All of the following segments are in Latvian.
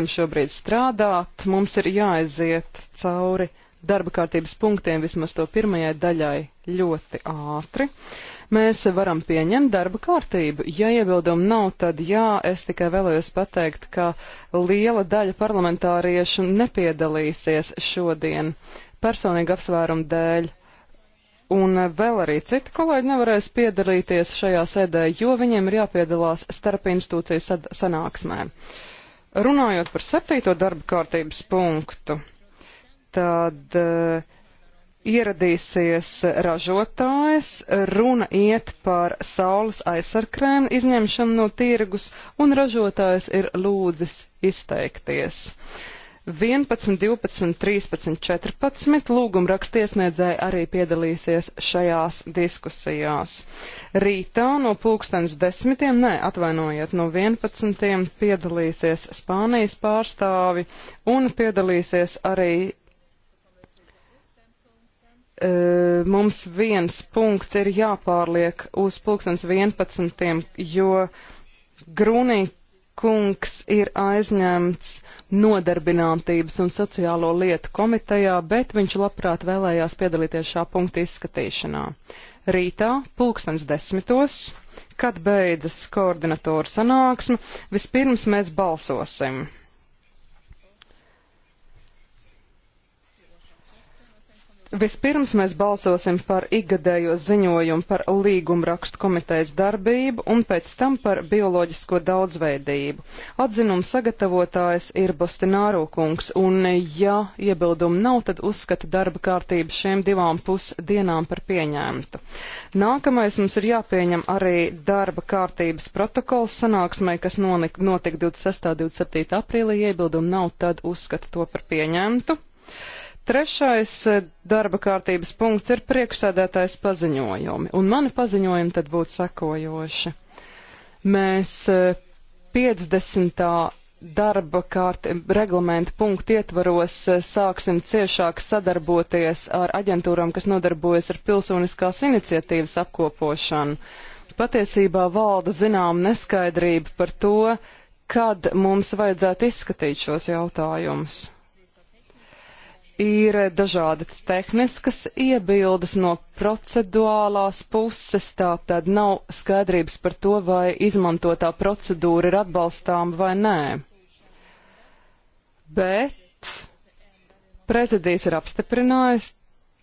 kam šobrīd strādāt, mums ir jāaiziet cauri darba kārtības punktiem vismaz to pirmajai daļai ļoti ātri. Mēs varam pieņemt darba kārtību. Ja iebildumu nav, tad jā, es tikai vēlējos pateikt, ka liela daļa parlamentāriešu nepiedalīsies šodien personīgi apsvērumu dēļ. Un vēl arī citi kolēģi nevarēs piedalīties šajā sēdē, jo viņiem ir jāpiedalās starp institūciju sanāksmēm. Uh, Runājot par septīto darba kārtības punktu, tad uh, ieradīsies ražotājs, runa iet par saules aizsarkrēmu izņemšanu no tirgus, un ražotājs ir lūdzis izteikties. Uh, 11, 12, 13, 14 lūguma rakstiesniedzēji arī piedalīsies šajās diskusijās. Rītā no pulkstens desmitiem, nē, atvainojiet, no 11. piedalīsies Spānijas pārstāvi un piedalīsies arī e, mums viens punkts ir jāpārliek uz pulkstens 11, jo Grunī kungs ir aizņemts nodarbinātības un sociālo lietu komitejā, bet viņš labprāt vēlējās piedalīties šā punkta izskatīšanā. Rītā, pulkstens desmitos, kad beidzas koordinatoru sanāksme, vispirms mēs balsosim. Vispirms mēs balsosim par ikgadējo ziņojumu par līgumrakstu komitejas darbību un pēc tam par bioloģisko daudzveidību. Atzinuma sagatavotājs ir Bostināro kungs, un ja iebildumu nav, tad uzskata darba kārtību šiem divām pusdienām par pieņēmtu. Nākamais mums ir jāpieņem arī darba kārtības protokols sanāksmai, kas notika 26. un 27. aprīlī. Iebildumu nav, tad uzskata to par pieņēmtu. Yeah. Trešais eh, darba kārtības punkts ir priekšsēdētājs paziņojumi, un mani paziņojumi tad būtu sekojoši. Mēs 50. Eh, darba kārtība reglamenta punktu ietvaros eh, sāksim ciešāk sadarboties ar aģentūram, kas nodarbojas ar pilsoniskās iniciatīvas apkopošanu. Patiesībā valda zinām neskaidrība par to, kad mums vajadzētu izskatīt šos jautājumus ir dažādas tehniskas iebildes no procedūrālās puses, tā tad nav skaidrības par to, vai izmantotā procedūra ir atbalstāma vai nē. Bet prezidijas ir apstiprinājis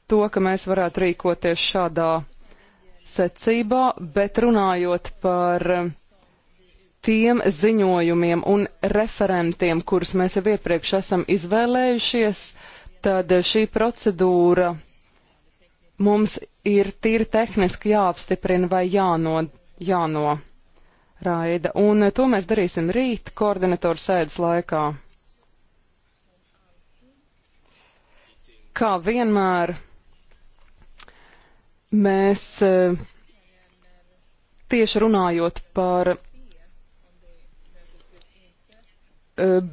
to, ka mēs varētu rīkoties šādā secībā, bet runājot par tiem ziņojumiem un referentiem, kurus mēs jau iepriekš esam izvēlējušies, uh, tad šī procedūra mums ir tīri tehniski jāapstiprina vai jāno, jānoraida. Un to mēs darīsim rīt koordinatoru sēdes laikā. Kā vienmēr mēs eh, tieši runājot par eh,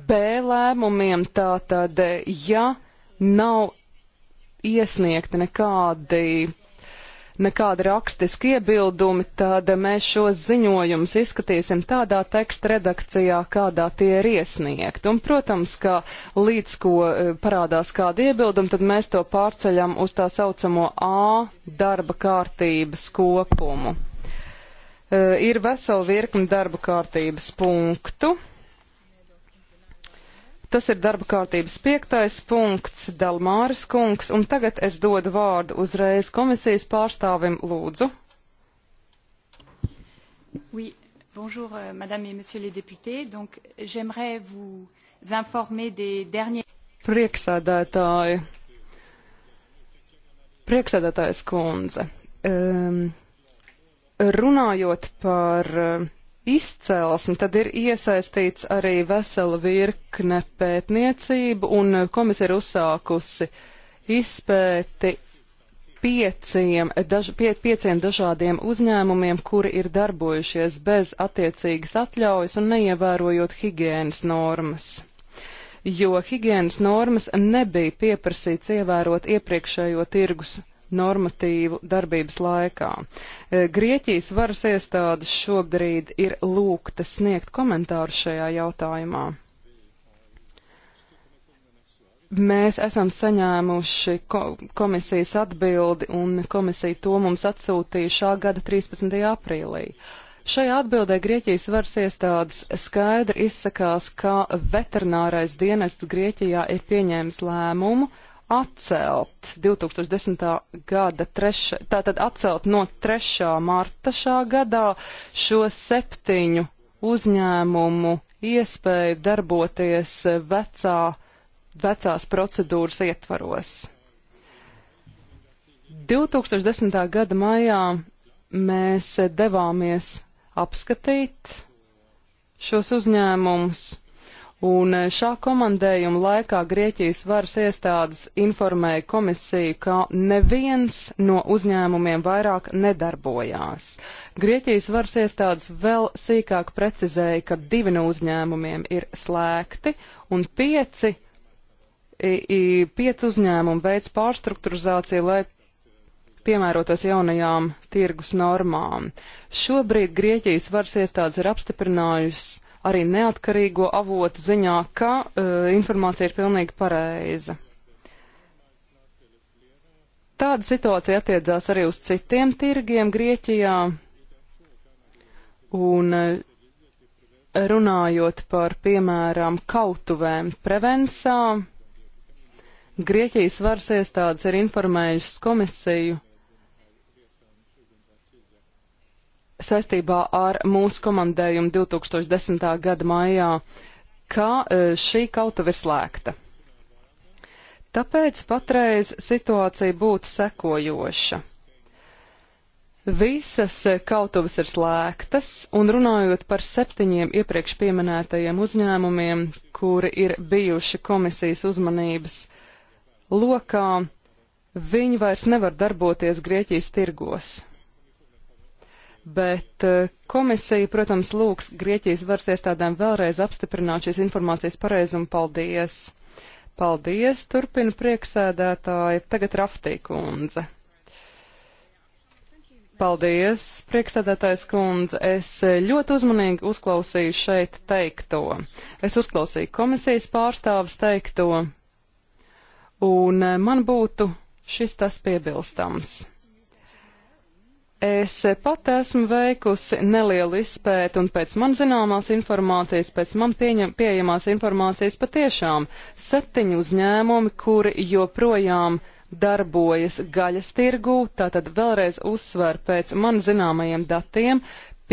B lēmumiem, tātad, ja nav iesniegti nekādi, nekādi rakstiski iebildumi, tad mēs šos ziņojumus izskatīsim tādā teksta redakcijā, kādā tie ir iesniegti. Un, protams, ka līdz ko e, parādās kādi iebildumi, tad mēs to pārceļam uz tā saucamo A darba kārtības kopumu. E, ir vesela virkni darba kārtības punktu. Tas ir darba kārtības piektais punkts, Dalmāris kungs, un tagad es dodu vārdu uzreiz komisijas pārstāvim Lūdzu. Oui, bonjour, euh, madame et monsieur les députés. Donc, j'aimerais vous informer des derniers. Prieksēdētāji. Prieksēdētājs kundze. Um, runājot par. Uh, izcelsmi, tad ir iesaistīts arī vesela virkne pētniecību, un komisija ir uzsākusi izpēti pieciem, daž, pie, pieciem dažādiem uzņēmumiem, kuri ir darbojušies bez attiecīgas atļaujas un neievērojot higiēnas normas. Jo higiēnas normas nebija pieprasīts ievērot iepriekšējo tirgus normatīvu darbības laikā. E, Grieķijas varas iestādes šobrīd ir lūgta sniegt komentāru šajā jautājumā. Mēs esam saņēmuši ko komisijas atbildi un komisija to mums atsūtīja šā gada 13. aprīlī. Šajā atbildē Grieķijas varas iestādes skaidri izsakās, ka veterinārais dienests Grieķijā ir pieņēmis lēmumu, uh, atcelt 2010. gada 3. tātad atcelt no 3. marta šā gadā šo septiņu uzņēmumu iespēju darboties vecā, vecās procedūras ietvaros. 2010. gada maijā mēs devāmies apskatīt šos uzņēmumus Un eh, šā komandējuma laikā Grieķijas varas iestādes informēja komisiju, ka neviens no uzņēmumiem vairāk nedarbojās. Grieķijas varas iestādes vēl sīkāk precizēja, ka divi no uzņēmumiem ir slēgti un pieci, i, i, pieci uzņēmumi veids pārstrukturizāciju, lai piemērotos jaunajām tirgus normām. Šobrīd Grieķijas varas iestādes ir apstiprinājusi arī neatkarīgo avotu ziņā, ka uh, informācija ir pilnīgi pareiza. Tāda situācija attiedzās arī uz citiem tirgiem Grieķijā. Un eh, runājot par, piemēram, kautuvēm Prevensā, Grieķijas varas iestādes ir informējušas komisiju saistībā ar mūsu komandējumu 2010. gada maijā, ka e, šī kauta ir slēgta. Tāpēc patreiz situācija būtu sekojoša. Visas kautuves ir slēgtas, un runājot par septiņiem iepriekš pieminētajiem uzņēmumiem, kuri ir bijuši komisijas uzmanības lokā, viņi vairs nevar darboties Grieķijas tirgos. Bet eh, komisija, protams, lūgs Grieķijas varas iestādēm vēlreiz apstiprināt šīs informācijas pareizumu. Paldies! Paldies! Turpina prieksēdētāja tagad Raftī kundze. Paldies, prieksēdētājs kundze. Es eh, ļoti uzmanīgi uzklausīju šeit teikto. Es uzklausīju komisijas pārstāvis teikto, un eh, man būtu šis tas piebilstams. Es pat esmu veikusi nelielu izpēti un pēc man zināmās informācijas, pēc man pieņem, pieejamās informācijas patiešām septiņi uzņēmumi, kuri joprojām darbojas gaļas tirgū, tātad vēlreiz uzsver pēc man zināmajiem datiem,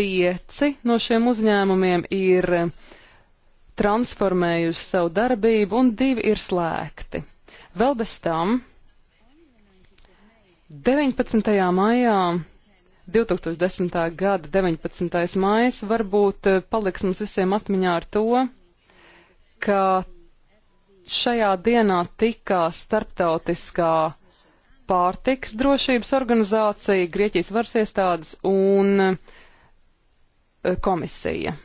pieci no šiem uzņēmumiem ir transformējuši savu darbību un divi ir slēgti. Vēl bez tam 19. maijā 2010. gada 19. mājas varbūt eh, paliks mums visiem atmiņā ar to, ka šajā dienā tikās starptautiskā pārtiks drošības organizācija, Grieķijas varas iestādes un eh, komisija.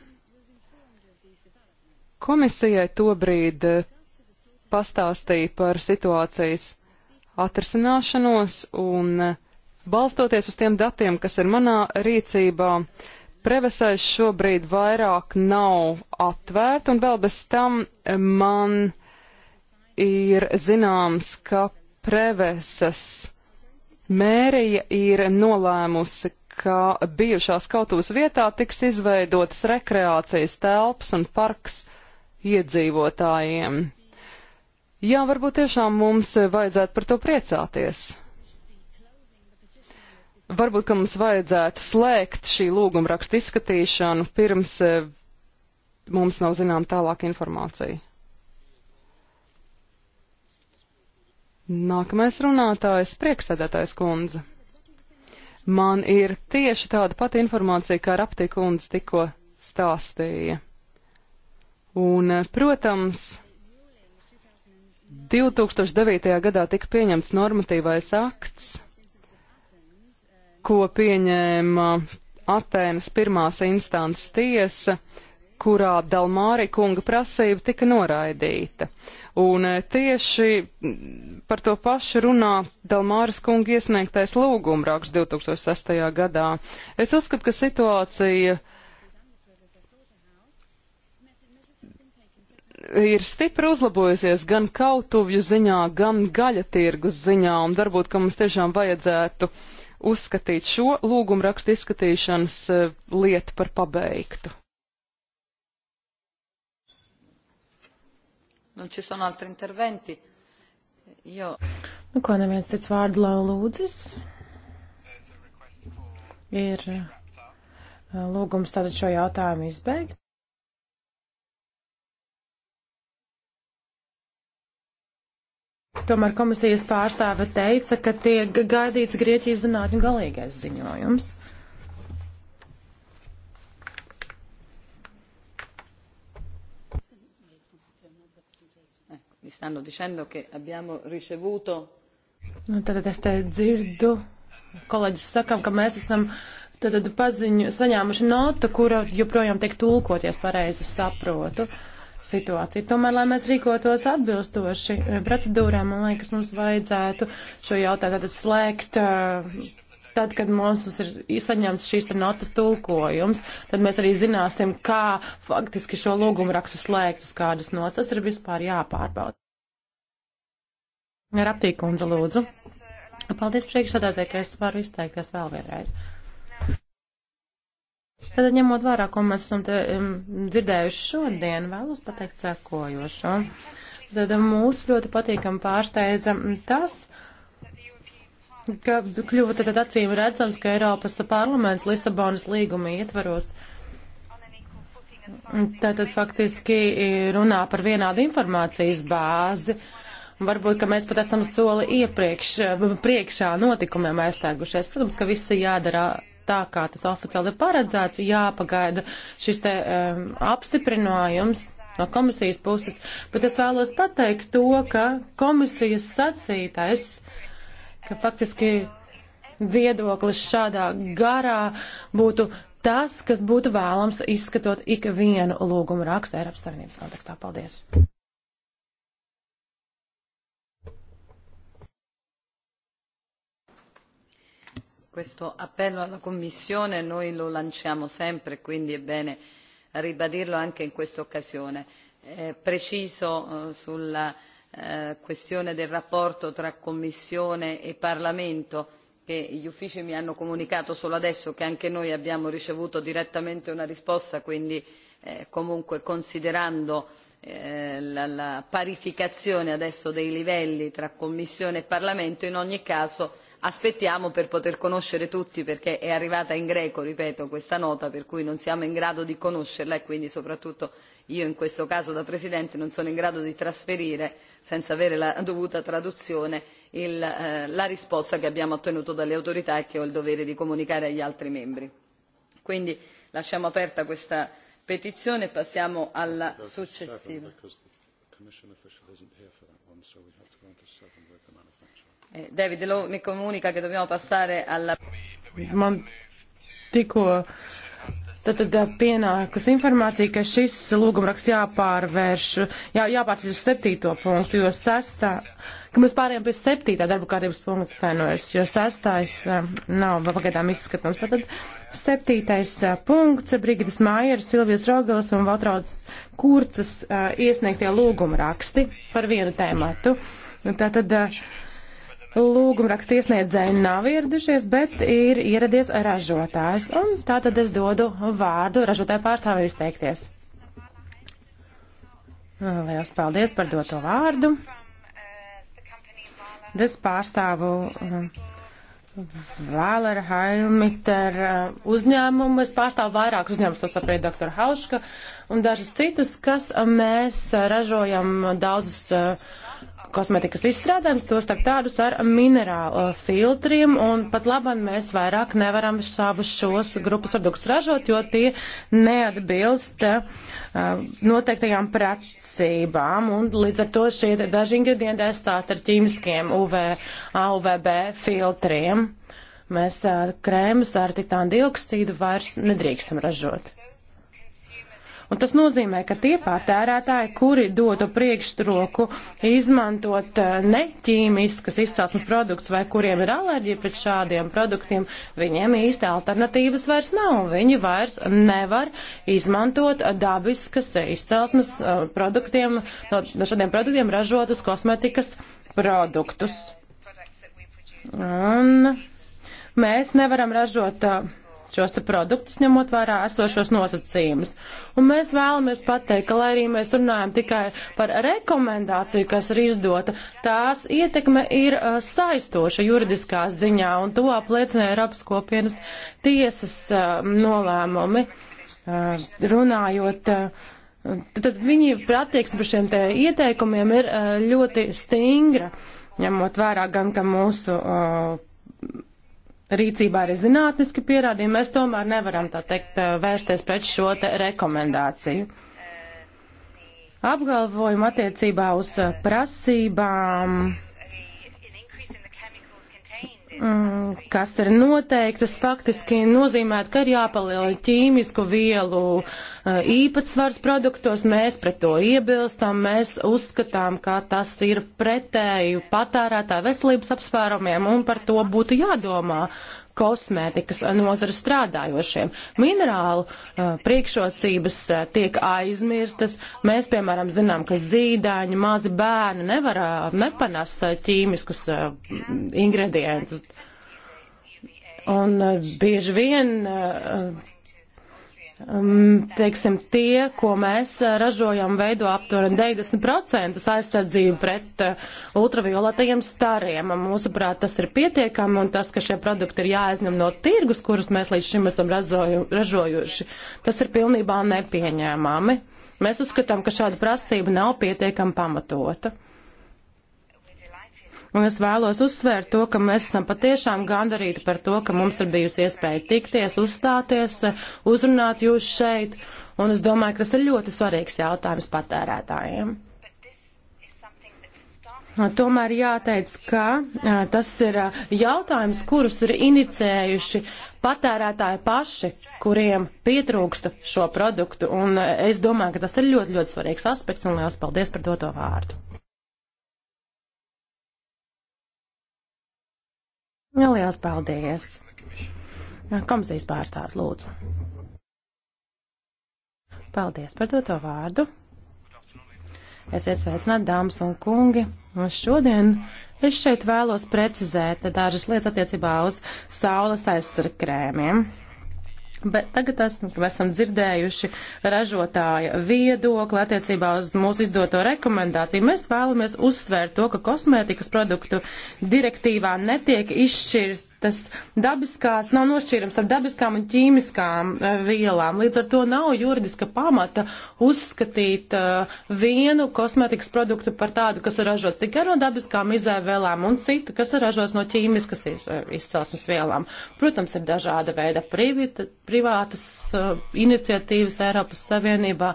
Komisijai tobrīd eh, pastāstīja par situācijas atrisināšanos un uh, Balstoties uz tiem datiem, kas ir manā rīcībā, Prevesēs šobrīd vairāk nav atvērt, un vēl bez tam man ir zināms, ka Preveses mērija ir nolēmusi, ka bijušās kautuves vietā tiks izveidotas rekreācijas telpas un parks iedzīvotājiem. Jā, varbūt tiešām mums vajadzētu par to priecāties. Varbūt, ka mums vajadzētu slēgt šī lūguma rakstu izskatīšanu pirms e, mums nav zinām tālāk informācija. Nākamais runātājs - priekšsēdētājs kundze. Man ir tieši tāda pati informācija, kā Rapti kundze tikko stāstīja. Un, e, protams, 2009. gadā tika pieņemts normatīvais akts ko pieņēma Atēnas pirmās instances tiesa, kurā Dalmāri kunga prasība tika noraidīta. Un e, tieši par to pašu runā Dalmāras kunga iesniegtais lūguma raksts 2006. gadā. Es uzskatu, ka situācija ir stipri uzlabojusies gan kautuvju ziņā, gan gaļa tirgus ziņā, un varbūt, ka mums tiešām vajadzētu uh, uzskatīt šo lūgumu rakstu izskatīšanas eh, lietu par pabeigtu. Nu, ci sono altri interventi. Jo. Nu, ko neviens cits vārdu lai lūdzis? Ir eh, lūgums tātad šo jautājumu izbeigt. Tomēr komisijas pārstāve teica, ka tiek gaidīts Grieķijas zinātņu galīgais ziņojums. Tātad nu, es te dzirdu, kolēģis sakam, ka mēs esam tātad paziņu saņēmuši notu, kura joprojām tiek tulkoties pareizi saprotu. Uh, situāciju. Tomēr, lai mēs rīkotos atbilstoši eh, procedūrām, man liekas, mums vajadzētu šo jautājumu tad slēgt. Eh, tad, kad mums ir saņemts šīs notas tulkojums, tad mēs arī zināsim, kā faktiski šo lūgumu rakstu slēgt uz kādas notas. Tas ir vispār jāpārbauda. Raptīkundze, lūdzu. Paldies priekšsādātē, ka es varu izteikties vēl vienreiz. Uh, Tātad, ņemot vērā, ko mēs esam te, um, dzirdējuši šodien, vēlos pateikt sekojošo. Tad mūs ļoti patīkam pārsteidza tas, ka kļuva tad acīm redzams, ka Eiropas parlaments Lisabonas līguma ietvaros tātad faktiski runā par vienādu informācijas bāzi. Varbūt, ka mēs pat esam soli iepriekš, priekšā notikumiem aizstāgušies. Protams, ka viss jādara tā, kā tas oficiāli ir paredzēts, jāpagaida šis te um, apstiprinājums no komisijas puses, bet es vēlos pateikt to, ka komisijas sacītais, ka faktiski viedoklis šādā garā būtu tas, kas būtu vēlams izskatot ikvienu lūgumu rakstu Eiropas Savienības kontekstā. Paldies! questo appello alla Commissione noi lo lanciamo sempre, quindi è bene ribadirlo anche in questa occasione. Eh, preciso eh, sulla eh, questione del rapporto tra Commissione e Parlamento che gli uffici mi hanno comunicato solo adesso che anche noi abbiamo ricevuto direttamente una risposta, quindi eh, comunque considerando eh, la, la parificazione adesso dei livelli tra Commissione e Parlamento, in ogni caso aspettiamo per poter conoscere tutti perché è arrivata in greco ripeto questa nota per cui non siamo in grado di conoscerla e quindi soprattutto io in questo caso da presidente non sono in grado di trasferire senza avere la dovuta traduzione il, eh, la risposta che abbiamo ottenuto dalle autorità e che ho il dovere di comunicare agli altri membri. quindi lasciamo aperta questa petizione e passiamo alla successiva. Eh, David Lowe mi comunica che dobbiamo passare alla... Man tikko Tātad eh, pienākus informācija, ka šis lūgumraks jāpārvērš, jā, jāpārceļ uz septīto punktu, jo sestā, ka mēs pārējām pie septītā darba kārtības punkta stēnojas, jo sestais eh, nav vēl pagaidām izskatams. Tātad septītais punkts, Brigitas Mājeras, Silvijas Rogalas un Valtraudas Kurcas iesniegtie lūgumraksti par vienu tēmatu. Tātad. Uh, lūguma raksta iesniedzēji nav ieradušies, bet ir ieradies ražotājs. Un tā tad es dodu vārdu ražotāju pārstāvēju izteikties. Lielas paldies par doto vārdu. Es pārstāvu um, Vālera Hailmiter uh, uzņēmumu. Es pārstāvu vairākus uzņēmumus, to saprēja doktora Hauška, un dažas citas, kas mēs ražojam daudzus uh, kosmetikas izstrādājums, to starp tādus ar minerālu uh, filtriem, un pat labam mēs vairāk nevaram šābus šos grupas produktus ražot, jo tie neatbilst uh, noteiktajām precībām, un līdz ar to šie daži ingredienti aizstāt ar ķīmiskiem UV, UVB filtriem. Mēs uh, krēmus ar titāna dioksīdu vairs nedrīkstam ražot. Un tas nozīmē, ka tie patērētāji, kuri dotu priekšroku izmantot eh, neķīmiskas izcelsmes produktus vai kuriem ir alerģija pret šādiem produktiem, viņiem īsti alternatīvas vairs nav. Viņi vairs nevar izmantot dabiskas izcelsmes eh, produktiem, no šādiem produktiem ražotus kosmetikas produktus. Un mēs nevaram ražot uh, šos te produktus, ņemot vērā esošos nosacījumus. Un mēs vēlamies pateikt, ka, lai arī mēs runājam tikai par rekomendāciju, kas ir izdota, tās ietekme ir uh, saistoša juridiskā ziņā, un to apliecina Eiropas kopienas tiesas uh, nolēmumi, uh, runājot. Uh, Tad viņi attieksme par šiem te ieteikumiem ir uh, ļoti stingra, ņemot vērā gan, ka mūsu uh, rīcībā ir zinātniski pierādījumi, mēs tomēr nevaram tā teikt eh, vērsties pret šo te rekomendāciju. Apgalvojumu attiecībā uz eh, prasībām Mm, kas ir noteiktas, faktiski nozīmē, ka ir jāpalielina ķīmisku vielu uh, īpatsvars produktos. Mēs pret to iebilstam, mēs uzskatām, ka tas ir pretēju patērētā veselības apsvērumiem un par to būtu jādomā kosmētikas nozara strādājošiem. Minerālu uh, priekšrocības uh, tiek aizmirstas. Mēs, piemēram, zinām, ka zīdaiņi, mazi bērni nevar, uh, nepanes uh, ķīmiskus uh, ingredientus. Un uh, bieži vien Um, teiksim, tie, ko mēs uh, ražojam, veido aptuveni 90% aizsardzību pret uh, ultravioletajiem stariem. Mūsuprāt, tas ir pietiekami un tas, ka šie produkti ir jāaizņem no tirgus, kurus mēs līdz šim esam ražoju, ražojuši, tas ir pilnībā nepieņēmami. Mēs uzskatām, ka šāda prasība nav pietiekami pamatota. Un es vēlos uzsvērt to, ka mēs esam patiešām gandarīti par to, ka mums ir bijusi iespēja tikties, uzstāties, uzrunāt jūs šeit. Un es domāju, ka tas ir ļoti svarīgs jautājums patērētājiem. Tomēr jāteic, ka tas ir jautājums, kurus ir inicējuši patērētāji paši, kuriem pietrūksta šo produktu. Un es domāju, ka tas ir ļoti, ļoti svarīgs aspekts, un liels paldies par doto vārdu. Ja, liels paldies! Komisijas pārstāvs lūdzu. Paldies par doto vārdu. Esiet sveicināti, dāmas un kungi. Un šodien es šeit vēlos precizēt dažas lietas attiecībā uz saules aizsarkrēmiem. krēmiem. Bet tagad esam, esam dzirdējuši ražotāja viedokli attiecībā uz mūsu izdoto rekomendāciju. Mēs vēlamies uzsvērt to, ka kosmētikas produktu direktīvā netiek izšķirt tas dabiskās nav nošķīrams ar dabiskām un ķīmiskām eh, vielām. Līdz ar to nav juridiska pamata uzskatīt eh, vienu kosmetikas produktu par tādu, kas ir ražots tikai no dabiskām izēvēlām un citu, kas ir ražots no ķīmiskas eh, izcelsmes vielām. Protams, ir dažāda veida privita, privātas iniciatīvas Eiropas Savienībā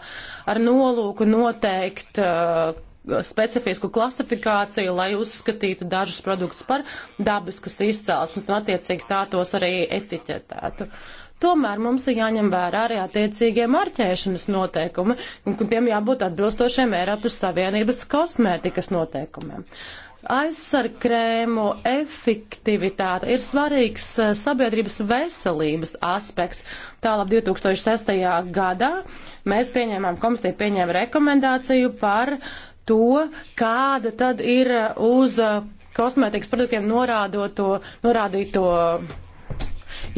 ar nolūku noteikt, specifisku klasifikāciju, lai uzskatītu dažus produktus par dabiskas izcelsmes un attiecīgi tā tos arī etiķetētu. Tomēr mums ir jāņem vērā arī attiecīgie marķēšanas noteikumi, un tiem jābūt atbilstošiem Eiropas Savienības kosmētikas noteikumiem. Aizsarkrēmu efektivitāte ir svarīgs eh, sabiedrības veselības aspekts. Tālāk 2006. gadā mēs pieņēmām, komisija pieņēma rekomendāciju par uh, to, kāda tad ir uh, uz uh, kosmētikas produktiem norādoto, norādīto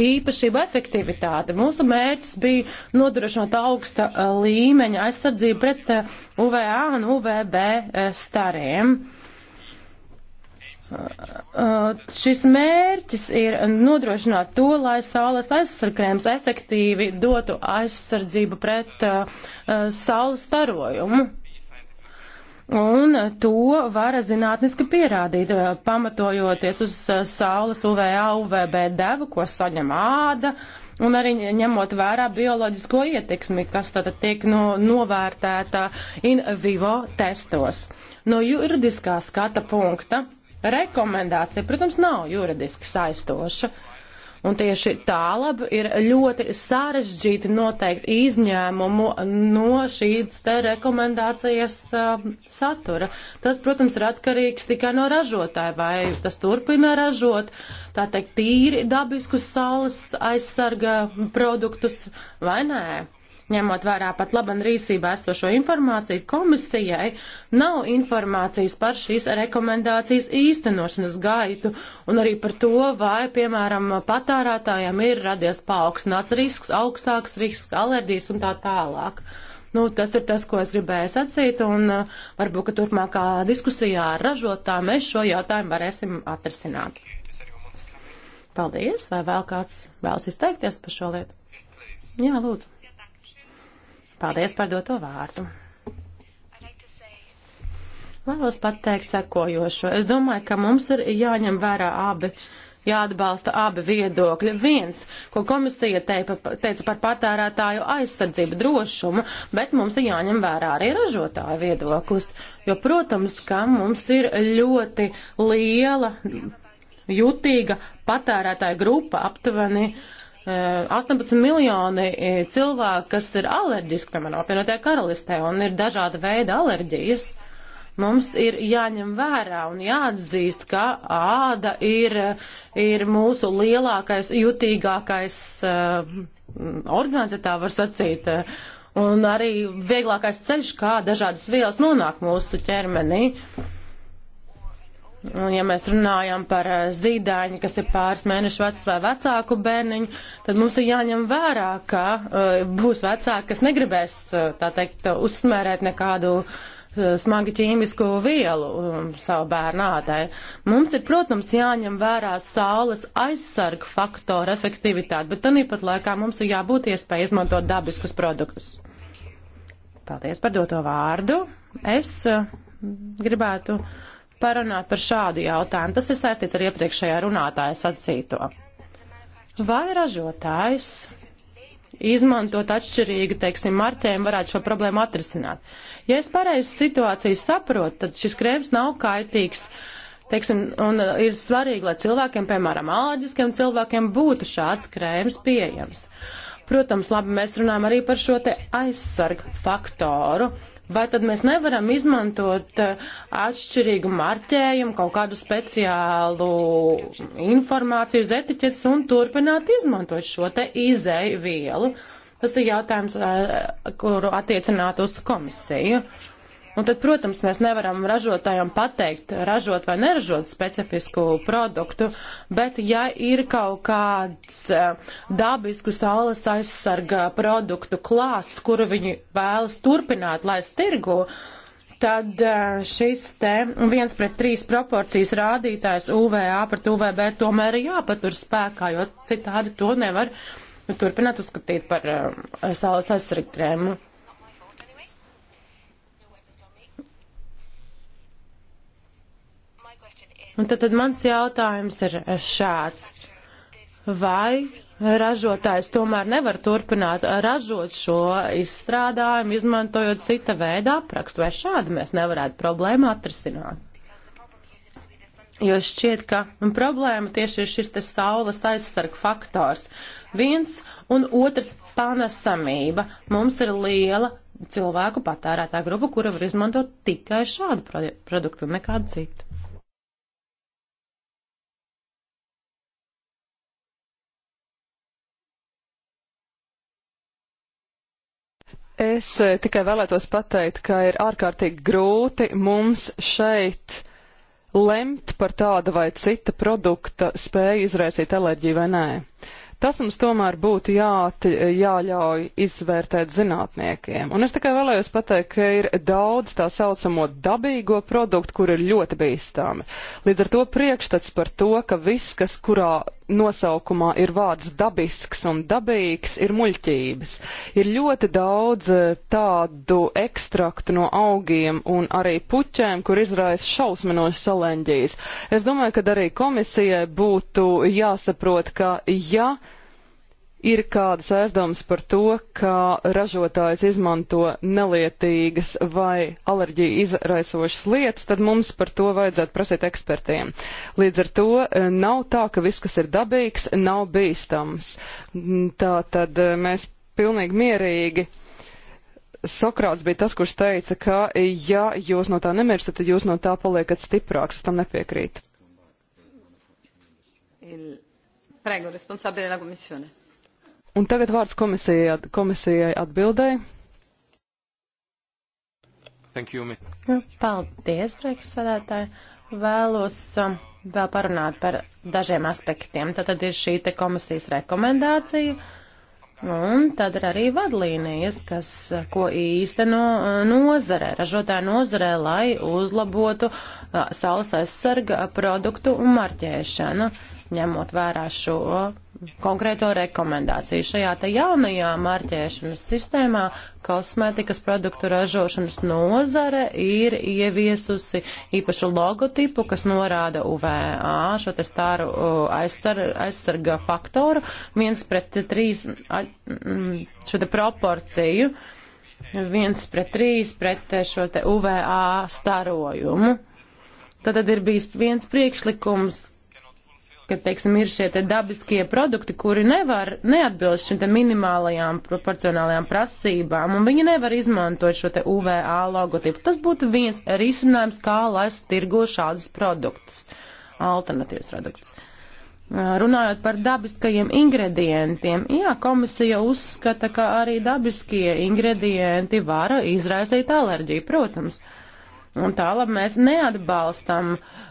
īpašība efektivitāte. Mūsu mērķis bija nodrošināt augsta uh, līmeņa aizsardzību pret UVA un UVB stariem. Šis mērķis ir nodrošināt to, lai saules aizsarkrēms efektīvi dotu aizsardzību pret uh, saules starojumu. Uh, Un to var zinātniski pierādīt, eh, pamatojoties uz eh, saules UVA, UVB devu, ko saņem āda, un arī ņemot vērā bioloģisko ietekmi, kas tātad tiek no, novērtēta in vivo testos. No juridiskā skata punkta rekomendācija, protams, nav juridiski saistoša, Un tieši tālāk ir ļoti sarežģīti noteikt izņēmumu no šīs te rekomendācijas uh, satura. Tas, protams, ir atkarīgs tikai no ražotāja, vai tas turpina ražot, tā teikt, tīri dabiskus saules aizsarga produktus vai nē. Ņemot vērā pat laban rīcībā esošo informāciju, komisijai nav informācijas par šīs rekomendācijas īstenošanas gaitu un arī par to, vai, piemēram, patērētājiem ir radies paaugstināts risks, augstāks risks, alerģijas un tā tālāk. Nu, tas ir tas, ko es gribēju sacīt, un uh, varbūt, ka turpmākā diskusijā ar ražotā mēs šo jautājumu varēsim atrisināt. Paldies, vai vēl kāds vēlas izteikties par šo lietu? Jā, lūdzu. Paldies par doto vārdu. Vēlos pateikt sekojošo. Es domāju, ka mums ir jāņem vērā abi jāatbalsta abi viedokļi. Viens, ko komisija teipa, teica par patērētāju aizsardzību, drošumu, bet mums ir jāņem vērā arī ražotāju viedoklis. Jo, protams, ka mums ir ļoti liela, jutīga patērētāja grupa, aptuveni 18 eh, miljoni eh, cilvēku, kas ir alerģiski, piemēram, apvienotajā karalistē, un ir dažāda veida alerģijas, mums ir jāņem vērā un jāatzīst, ka āda ir, ir mūsu lielākais, jutīgākais uh, orgāns, ja tā var sacīt, un arī vieglākais ceļš, kā dažādas vielas nonāk mūsu ķermenī. Uh, Un, ja mēs runājam par eh, zīdaiņu, kas ir pāris mēnešu vecs vai vecāku bērniņu, tad mums ir jāņem vērā, ka uh, būs vecāki, kas negribēs, uh, tā teikt, uzsmērēt nekādu uh, smagi ķīmisku vielu um, savu bērnu ādai. Mums ir, protams, jāņem vērā saules aizsarga faktora efektivitāte, bet tanīpat laikā mums ir jābūt iespēja izmantot dabiskus produktus. Paldies par doto vārdu. Es uh, gribētu. Uh, parunāt par šādu jautājumu. Tas ir saistīts ar iepriekšējā runātāja sacīto. Vai ražotājs izmantot atšķirīgi, teiksim, marķējumu varētu šo problēmu atrisināt? Ja es pareizi situāciju saprotu, tad šis krēms nav kaitīgs. Teiksim, un uh, ir svarīgi, lai cilvēkiem, piemēram, alerģiskiem cilvēkiem būtu šāds krēms pieejams. Protams, labi, mēs runājam arī par šo te aizsargu faktoru. Uh, Vai tad mēs nevaram izmantot uh, atšķirīgu marķējumu, kaut kādu speciālu informāciju uz etiķetes un turpināt izmantot šo te izēju vielu? Tas ir jautājums, uh, kuru attiecināt uz komisiju. Uh, Un tad, protams, mēs nevaram ražotājiem pateikt, ražot vai neražot specifisku produktu, bet ja ir kaut kāds e, dabisku saules aizsarga produktu klāsts, kuru viņi vēlas turpināt laist tirgu, tad e, šis te viens pret trīs proporcijas rādītājs UVA pret UVB tomēr ir jāpatur spēkā, jo citādi to nevar turpināt uzskatīt par uh, saules aizsargkrēmu. Un tad, tad mans jautājums ir šāds. Vai ražotājs tomēr nevar turpināt ražot šo izstrādājumu, izmantojot cita veida aprakstu, vai šādi mēs nevarētu problēmu atrisināt? Jo šķiet, ka problēma tieši ir šis te saules aizsarg faktors. Viens un otrs panesamība. Mums ir liela cilvēku patērētā grupa, kura var izmantot tikai šādu produktu un nekādu citu. Es eh, tikai vēlētos pateikt, ka ir ārkārtīgi grūti mums šeit lemt par tāda vai cita produkta spēju izraisīt alerģiju vai nē. Tas mums tomēr būtu jā, jāļauj izvērtēt zinātniekiem. Un es tikai vēlējos pateikt, ka ir daudz tā saucamo dabīgo produktu, kur ir ļoti bīstami. Līdz ar to priekšstats par to, ka viss, kas kurā nosaukumā ir vārds dabisks un dabīgs, ir muļķības. Ir ļoti daudz eh, tādu ekstraktu no augiem un arī puķēm, kur izraisa šausminošas salenģijas. Es domāju, ka arī komisijai būtu jāsaprot, ka ja ir kādas aizdomas par to, ka ražotājs izmanto nelietīgas vai alerģiju izraisošas lietas, tad mums par to vajadzētu prasīt ekspertiem. Līdz ar to eh, nav tā, ka viss, kas ir dabīgs, nav bīstams. Mm, tā tad eh, mēs pilnīgi mierīgi. Sokrāts bija tas, kurš teica, ka ja jūs no tā nemirstat, tad jūs no tā paliekat stiprāks. Es tam nepiekrītu. Il... Prego, responsabile la Commissione. Un tagad vārds komisijai, komisijai atbildēji. Nu, paldies, priekšsēdētāji. Vēlos um, vēl parunāt par dažiem aspektiem. Tad, tad ir šī te komisijas rekomendācija, un tad ir arī vadlīnijas, kas, ko īsteno nozarē, ražotāja nozarē, lai uzlabotu uh, saules aizsarga produktu un marķēšanu, ņemot vērā šo konkrēto rekomendāciju. Šajā te jaunajā marķēšanas sistēmā kosmētikas produktu ražošanas nozare ir ieviesusi īpašu logotipu, kas norāda UVA, šo te stāru aizsar, aizsarga faktoru, viens pret trīs, šo te proporciju, viens pret trīs pret šo te UVA starojumu. Tad, tad ir bijis viens priekšlikums, ka, teiksim, ir šie te dabiskie produkti, kuri nevar, neatbilst šim te minimālajām proporcionālajām prasībām, un viņi nevar izmantot šo te UVA logotipu. Tas būtu viens risinājums, kā lai stirgo šādus produktus, alternatīvas produktus. Runājot par dabiskajiem ingredientiem, jā, komisija uzskata, ka arī dabiskie ingredienti var izraisīt alerģiju, protams. Uh, Un tālāk mēs neatbalstam uh,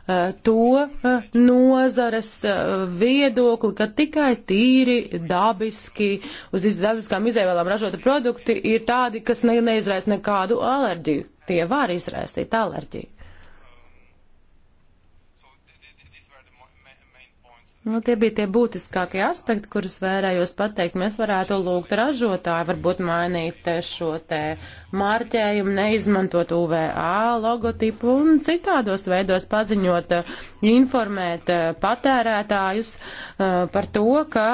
to uh, nozares uh, viedokli, ka tikai tīri dabiski uz dabiskām izēvēlām ražota produkti ir tādi, kas ne, neizraisa nekādu alerģiju. Tie var izraisīt alerģiju. Nu, tie bija tie būtiskākie aspekti, kurus vērējos pateikt. Mēs varētu lūgt ražotāju, varbūt mainīt šo te mārķējumu, neizmantot UVA logotipu un citādos veidos paziņot, informēt eh, patērētājus eh, par to, ka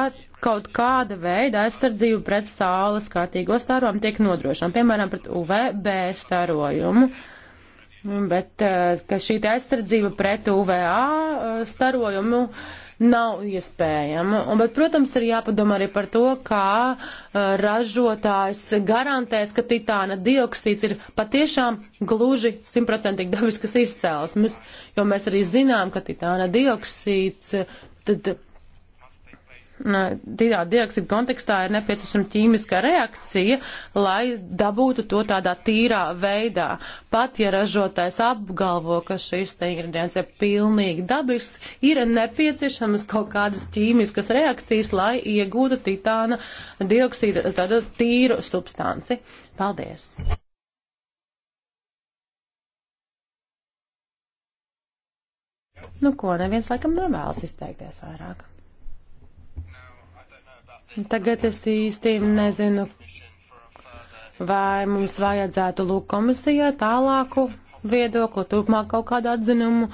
kaut kāda veida aizsardzība pret saules kārtīgo starojumu tiek nodrošināta, piemēram, pret UVB starojumu. Bet eh, ka šī aizsardzība pret UVA starojumu nav iespējama. Un, bet, protams, ir jāpadomā arī par to, kā uh, ražotājs garantēs, ka titāna dioksīds ir patiešām gluži simtprocentīgi dabiskas izcelsmes, jo mēs arī zinām, ka titāna dioksīds tad Eh, tīrā dioksīda kontekstā ir nepieciešama ķīmiskā reakcija, lai dabūtu to tādā tīrā veidā. Pat ja ražotājs apgalvo, ka šis te ingredients ir pilnīgi dabisks, ir nepieciešamas kaut kādas ķīmiskas reakcijas, lai iegūtu titāna dioksīda tādu tīru substanci. Paldies! Nu ko, neviens laikam nevēlas izteikties vairāk. Tagad es īsti nezinu, vai mums vajadzētu lūk komisijā tālāku viedokli, turpmāk kaut kādu atzinumu,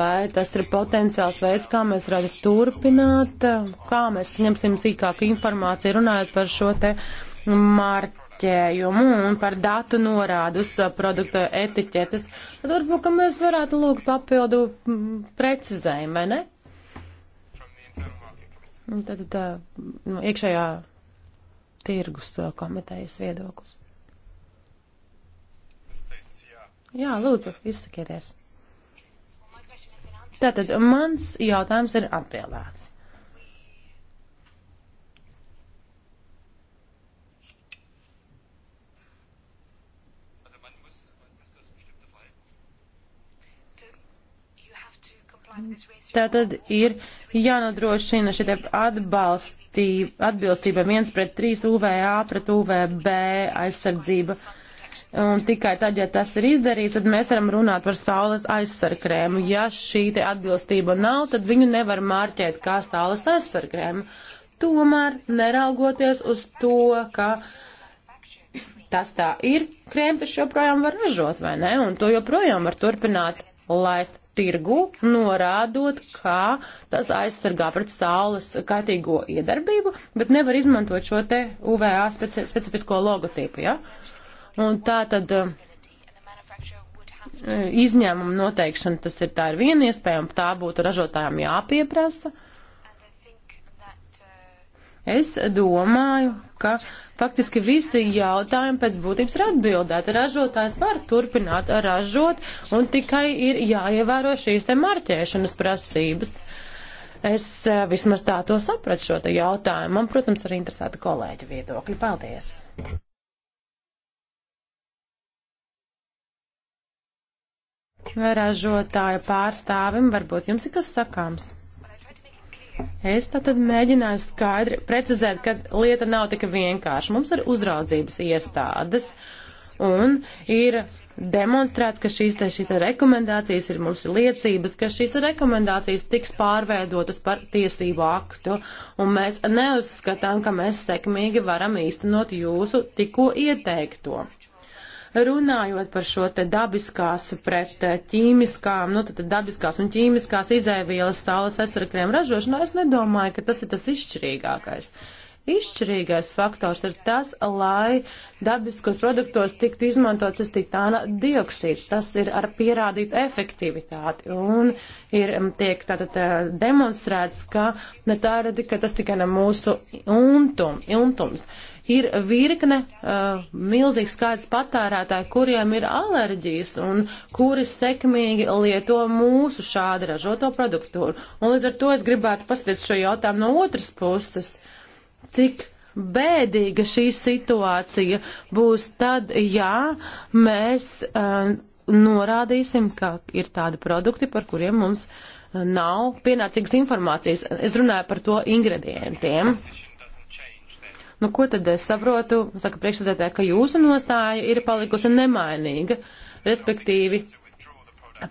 vai tas ir potenciāls veids, kā mēs varētu turpināt, kā mēs ņemsim sīkāku informāciju runājot par šo te marķējumu un par datu norādus produktu etiķetes. Tad varbūt, ka mēs varētu lūgt papildu precizējumu, vai ne? Tad tā, nu, iekšējā tirgus komitejas viedoklis. Jā, lūdzu, izsakieties. Tātad mans jautājums ir atbildēts. Tātad ir jānodrošina šī atbilstība viens pret trīs UVA pret UVB aizsardzība. Un tikai tad, ja tas ir izdarīts, tad mēs varam runāt par saules aizsarkrēmu. Ja šī te atbilstība nav, tad viņu nevar mārķēt kā saules aizsarkrēmu. Tomēr, neraugoties uz to, ka tas tā ir, krēms taču joprojām var ražot, vai ne? Un to joprojām var turpināt laist tirgu, norādot, kā tas aizsargā pret saules kaitīgo iedarbību, bet nevar izmantot šo te UVA speci specifisko logotipu. Ja? Un tā tad eh, izņēmuma noteikšana, tas ir tā ir viena iespēja, un tā būtu ražotājiem jāpieprasa. Es domāju, ka faktiski visi jautājumi pēc būtības ir atbildēti. Ražotājs var turpināt ražot, un tikai ir jāievēro šīs te marķēšanas prasības. Es eh, vismaz tā to sapratu šo te jautājumu. Man, protams, arī interesēta kolēģu viedokļi. Paldies! Ražotāja pārstāvim varbūt jums ir kas sakāms. Es tātad mēģināju skaidri precizēt, ka lieta nav tik vienkārša. Mums ir uzraudzības iestādes un ir demonstrēts, ka šīs te, šī te rekomendācijas ir mums liecības, ka šīs rekomendācijas tiks pārveidotas par tiesību aktu, un mēs neuzskatām, ka mēs sekmīgi varam īstenot jūsu tikko ieteikto. Runājot par šo te dabiskās pret eh, ķīmiskām, nu tad dabiskās un ķīmiskās izēvielas saules esrakriem ražošanā, es nedomāju, ka tas ir tas izšķirīgākais. Izšķirīgais faktors ir tas, lai dabiskos produktos tiktu izmantots tas titāna dioksīds. Tas ir ar pierādītu efektivitāti un ir mm, tiek tātad demonstrēts, ka ne tā ir, ka tas tikai ne mūsu untum, untums ir virkne uh, milzīgs skaits patērētāju, kuriem ir alerģijas un kuri sekmīgi lieto mūsu šādi ražoto produktūru. Un līdz ar to es gribētu paskatīties šo jautājumu no otras puses, cik bēdīga šī situācija būs tad, ja mēs uh, norādīsim, ka ir tādi produkti, par kuriem mums uh, nav pienācīgas informācijas. Es runāju par to ingredientiem. Nu, ko tad es saprotu? Saka priekšsēdētāji, ka jūsu nostāja ir palikusi nemainīga, respektīvi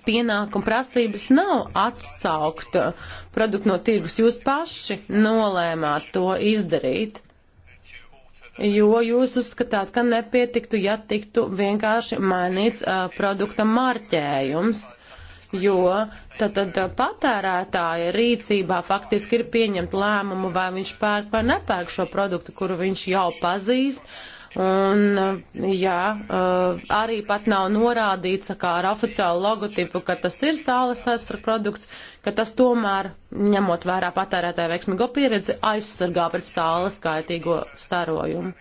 pienākuma prasības nav atsaukt produktu no tirgus. Jūs paši nolēmāt to izdarīt, jo jūs uzskatāt, ka nepietiktu, ja tiktu vienkārši mainīts uh, produkta marķējums, jo Tad, tad patērētāja rīcībā faktiski ir pieņemt lēmumu, vai viņš pērk vai nepērk šo produktu, kuru viņš jau pazīst. Un, jā, arī pat nav norādīts kā ar oficiālu logotipu, ka tas ir sāles aizsarga produkts, ka tas tomēr, ņemot vērā patērētāja veiksmīgo pieredzi, aizsargā pret sāles kaitīgo starojumu.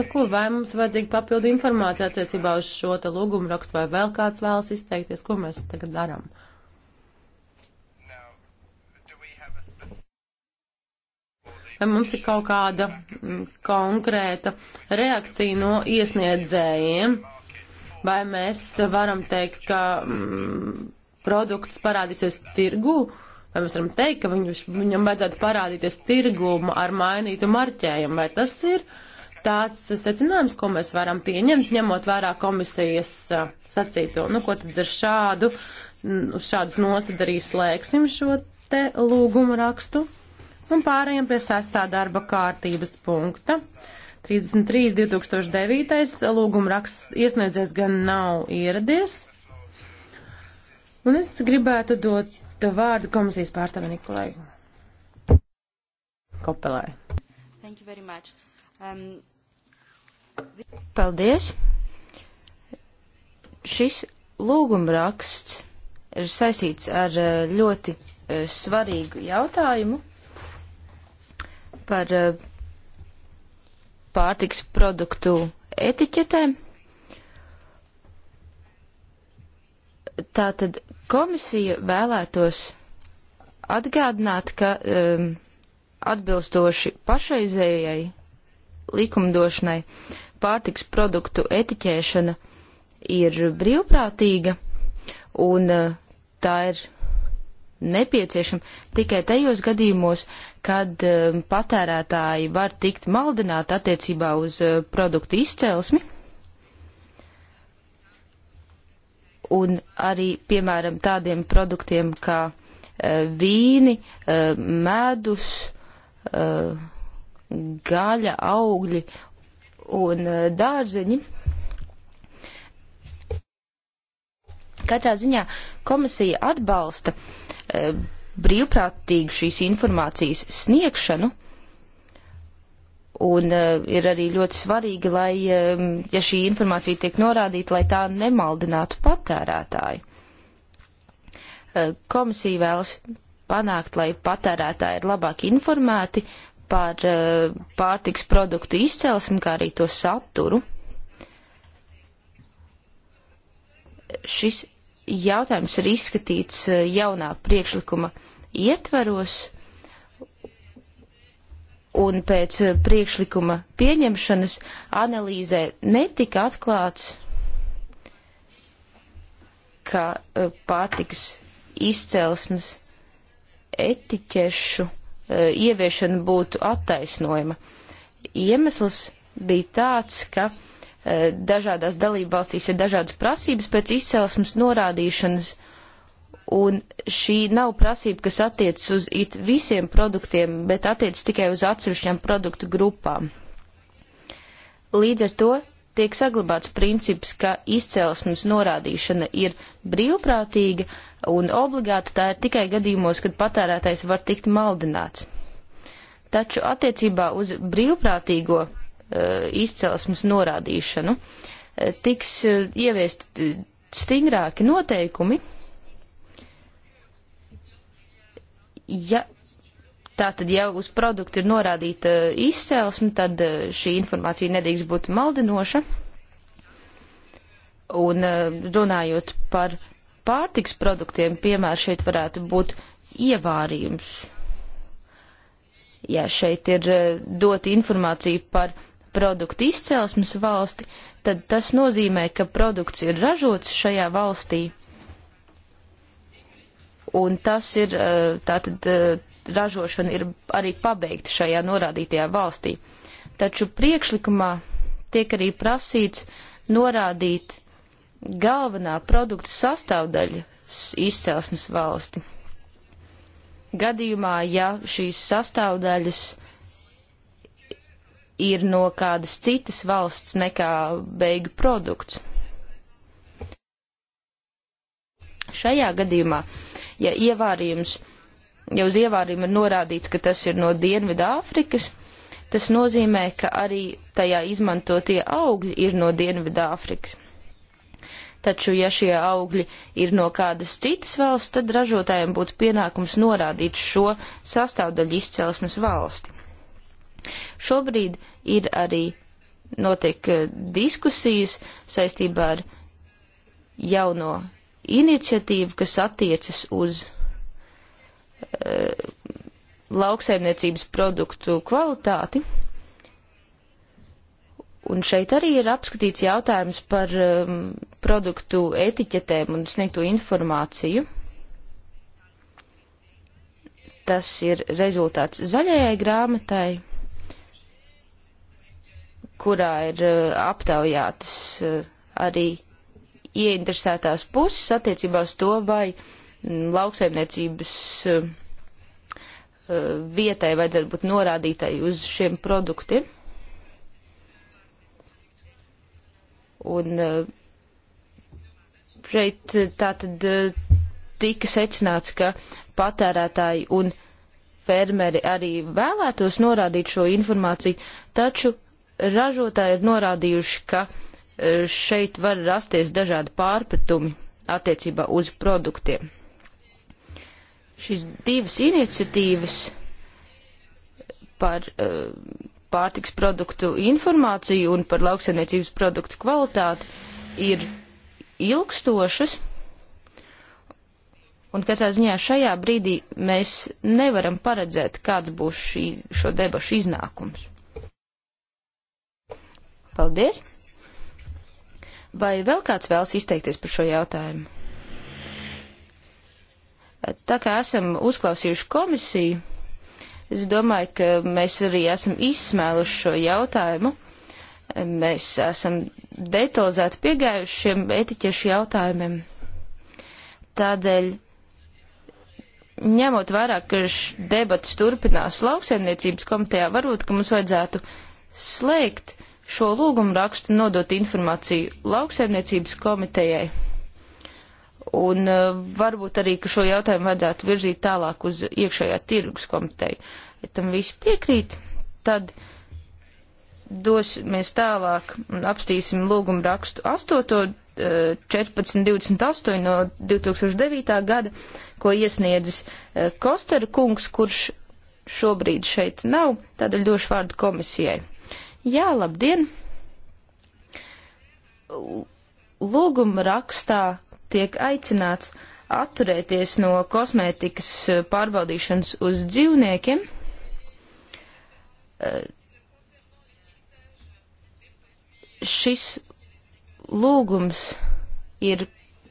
Nu, ko, vai mums vajadzīga papildu informācija attiecībā uz šo te lūgumu rakstu, vai vēl kāds vēlas izteikties, ko mēs tagad darām? vai mums ir kaut kāda mm, konkrēta reakcija no iesniedzējiem, vai mēs varam teikt, ka mm, produkts parādīsies tirgu, vai mēs varam teikt, ka viņu, viņam vajadzētu parādīties tirgumu ar mainītu marķējumu, vai tas ir tāds secinājums, ko mēs varam pieņemt, ņemot vērā komisijas sacīto. Nu, ko tad ar šādu, uz šādas nosad arī slēgsim šo te lūgumu rakstu? Un pārējiem pie sestā darba kārtības punkta. 33. 2009. lūguma raksts iesniedzējs gan nav ieradies. Un es gribētu dot vārdu komisijas pārstāvē Nikolai Kopelai. Um, the... Paldies. Šis lūgumraksts ir saistīts ar eh, ļoti eh, svarīgu jautājumu par eh, pārtiks produktu etiķetēm. Tātad komisija vēlētos atgādināt, ka um, atbilstoši pašreizējai likumdošanai pārtiks produktu etiķēšana ir brīvprātīga un uh, tā ir nepieciešama tikai tajos gadījumos, uh, kad eh, patērētāji var tikt maldināti attiecībā uz eh, produktu izcelsmi. Un arī, piemēram, tādiem produktiem kā eh, vīni, medus, gaļa, augļi un dārzeņi. Katrā ziņā komisija atbalsta brīvprātīgu šīs informācijas sniegšanu. Un uh, ir arī ļoti svarīgi, lai, um, ja šī informācija tiek norādīta, lai tā nemaldinātu patērētāju. Uh, komisija vēlas panākt, lai patērētāji ir labāk informēti par uh, pārtiks produktu izcelsmi, kā arī to saturu. Šis jautājums ir izskatīts eh, jaunā priekšlikuma ietvaros, un pēc eh, priekšlikuma pieņemšanas analīzē netika atklāts, ka eh, pārtikas izcelsmes etiķešu ieviešana būtu attaisnojama. Iemesls bija tāds, ka uh, Eh, dažādās dalībvalstīs ir dažādas prasības pēc izcelsmes norādīšanas, un šī nav prasība, kas attiecas uz it visiem produktiem, bet attiecas tikai uz atsevišķām produktu grupām. Līdz ar to tiek saglabāts princips, ka izcelsmes norādīšana ir brīvprātīga un obligāta tā ir tikai gadījumos, kad patērētais var tikt maldināts. Taču attiecībā uz brīvprātīgo Eh, izcelsmes norādīšanu. Eh, tiks eh, ieviest stingrāki noteikumi, ja tātad jau uz produktu ir norādīta izcelsme, tad šī informācija nedrīkst būt maldinoša. Un runājot par pārtiks produktiem, piemēram, šeit varētu būt ievārījums. Ja šeit ir dota informācija par uh, produktu izcelsmes valsti, tad tas nozīmē, ka produkts ir ražots šajā valstī. Un tas ir, eh, tātad eh, ražošana ir arī pabeigta šajā norādītajā valstī. Taču priekšlikumā tiek arī prasīts norādīt galvenā produkta sastāvdaļa izcelsmes valsti. Gadījumā, ja šīs sastāvdaļas uh, ir no kādas citas valsts nekā beigu produkts. Šajā gadījumā, ja ievārījums, ja uz ievārījumu ir norādīts, ka tas ir no Dienvidā Āfrikas, tas nozīmē, ka arī tajā izmantotie augļi ir no Dienvidā Āfrikas. Taču, ja šie augļi ir no kādas citas valsts, tad ražotājiem būtu pienākums norādīt šo sastāvdaļu izcelsmes valsti. Šobrīd ir arī notiek eh, diskusijas saistībā ar jauno iniciatīvu, kas attiecas uz e, lauksaimniecības produktu kvalitāti. Un šeit arī ir apskatīts jautājums par um, produktu etiķetēm un sniegto informāciju. Tas ir rezultāts zaļajai grāmatai kurā ir eh, aptaujātas eh, arī ieinteresētās puses attiecībā uz to, vai mm, lauksaimniecības eh, vietai vajadzētu būt norādītai uz šiem produktiem. Un šeit tā tad tika secināts, ka patērētāji un fermeri arī vēlētos norādīt šo informāciju, taču uh, Ražotāji ir norādījuši, ka e, šeit var rasties dažādi pārpratumi attiecībā uz produktiem. Šīs divas iniciatīvas par uh, pārtiks produktu informāciju un par lauksaimniecības produktu kvalitāti ir ilgstošas. Un katrā ziņā šajā brīdī mēs nevaram paredzēt, kāds būs šī, šo debašu iznākums. Paldies! Vai vēl kāds vēlas izteikties par šo jautājumu? Tā kā esam uzklausījuši komisiju, es domāju, ka mēs arī esam izsmēluši šo jautājumu. Mēs esam detalizēti piegājuši šiem etiķešu jautājumiem. Tādēļ, ņemot vairāk, ka debatas turpinās lauksaimniecības komitejā, varbūt, ka mums vajadzētu slēgt uh, šo lūgumu rakstu nodot informāciju lauksaimniecības komitejai. Un uh, varbūt arī, ka šo jautājumu vajadzētu virzīt tālāk uz iekšējā tirgus komiteju. Ja tam visi piekrīt, tad dosimies tālāk un apstīsim lūgumu rakstu 8. 1428 uh, no 2009. gada, ko iesniedzis uh, Kostera kungs, kurš šobrīd šeit nav, tādēļ došu vārdu komisijai. Jā, labdien! Lūguma rakstā tiek aicināts atturēties no kosmētikas pārbaudīšanas uz dzīvniekiem. Šis lūgums ir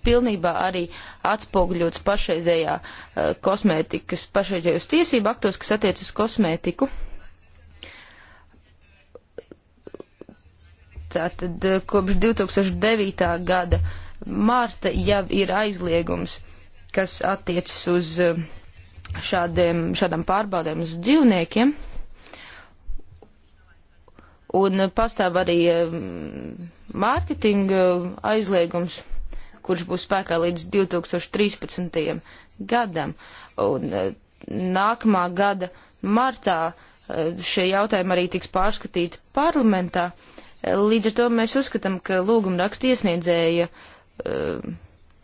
pilnībā arī atspoguļots pašreizējā eh, kosmētikas, pašreizējos tiesību aktos, kas attiec uz kosmētiku. Tātad eh, kopš 2009. gada mārta jau ir aizliegums, kas attiecas uz eh, šādiem, šādām pārbaudēm uz dzīvniekiem. Un pastāv arī eh, mārketinga aizliegums, kurš būs spēkā līdz 2013. gadam. Un nākamā gada martā šie jautājumi arī tiks pārskatīti parlamentā. Uh, Līdz ar to mēs uzskatām, ka lūguma raksta iesniedzēja uh,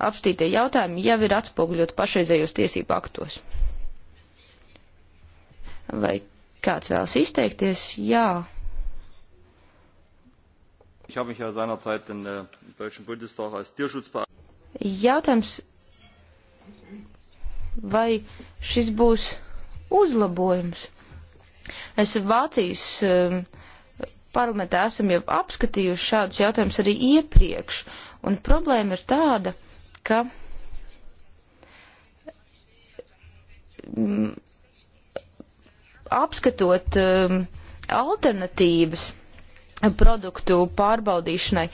apstītie jautājumi jau ir atspoguļot pašreizējos tiesību aktos. Vai kāds vēlas izteikties? Jā. Ich habe mich ja seinerzeit in der äh, Deutschen Bundestag als Tierschutzbeauftragter. Jautājums, vai šis būs uzlabojums? Es Vācijas uh, parlamentā esam jau apskatījuši šādus jautājumus arī iepriekš, un problēma ir tāda, ka m, mm, apskatot um, alternatīvas produktu pārbaudīšanai,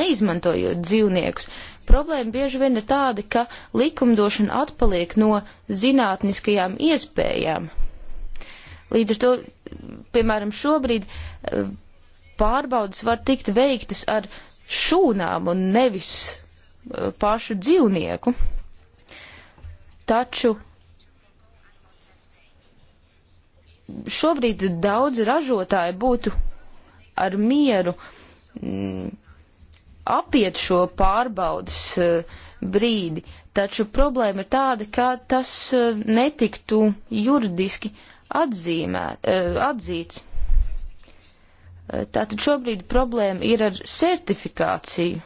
neizmantojot dzīvniekus, problēma bieži vien ir tāda, ka likumdošana atpaliek no zinātniskajām iespējām. Līdz ar to, piemēram, šobrīd pārbaudas var tikt veiktas ar šūnām un nevis uh, pašu dzīvnieku. Taču šobrīd daudzi ražotāji būtu ar mieru m, mm, apiet šo pārbaudas uh, brīdi, taču problēma ir tāda, ka tas uh, netiktu juridiski atzīmē, atzīts. Tātad šobrīd problēma ir ar certifikāciju.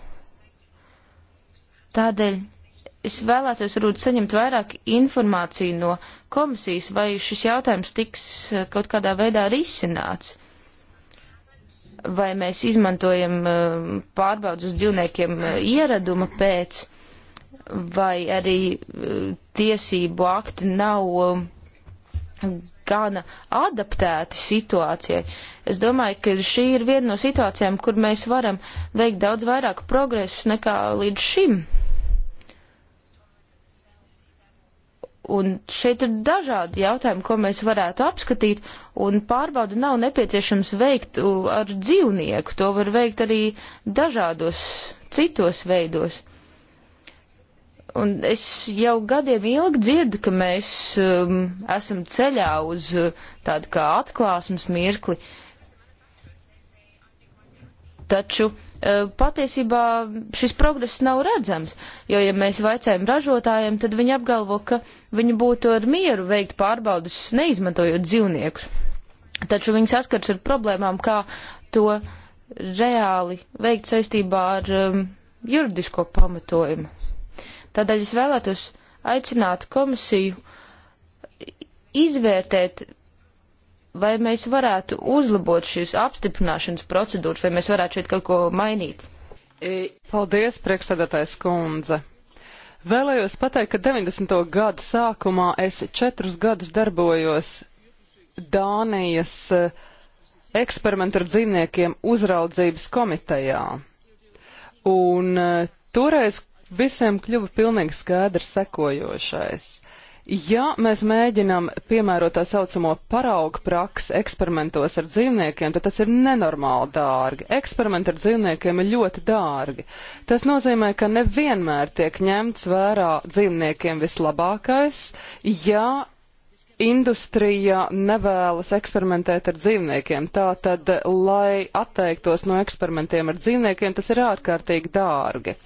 Tādēļ es vēlētos varbūt saņemt vairāk informāciju no komisijas, vai šis jautājums tiks eh, kaut kādā veidā risināts. Vai mēs izmantojam eh, pārbaudus uz dzīvniekiem eh, ieraduma pēc, vai arī tiesību akti nav gana adaptēti situācijai. Es domāju, ka šī ir viena no situācijām, kur mēs varam veikt daudz vairāk progresu nekā līdz šim. Un šeit ir dažādi jautājumi, ko mēs varētu apskatīt, un pārbaudu nav nepieciešams veikt ar dzīvnieku. To var veikt arī dažādos citos veidos. Un es jau gadiem ilgi dzirdu, ka mēs um, esam ceļā uz uh, tādu kā atklāsmes mirkli. Taču uh, patiesībā šis progress nav redzams, jo, ja mēs vaicājam ražotājiem, tad viņi apgalvo, ka viņi būtu ar mieru veikt pārbaudus, neizmantojot dzīvniekus. Taču viņi saskars ar problēmām, kā to reāli veikt saistībā ar um, juridisko pamatojumu. Tādēļ es vēlētos aicināt komisiju izvērtēt, vai mēs varētu uzlabot šīs apstiprināšanas procedūras, vai mēs varētu šeit kaut ko mainīt. E, paldies, priekšsēdētājs kundze. Vēlējos pateikt, ka 90. gadu sākumā es četrus gadus darbojos Dānijas e, eksperimentu ar dzīvniekiem uzraudzības komitejā. Un e, toreiz Visiem kļuva pilnīgi skaidrs sekojošais. Ja mēs mēģinam piemērot tā saucamo paraugu praksi eksperimentos ar dzīvniekiem, tad tas ir nenormāli dārgi. Eksperimenti ar dzīvniekiem ir ļoti dārgi. Tas nozīmē, ka nevienmēr tiek ņemts vērā dzīvniekiem vislabākais, ja industrija nevēlas eksperimentēt ar dzīvniekiem. Tātad, lai atteiktos no eksperimentiem ar dzīvniekiem, tas ir ārkārtīgi dārgi.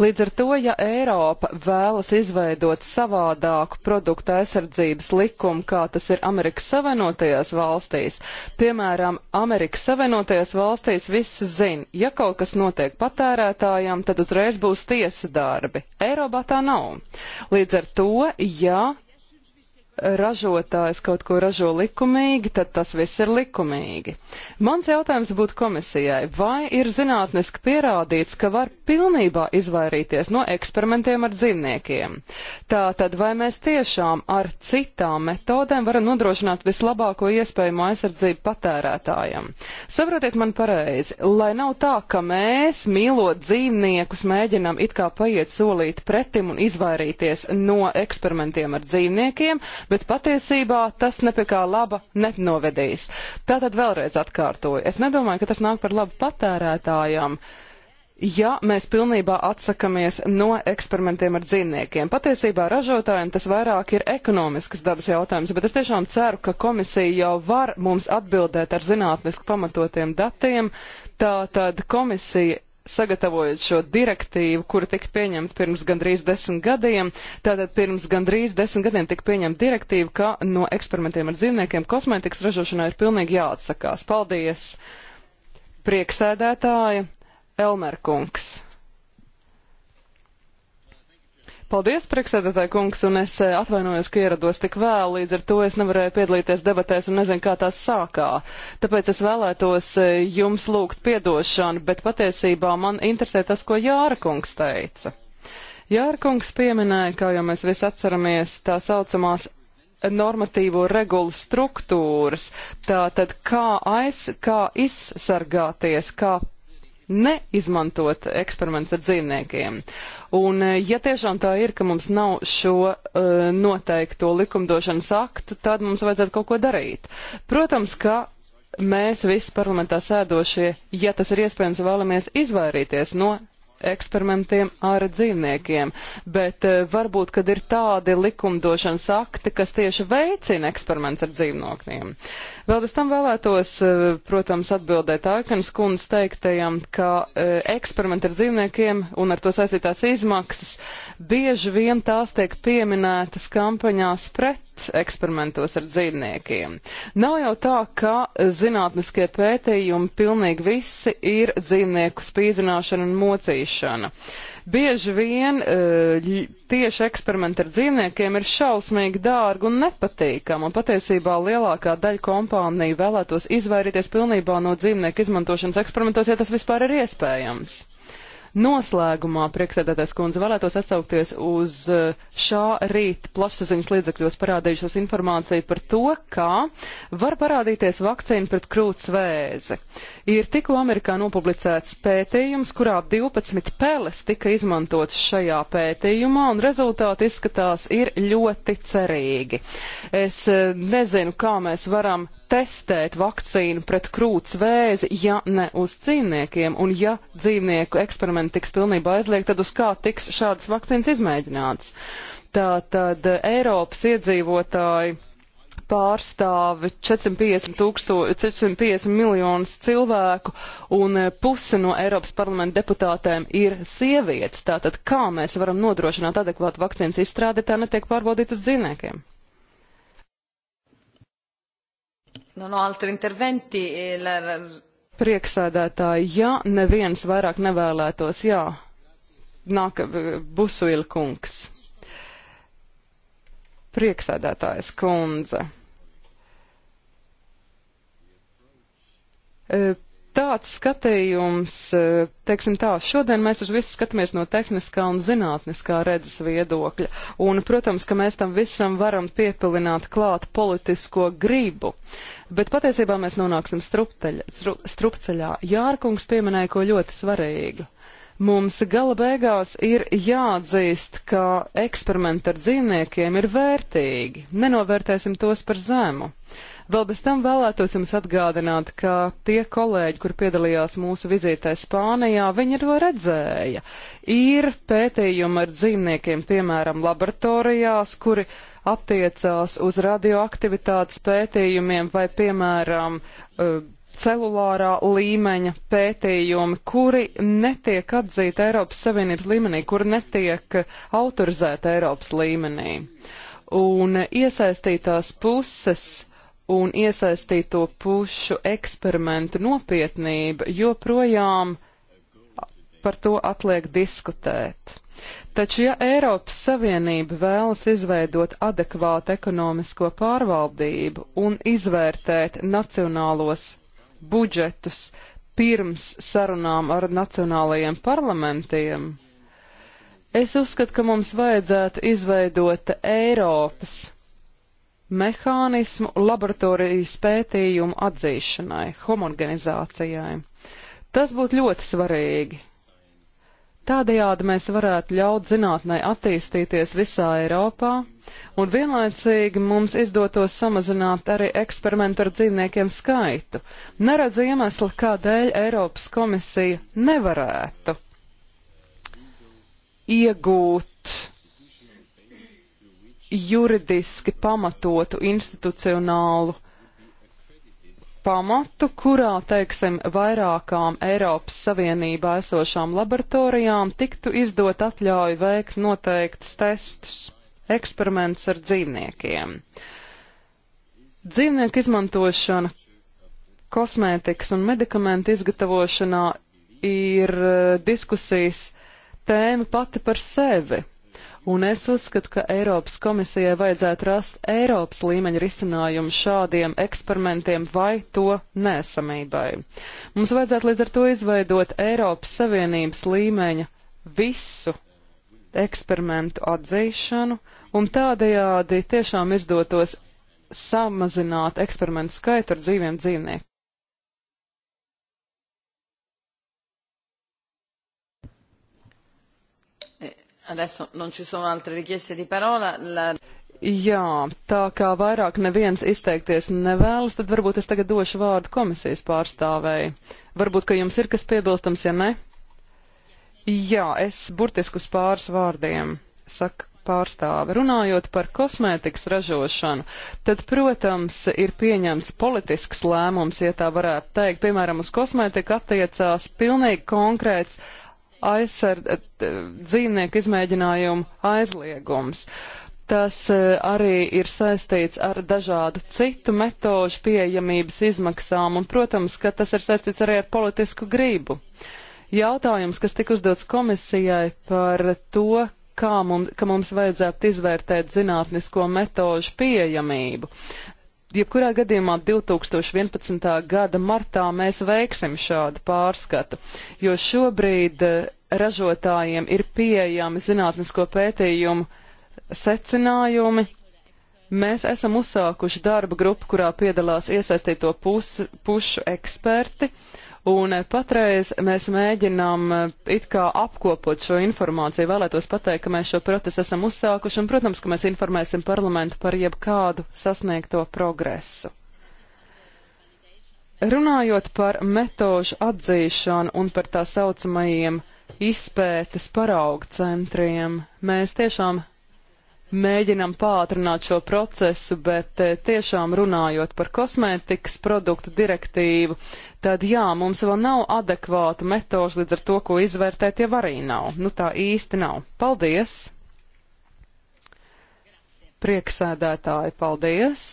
Līdz ar to, ja Eiropa vēlas izveidot savādāku produktu aizsardzības likumu, kā tas ir Amerikas Savienotajās valstīs, piemēram, Amerikas Savienotajās valstīs viss zina, ja kaut kas notiek patērētājam, tad uzreiz būs tiesu darbi. Eiropā tā nav. Līdz ar to, ja ražotājs kaut ko ražo likumīgi, tad tas viss ir likumīgi. Mans jautājums būtu komisijai, vai ir zinātniski pierādīts, ka var pilnībā izvairīties no eksperimentiem ar dzīvniekiem? Tātad, vai mēs tiešām ar citām metodēm varam nodrošināt vislabāko iespējamo aizsardzību patērētājiem? Saprotiet man pareizi, lai nav tā, ka mēs, mīlot dzīvniekus, mēģinam it kā paiet solīt pretim un izvairīties no eksperimentiem ar dzīvniekiem, bet patiesībā tas ne pie kā laba nenovedīs. Tātad vēlreiz atkārtoju, es nedomāju, ka tas nāk par labu patērētājiem. Ja mēs pilnībā atsakamies no eksperimentiem ar dzīvniekiem, patiesībā ražotājiem tas vairāk ir ekonomisks dabas jautājums, bet es tiešām ceru, ka komisija jau var mums atbildēt ar zinātnisku pamatotiem datiem. Tātad komisija sagatavojot šo direktīvu, kura tika pieņemta pirms gandrīz desmit gadiem. Tātad pirms gandrīz desmit gadiem tika pieņemta direktīva, ka no eksperimentiem ar dzīvniekiem kosmētikas ražošanā ir pilnīgi jāatsakās. Paldies, prieksēdētāja Elmerkungs. Paldies, priekšsēdētāji kungs, un es eh, atvainojos, ka ierados tik vēl, līdz ar to es nevarēju piedalīties debatēs un nezinu, kā tās sākā. Tāpēc es vēlētos eh, jums lūgt piedošanu, bet patiesībā man interesē tas, ko Jāra kungs teica. Jāra kungs pieminēja, kā jau mēs visi atceramies, tā saucamās normatīvo regulu struktūras, tātad kā, aiz, kā izsargāties, kā neizmantot eksperiments ar dzīvniekiem. Un, eh, ja tiešām tā ir, ka mums nav šo uh, noteikto likumdošanas aktu, tad mums vajadzētu kaut ko darīt. Protams, ka mēs visi parlamentā sēdošie, ja tas ir iespējams, vēlamies izvairīties no eksperimentiem ar dzīvniekiem, bet eh, varbūt, kad ir tādi likumdošanas akti, kas tieši veicina eksperiments ar dzīvnokļiem. Vēl bez tam vēlētos, eh, protams, atbildēt Aikens kundas teiktajam, ka eh, eksperimenti ar dzīvniekiem un ar to saistītās izmaksas bieži vien tās tiek pieminētas kampaņās pret eksperimentos ar dzīvniekiem. Nav jau tā, ka zinātniskie pētījumi pilnīgi visi ir dzīvnieku spīdzināšana un mocīšana ēšana. Bieži vien eh, tieši eksperimenti ar dzīvniekiem ir šausmīgi dārgi un nepatīkami, un patiesībā lielākā daļa kompāniju vēlētos izvairīties pilnībā no dzīvnieku izmantošanas eksperimentos, ja tas vispār ir iespējams. Noslēgumā, priekšsēdētājs kundze, vēlētos atsaukties uz eh, šā rīt plašsaziņas līdzakļos parādījušos informāciju par to, kā var parādīties vakcīna pret krūts vēzi. Ir tikko Amerikā nopublicēts pētījums, kurā 12 peles tika izmantotas šajā pētījumā, un rezultāti izskatās ir ļoti cerīgi. Es eh, nezinu, kā mēs varam testēt vakcīnu pret krūts vēzi, ja ne uz dzīvniekiem, un ja dzīvnieku eksperimenti tiks pilnībā aizliegt, tad uz kā tiks šādas vakcīnas izmēģināts. Tā tad eh, Eiropas iedzīvotāji pārstāvi 450, tūksto, 450 miljonus cilvēku, un eh, puse no Eiropas parlamenta deputātēm ir sievietes. Tātad kā mēs varam nodrošināt adekvātu vakcīnas izstrādi, tā netiek pārbaudīt uz dzīvniekiem? Non ho altri interventi. Eh, la... Prieksēdētāji, ja neviens vairāk nevēlētos, jā, nāk Busuil kungs. Prieksēdētājs kundze. E, tāds skatījums, eh, teiksim tā, šodien mēs uz visu skatāmies no tehniskā un zinātniskā redzes viedokļa, un, protams, ka mēs tam visam varam piepilināt klāt politisko gribu, bet patiesībā mēs nonāksim strupceļā. strupceļā. Jārkungs pieminēja ko ļoti svarīgu. Mums gala beigās ir jāatzīst, ka eksperimenti ar dzīvniekiem ir vērtīgi, nenovērtēsim tos par zemu. Uh, Vēl bez tam vēlētos jums atgādināt, ka tie kolēģi, kur piedalījās mūsu vizītē Spānijā, viņi to redzēja. Ir pētījumi ar dzīvniekiem, piemēram, laboratorijās, kuri attiecās uz radioaktivitātes pētījumiem vai, piemēram, eh, celulārā līmeņa pētījumi, kuri netiek atzīti Eiropas Savienības līmenī, kuri netiek autorizēti Eiropas līmenī. Un iesaistītās puses un iesaistīto pušu eksperimentu nopietnība joprojām par to atliek diskutēt. Taču, ja Eiropas Savienība vēlas izveidot adekvātu ekonomisko pārvaldību un izvērtēt nacionālos budžetus pirms sarunām ar nacionālajiem parlamentiem, es uzskatu, ka mums vajadzētu izveidot Eiropas mehānismu laboratorijas pētījumu atzīšanai, homogenizācijai. Tas būtu ļoti svarīgi. Tādējādi mēs varētu ļaut zinātnē attīstīties visā Eiropā, un vienlaicīgi mums izdotos samazināt arī eksperimentu ar dzīvniekiem skaitu. Neredzu iemeslu, kādēļ Eiropas komisija nevarētu iegūt juridiski pamatotu institucionālu pamatu, kurā, teiksim, vairākām Eiropas Savienībā esošām laboratorijām tiktu izdot atļauju veikt noteiktus testus, eksperimentus ar dzīvniekiem. Dzīvnieku izmantošana kosmētikas un medikamentu izgatavošanā ir eh, diskusijas tēma pati par sevi un es uzskatu, ka Eiropas komisijai vajadzētu rast Eiropas līmeņa risinājumu šādiem eksperimentiem vai to nesamībai. Mums vajadzētu līdz ar to izveidot Eiropas Savienības līmeņa visu eksperimentu atzīšanu, un tādējādi tiešām izdotos samazināt eksperimentu skaitu ar dzīviem dzīvniekiem. Adesso non ci sono altre richieste di parola. La... Jā, tā kā vairāk neviens izteikties nevēlas, tad varbūt es tagad došu vārdu komisijas pārstāvēji. Varbūt, ka jums ir kas piebilstams, ja ne? Jā, es burtiski uz pāris vārdiem saku pārstāve. Runājot par kosmētikas ražošanu, tad, protams, ir pieņemts politisks lēmums, ja tā varētu teikt. Piemēram, uz kosmētiku attiecās pilnīgi konkrēts aizsardz, dzīvnieku izmēģinājumu aizliegums. Tas e, arī ir saistīts ar dažādu citu metožu pieejamības izmaksām, un, protams, ka tas ir saistīts arī ar politisku gribu. Jautājums, kas tika uzdots komisijai par to, kā mums, ka mums vajadzētu izvērtēt zinātnisko metožu pieejamību jebkurā gadījumā 2011. gada martā mēs veiksim šādu pārskatu, jo šobrīd eh, ražotājiem ir pieejami zinātnisko pētījumu secinājumi. Mēs esam uzsākuši darba grupu, kurā piedalās iesaistīto pus, pušu eksperti, uh, Un patreiz mēs mēģinām eh, it kā apkopot šo informāciju, vēlētos pateikt, ka mēs šo procesu esam uzsākuši, un, protams, ka mēs informēsim parlamentu par jebkādu sasniegto progresu. Runājot par metožu atzīšanu un par tā saucamajiem izpētes paraugu centriem, mēs tiešām mēģinam pātrināt šo procesu, bet eh, tiešām runājot par kosmētikas produktu direktīvu, tad jā, mums vēl nav adekvāta metoža līdz ar to, ko izvērtēt jau arī nav. Nu tā īsti nav. Paldies! Prieksēdētāji, paldies!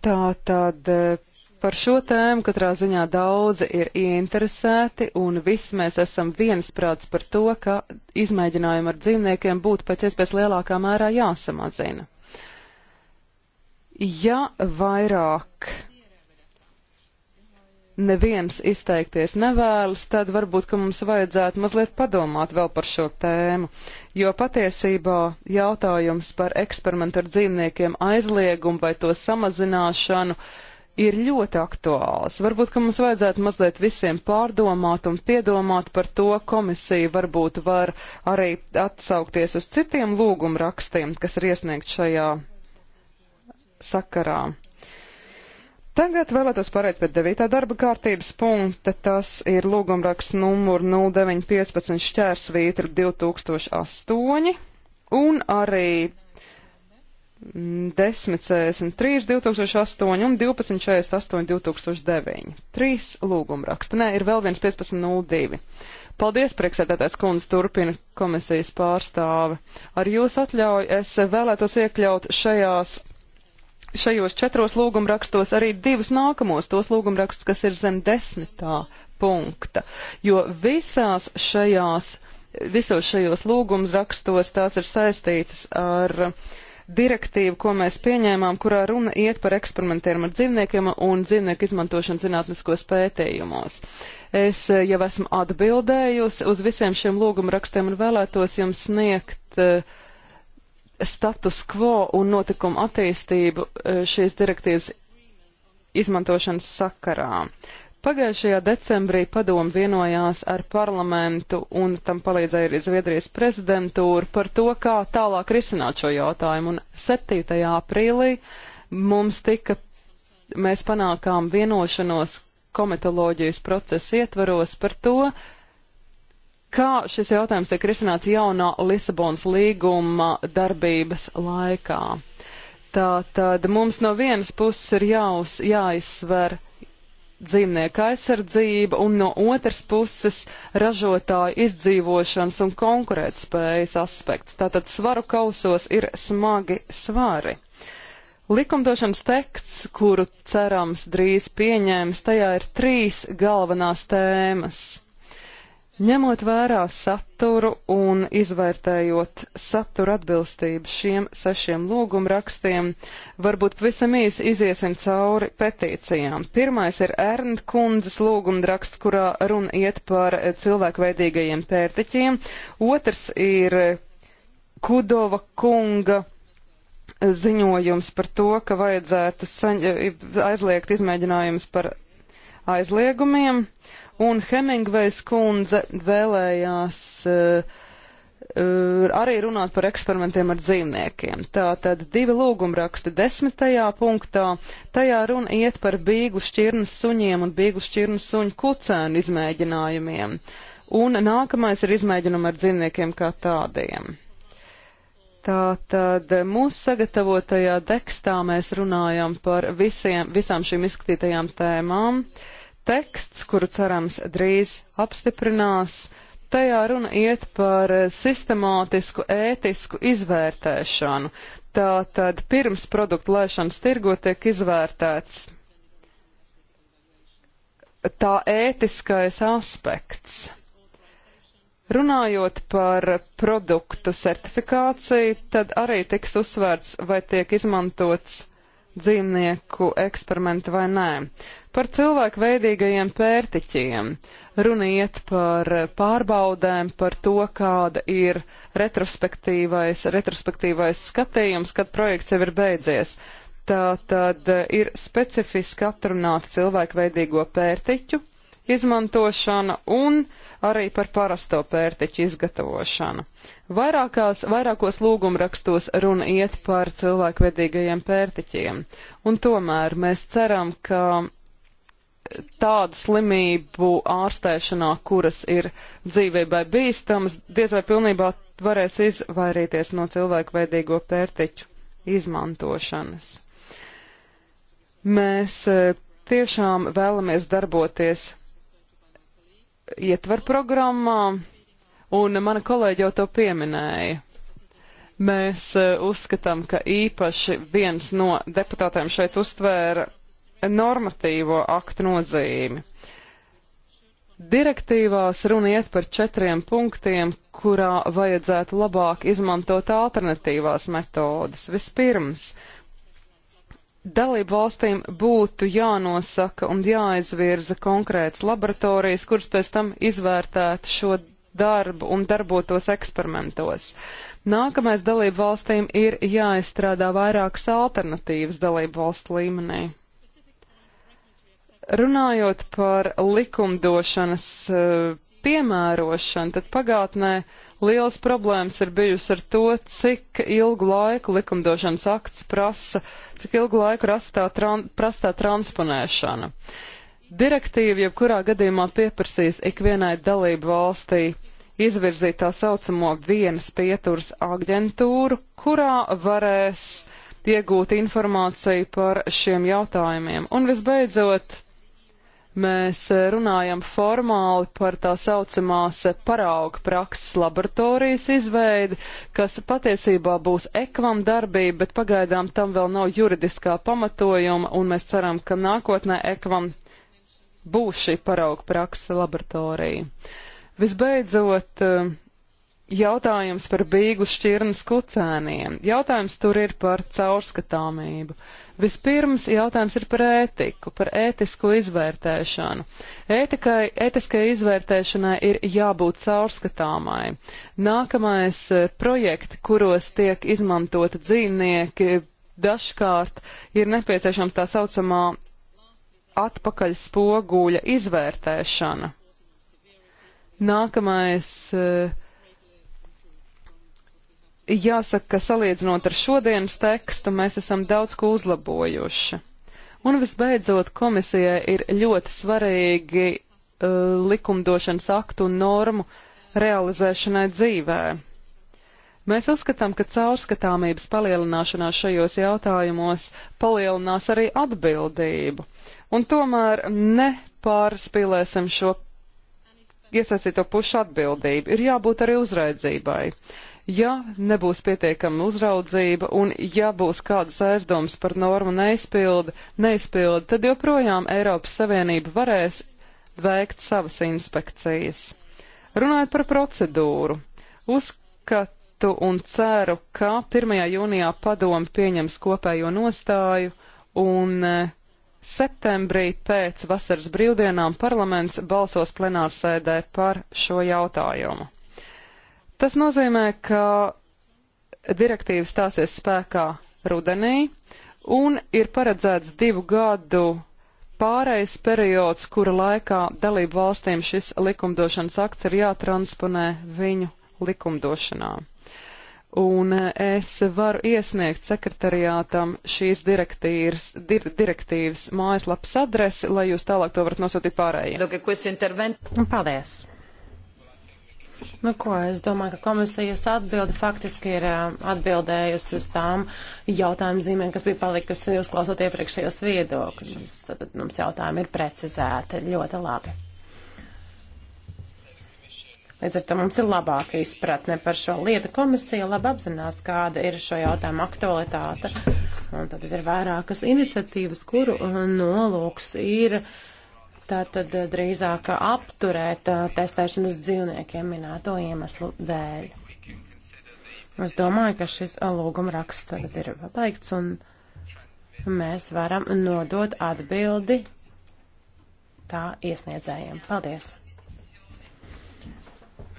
Tā tad eh, Par šo tēmu katrā ziņā daudzi ir ieinteresēti, un visi mēs esam viensprāts par to, ka izmēģinājumi ar dzīvniekiem būtu pēc iespējas lielākā mērā jāsamazina. Ja vairāk neviens izteikties nevēlas, tad varbūt, ka mums vajadzētu mazliet padomāt vēl par šo tēmu, jo patiesībā jautājums par eksperimentu ar dzīvniekiem aizliegumu vai to samazināšanu uh, ir ļoti aktuāls. Varbūt, ka mums vajadzētu mazliet visiem pārdomāt un piedomāt par to, komisija varbūt var arī atsaukties uz citiem lūgumrakstiem, kas ir iesniegt šajā sakarā. Tagad vēlētos pārēt pie 9. darba kārtības punkta. Tas ir lūgumraksts numur 0915 šķērsvītra 2008 un arī 1043, 2008 un 1248, 2009. Trīs lūguma raksta. Nē, ir vēl viens 1502. Paldies, priekšsēdētājs kundze, turpina komisijas pārstāve. Ar jūs atļauju es vēlētos iekļaut šajās, šajos četros lūguma rakstos arī divus nākamos, tos lūguma rakstus, kas ir zem desmitā punkta, jo visās šajās, visos šajos lūguma rakstos tās ir saistītas ar uh, direktīvu, ko mēs pieņēmām, kurā runa iet par eksperimentiem ar dzīvniekiem un dzīvnieku izmantošanu zinātniskos pētījumos. Es eh, jau esmu atbildējusi uz visiem šiem lūgumrakstiem un vēlētos jums sniegt uh, status quo un notikumu attīstību uh, šīs direktīvas izmantošanas sakarā. Pagājušajā decembrī padomu vienojās ar parlamentu un tam palīdzēja arī Zviedrijas prezidentūra par to, kā tālāk risināt šo jautājumu. Un 7. aprīlī mums tika, mēs panākām vienošanos komitoloģijas procesa ietvaros par to, kā šis jautājums tiek risināts jaunā Lisabonas līguma darbības laikā. Tā tad mums no vienas puses ir jāuz, jāizsver dzīvnieku aizsardzība un no otras puses ražotāju izdzīvošanas un konkurētspējas aspekts. Tātad svaru kausos ir smagi svari. Likumdošanas teksts, kuru cerams drīz pieņēmis, tajā ir trīs galvenās tēmas. Ņemot vērā saturu un izvērtējot saturu atbilstību šiem sešiem lūgumrakstiem, varbūt pavisam īsi iziesim cauri petīcijām. Pirmais ir Ernta kundzes lūgumraksts, kurā runa iet par cilvēkveidīgajiem pērtiķiem. Otrs ir Kudova kunga ziņojums par to, ka vajadzētu aizliegt izmēģinājumus par aizliegumiem un Hemingvejs kundze vēlējās uh, uh, arī runāt par eksperimentiem ar dzīvniekiem. Tātad divi lūgumraksti desmitajā punktā. Tajā runa iet par bīglu šķirnes suņiem un bīglu šķirnes suņu kucēnu izmēģinājumiem. Un nākamais ir izmēģinājumi ar dzīvniekiem kā tādiem. Tātad mūsu sagatavotajā dekstā mēs runājam par visiem, visām šīm izskatītajām tēmām. Uh, teksts, kuru cerams drīz apstiprinās, tajā runa iet par sistemātisku ētisku izvērtēšanu. Tātad pirms produktu lēšanas tirgo tiek izvērtēts tā ētiskais aspekts. Runājot par produktu certifikāciju, tad arī tiks uzsvērts, vai tiek izmantots dzīvnieku eksperimenti vai nē. Par cilvēku veidīgajiem pērtiķiem runiet par pārbaudēm, par to, kāda ir retrospektīvais, retrospektīvais skatījums, kad projekts jau ir beidzies. Tā tad ir specifiski atrunāta cilvēku veidīgo pērtiķu izmantošana un arī par parasto pērtiķu izgatavošanu. Vairākās, vairākos lūgumrakstos runa iet par cilvēkvedīgajiem pērtiķiem, un tomēr mēs ceram, ka tādu slimību ārstēšanā, kuras ir dzīvībai bīstamas, diez vai pilnībā varēs izvairīties no cilvēku veidīgo pērtiķu izmantošanas. Mēs e, tiešām vēlamies darboties ietver programmā, un mana kolēģi jau to pieminēja. Mēs e, uzskatām, ka īpaši viens no deputātiem šeit uztvēra normatīvo aktu nozīmi. Direktīvās runa iet par četriem punktiem, kurā vajadzētu labāk izmantot alternatīvās metodas. Vispirms, dalību valstīm būtu jānosaka un jāizvirza konkrēts laboratorijas, kuras pēc tam izvērtētu šo darbu un darbotos eksperimentos. Nākamais dalību valstīm ir jāizstrādā vairākas alternatīvas dalību valstu līmenī. Runājot par likumdošanas eh, piemērošanu, tad pagātnē liels problēmas ir bijusi ar to, cik ilgu laiku likumdošanas akts prasa, cik ilgu laiku rastā, tran prastā transponēšana. Direktīva jebkurā gadījumā pieprasīs ikvienai dalību valstī izvirzīt tā saucamo vienas pieturas aģentūru, kurā varēs iegūt informāciju par šiem jautājumiem. Un visbeidzot, mēs eh, runājam formāli par tā saucamās eh, parauga prakses laboratorijas izveidi, kas patiesībā būs ekvam darbība, bet pagaidām tam vēl nav juridiskā pamatojuma, un mēs ceram, ka nākotnē ekvam būs šī parauga prakses laboratorija. Visbeidzot, eh, jautājums par bīglu šķirnes kucēniem. Jautājums tur ir par caurskatāmību. Vispirms jautājums ir par ētiku, par ētisko izvērtēšanu. Ētikai, ētiskai izvērtēšanai ir jābūt caurskatāmai. Nākamais eh, projekti, kuros tiek izmantota dzīvnieki, dažkārt ir nepieciešama tā saucamā atpakaļ spoguļa izvērtēšana. Nākamais uh, jāsaka, ka salīdzinot ar šodienas tekstu, mēs esam daudz ko uzlabojuši. Un visbeidzot, komisijai ir ļoti svarīgi uh, likumdošanas aktu un normu realizēšanai dzīvē. Mēs uzskatām, ka caurskatāmības palielināšanās šajos jautājumos palielinās arī atbildību, un tomēr nepārspīlēsim šo iesaistīto pušu atbildību. Ir jābūt arī uzraidzībai. Uh, Ja nebūs pietiekama uzraudzība un ja būs kādas aizdomas par normu neizpildi, neizpildi, tad joprojām Eiropas Savienība varēs veikt savas inspekcijas. Runājot par procedūru, uzskatu un ceru, ka 1. jūnijā padomi pieņems kopējo nostāju un e, septembrī pēc vasaras brīvdienām parlaments balsos plenārsēdē par šo jautājumu. Tas nozīmē, ka direktīva stāsies spēkā rudenī un ir paredzēts divu gadu pārejas periods, kura laikā dalību valstīm šis likumdošanas akts ir jātransponē viņu likumdošanā. Un es varu iesniegt sekretariātam šīs direktīvas, dir, direktīvas mājaslapas adresi, lai jūs tālāk to varat nosūtīt pārējiem. Nu, paldies! Nu, ko es domāju, ka komisijas atbilde faktiski ir atbildējusi uz tām jautājumu zīmēm, kas bija palikusi uzklausot iepriekšējos viedokļus. Tad mums jautājumi ir precizēti ļoti labi. Līdz ar to mums ir labāka izpratne par šo lietu. Komisija labi apzinās, kāda ir šo jautājumu aktualitāte. Un tad ir vairākas iniciatīvas, kuru nolūks ir uh, tātad eh, drīzāk apturēt eh, testēšanas dzīvniekiem minēto iemeslu dēļ. Es domāju, ka šis eh, lūguma raksts tagad ir pabeigts un mēs varam nodot atbildi tā iesniedzējiem. Paldies!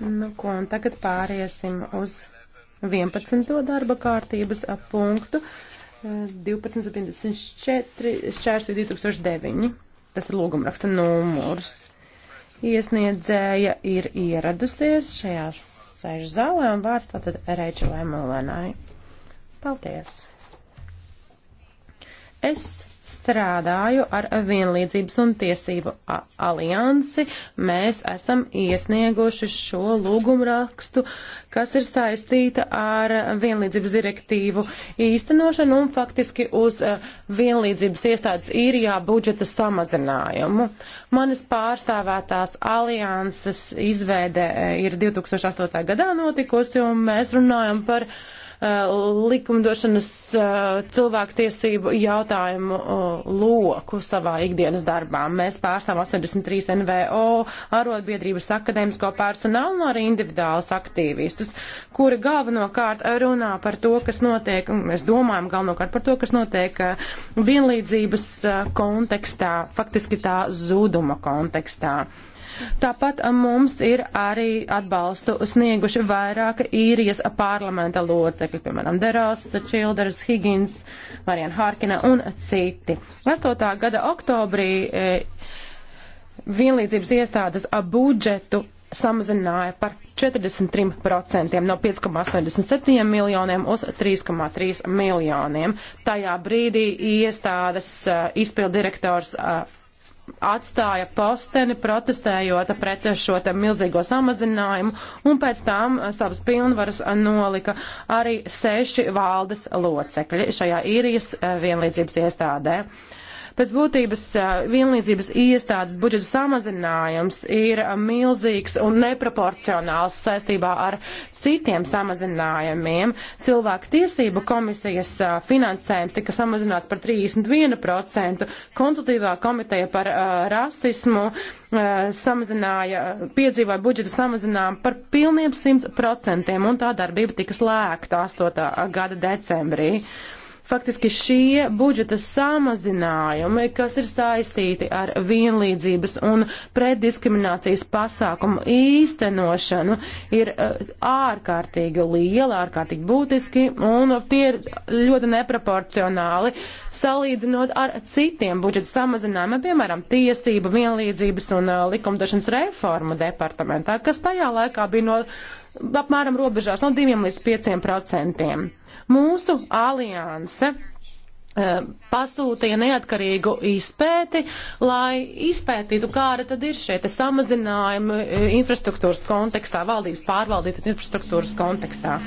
Nu, ko, un tagad pāriesim uz 11. darba kārtības punktu 12.54. šķērsvi 2009 tas ir lūgumraksta numurs. Iesniedzēja ir ieradusies šajā sēžu zālē un vārds tātad Reičelai Mulvenai. Paldies! Es strādāju ar vienlīdzības un tiesību aliansi. Mēs esam iesnieguši šo lūgumrakstu, kas ir saistīta ar vienlīdzības direktīvu īstenošanu un faktiski uz vienlīdzības iestādes īrijā budžeta samazinājumu. Manas pārstāvētās alianses izveide ir 2008. gadā notikusi un mēs runājam par uh, Uh, likumdošanas uh, cilvēktiesību jautājumu uh, loku savā ikdienas darbā. Mēs pārstāvam 83 NVO, arotbiedrības akadēmisko personālu un arī individuālus aktīvistus, kuri galvenokārt runā par to, kas notiek, mēs domājam galvenokārt par to, kas notiek vienlīdzības kontekstā, faktiski tā zuduma kontekstā. Tāpat mums ir arī atbalstu snieguši vairāka īrijas parlamenta locekļi, piemēram, Deros, Childers, Higgins, Marian Harkina un citi. 8. gada oktobrī e, vienlīdzības iestādes budžetu samazināja par 43% no 5,87 miljoniem uz 3,3 miljoniem. Tajā brīdī iestādes uh, izpildirektors uh, atstāja posteni, protestējot pret šo te milzīgo samazinājumu, un pēc tam savas pilnvaras nolika arī seši valdes locekļi šajā īrijas eh, vienlīdzības iestādē. Uh, Pēc būtības vienlīdzības iestādes budžeta samazinājums ir milzīgs un neproporcionāls saistībā ar citiem samazinājumiem. Cilvēku tiesību komisijas finansējums tika samazināts par 31%, konsultīvā komiteja par uh, rasismu uh, samazināja, piedzīvoja budžeta samazinājumu par pilniem 100% un tā darbība tika slēgta 8. gada decembrī. Uh, Faktiski šie budžeta samazinājumi, kas ir saistīti ar vienlīdzības un preddiskriminācijas pasākumu īstenošanu, ir eh, ārkārtīgi lieli, ārkārtīgi būtiski un tie ir ļoti neproporcionāli salīdzinot ar citiem budžeta samazinājumiem, piemēram, tiesību, vienlīdzības un eh, likumdošanas reformu departamentā, kas tajā laikā bija no apmēram robežās no 2 līdz 5 procentiem. Mūsu alianse eh, pasūtīja neatkarīgu izpēti, lai izpētītu, kāda tad ir šie samazinājumi eh, infrastruktūras kontekstā, valdības pārvaldītas infrastruktūras kontekstā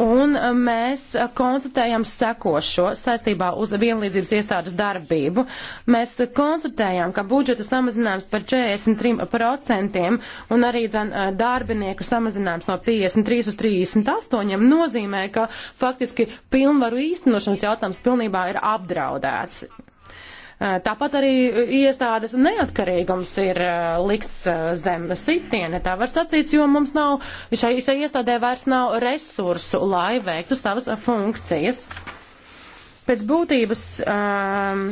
un eh, mēs eh, konstatējam sekošo saistībā uz vienlīdzības iestādes darbību. Mēs eh, konstatējam, ka budžeta samazinājums par 43% un arī dzen, darbinieku samazinājums no 53 uz 38 nozīmē, ka faktiski pilnvaru īstenošanas jautājums pilnībā ir apdraudēts. Eh, tāpat arī iestādes neatkarīgums ir eh, likts eh, zem sitiena, tā var sacīt, jo mums nav, šai, šai iestādē vairs nav resursu, lai veiktu savas funkcijas. Pēc būtības ehm,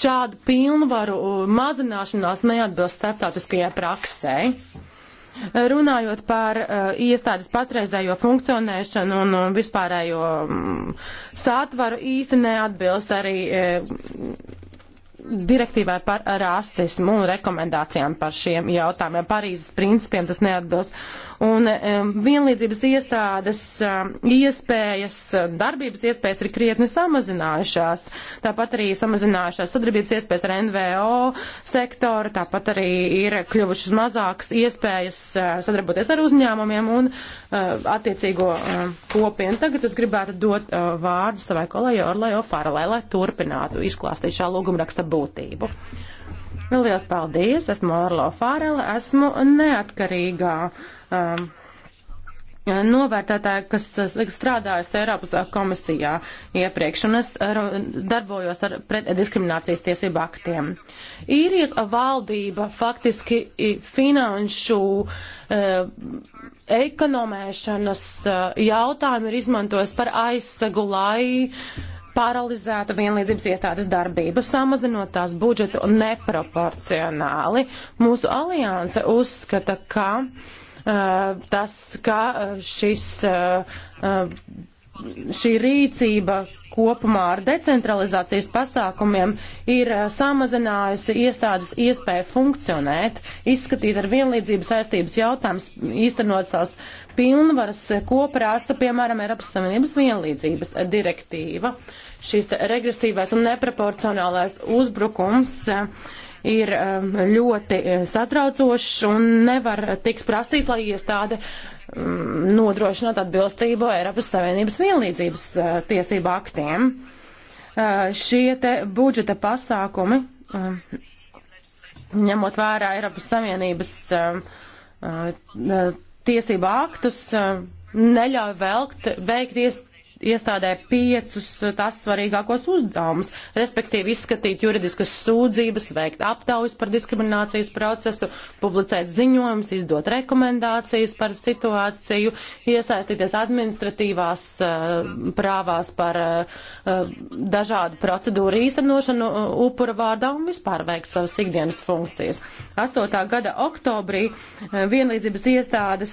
šādu pilnvaru mazināšanās neatbilst starptautiskajai praksē. Runājot par uh, iestādes patreizējo funkcionēšanu un, un vispārējo um, sātvaru, īsti neatbilst arī uh, direktīvai par rasismu un rekomendācijām par šiem jautājumiem. Parīzes principiem tas neatbilst. Un um, vienlīdzības iestādes um, iespējas, darbības iespējas ir krietni samazinājušās. Tāpat arī samazinājušās sadarbības iespējas ar NVO sektoru, tāpat arī ir kļuvušas mazākas iespējas uh, sadarboties ar uzņēmumiem un uh, attiecīgo uh, kopienu. Tagad es gribētu dot uh, vārdu savai kolēģi Orlai Ofaralai, lai turpinātu izklāstīt šā lūgumraksta būtību. Nu, Lielas paldies! Esmu Orlo Fārela, esmu neatkarīgā. Um, novērtētāja, kas strādājas Eiropas komisijā iepriekš, un es darbojos ar pretdiskriminācijas tiesību aktiem. Īrijas valdība faktiski finanšu eh, ekonomēšanas eh, jautājumu ir izmantojis par aizsegu, lai paralizēta vienlīdzības iestādes darbība, samazinot tās budžetu neproporcionāli. Mūsu alianse uzskata, ka uh, tas, ka uh, šis. Uh, uh, Šī rīcība kopumā ar decentralizācijas pasākumiem ir uh, samazinājusi iestādes iespēju funkcionēt, izskatīt ar vienlīdzību saistības jautājumus, īstenot savas pilnvaras, ko prasa, piemēram, Eiropas Savienības vienlīdzības direktīva. Uh, šīs regresīvais un neproporcionālais uzbrukums e, ir e, ļoti e, satraucošs un nevar tiks prasīt, lai iestāde mm, nodrošināt atbilstību Eiropas Savienības vienlīdzības tiesību aktiem. Šie te budžeta pasākumi, ņemot vērā Eiropas Savienības tiesību aktus, neļauj velkt, beigties iestādē piecus eh, tās svarīgākos uzdevumus, respektīvi izskatīt juridiskas sūdzības, veikt aptaujas par diskriminācijas procesu, publicēt ziņojumus, izdot rekomendācijas par situāciju, iesaistīties administratīvās eh, prāvās par eh, dažādu procedūru īstenošanu upura vārdā un vispār veikt savas ikdienas funkcijas. 8. gada oktobrī vienlīdzības iestādes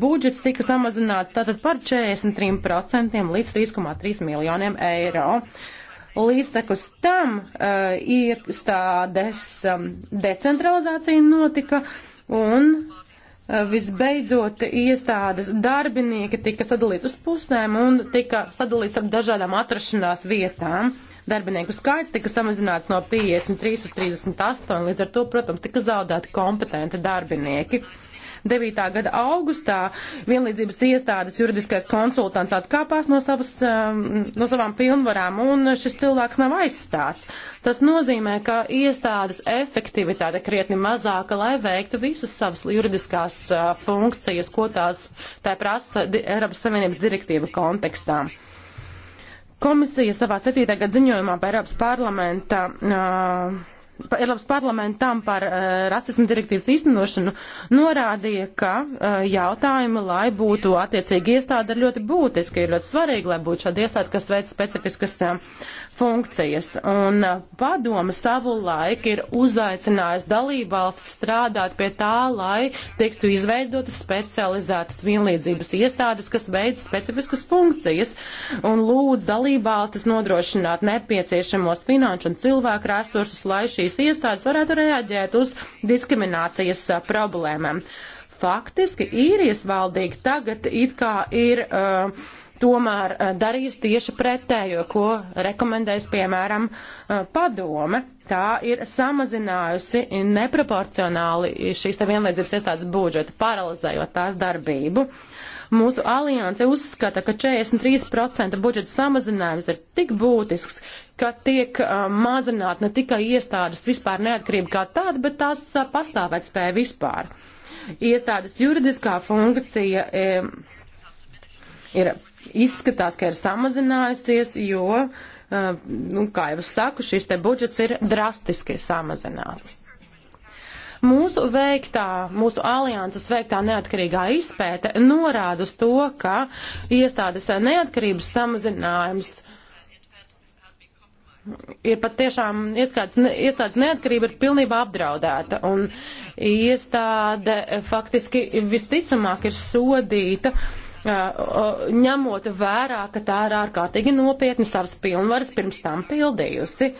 budžets tika samazināts tātad par 43% līdz līdz 3,3 miljoniem eiro. Līdztekus tam uh, iestādes um, decentralizācija notika un uh, visbeidzot iestādes darbinieki tika sadalīti uz pusēm un tika sadalīts ap dažādām atrašanās vietām. Uh, Darbinieku skaits tika samazināts no 53 uz 38, līdz ar to, protams, tika zaudēti kompetenti darbinieki. 2009. gada augustā vienlīdzības iestādes juridiskais konsultants atkāpās no, savas, um, no savām pilnvarām, un šis cilvēks nav aizstāts. Tas nozīmē, ka iestādes efektivitāte krietni mazāka, lai veiktu visas savas juridiskās uh, funkcijas, ko tās tā prasa Eiropas Savienības direktīva kontekstā. Komisija savā 7. gada ziņojumā par Eiropas parlamenta uh, Eiropas parlamentam par uh, rasismu direktīvas īstenošanu norādīja, ka uh, jautājumi, lai būtu attiecīgi iestāde, ir ļoti būtiski. Ir ļoti svarīgi, lai būtu šāda iestāde, kas veic specifiskas uh, funkcijas. Un uh, padoma savu laiku ir uzaicinājusi dalībvalsts strādāt pie tā, lai tiktu izveidotas specializētas vienlīdzības iestādes, kas veids specifiskas funkcijas un lūdz dalībvalstis nodrošināt nepieciešamos finanšu un cilvēku resursus, lai šīs iestādes varētu reaģēt uz diskriminācijas uh, problēmām. Faktiski īrijas valdība tagad it kā ir uh, tomēr eh, darījusi tieši pretējo, ko rekomendējas, piemēram, eh, padome. Tā ir samazinājusi neproporcionāli šīs te vienlīdzības iestādes budžeta, paralizējot tās darbību. Mūsu alianse uzskata, ka 43% budžeta samazinājums ir tik būtisks, ka tiek uh, mazināt ne tikai iestādes vispār neatkarība kā tāda, bet tās uh, pastāvēt spēja vispār. Iestādes juridiskā funkcija e, ir izskatās, ka ir samazinājusies, jo, eh, nu, kā jau es saku, šis te budžets ir drastiski samazināts. Mūsu veiktā, mūsu alianses veiktā neatkarīgā izpēte norāda uz to, ka iestādes neatkarības samazinājums ir patiešām iestādes, iestādes neatkarība ir pilnībā apdraudēta. Un iestāde faktiski visticamāk ir sodīta uh, Uh, ņemot vērā, ka tā ir ārkārtīgi nopietni savas pilnvaras pirms tam pildījusi.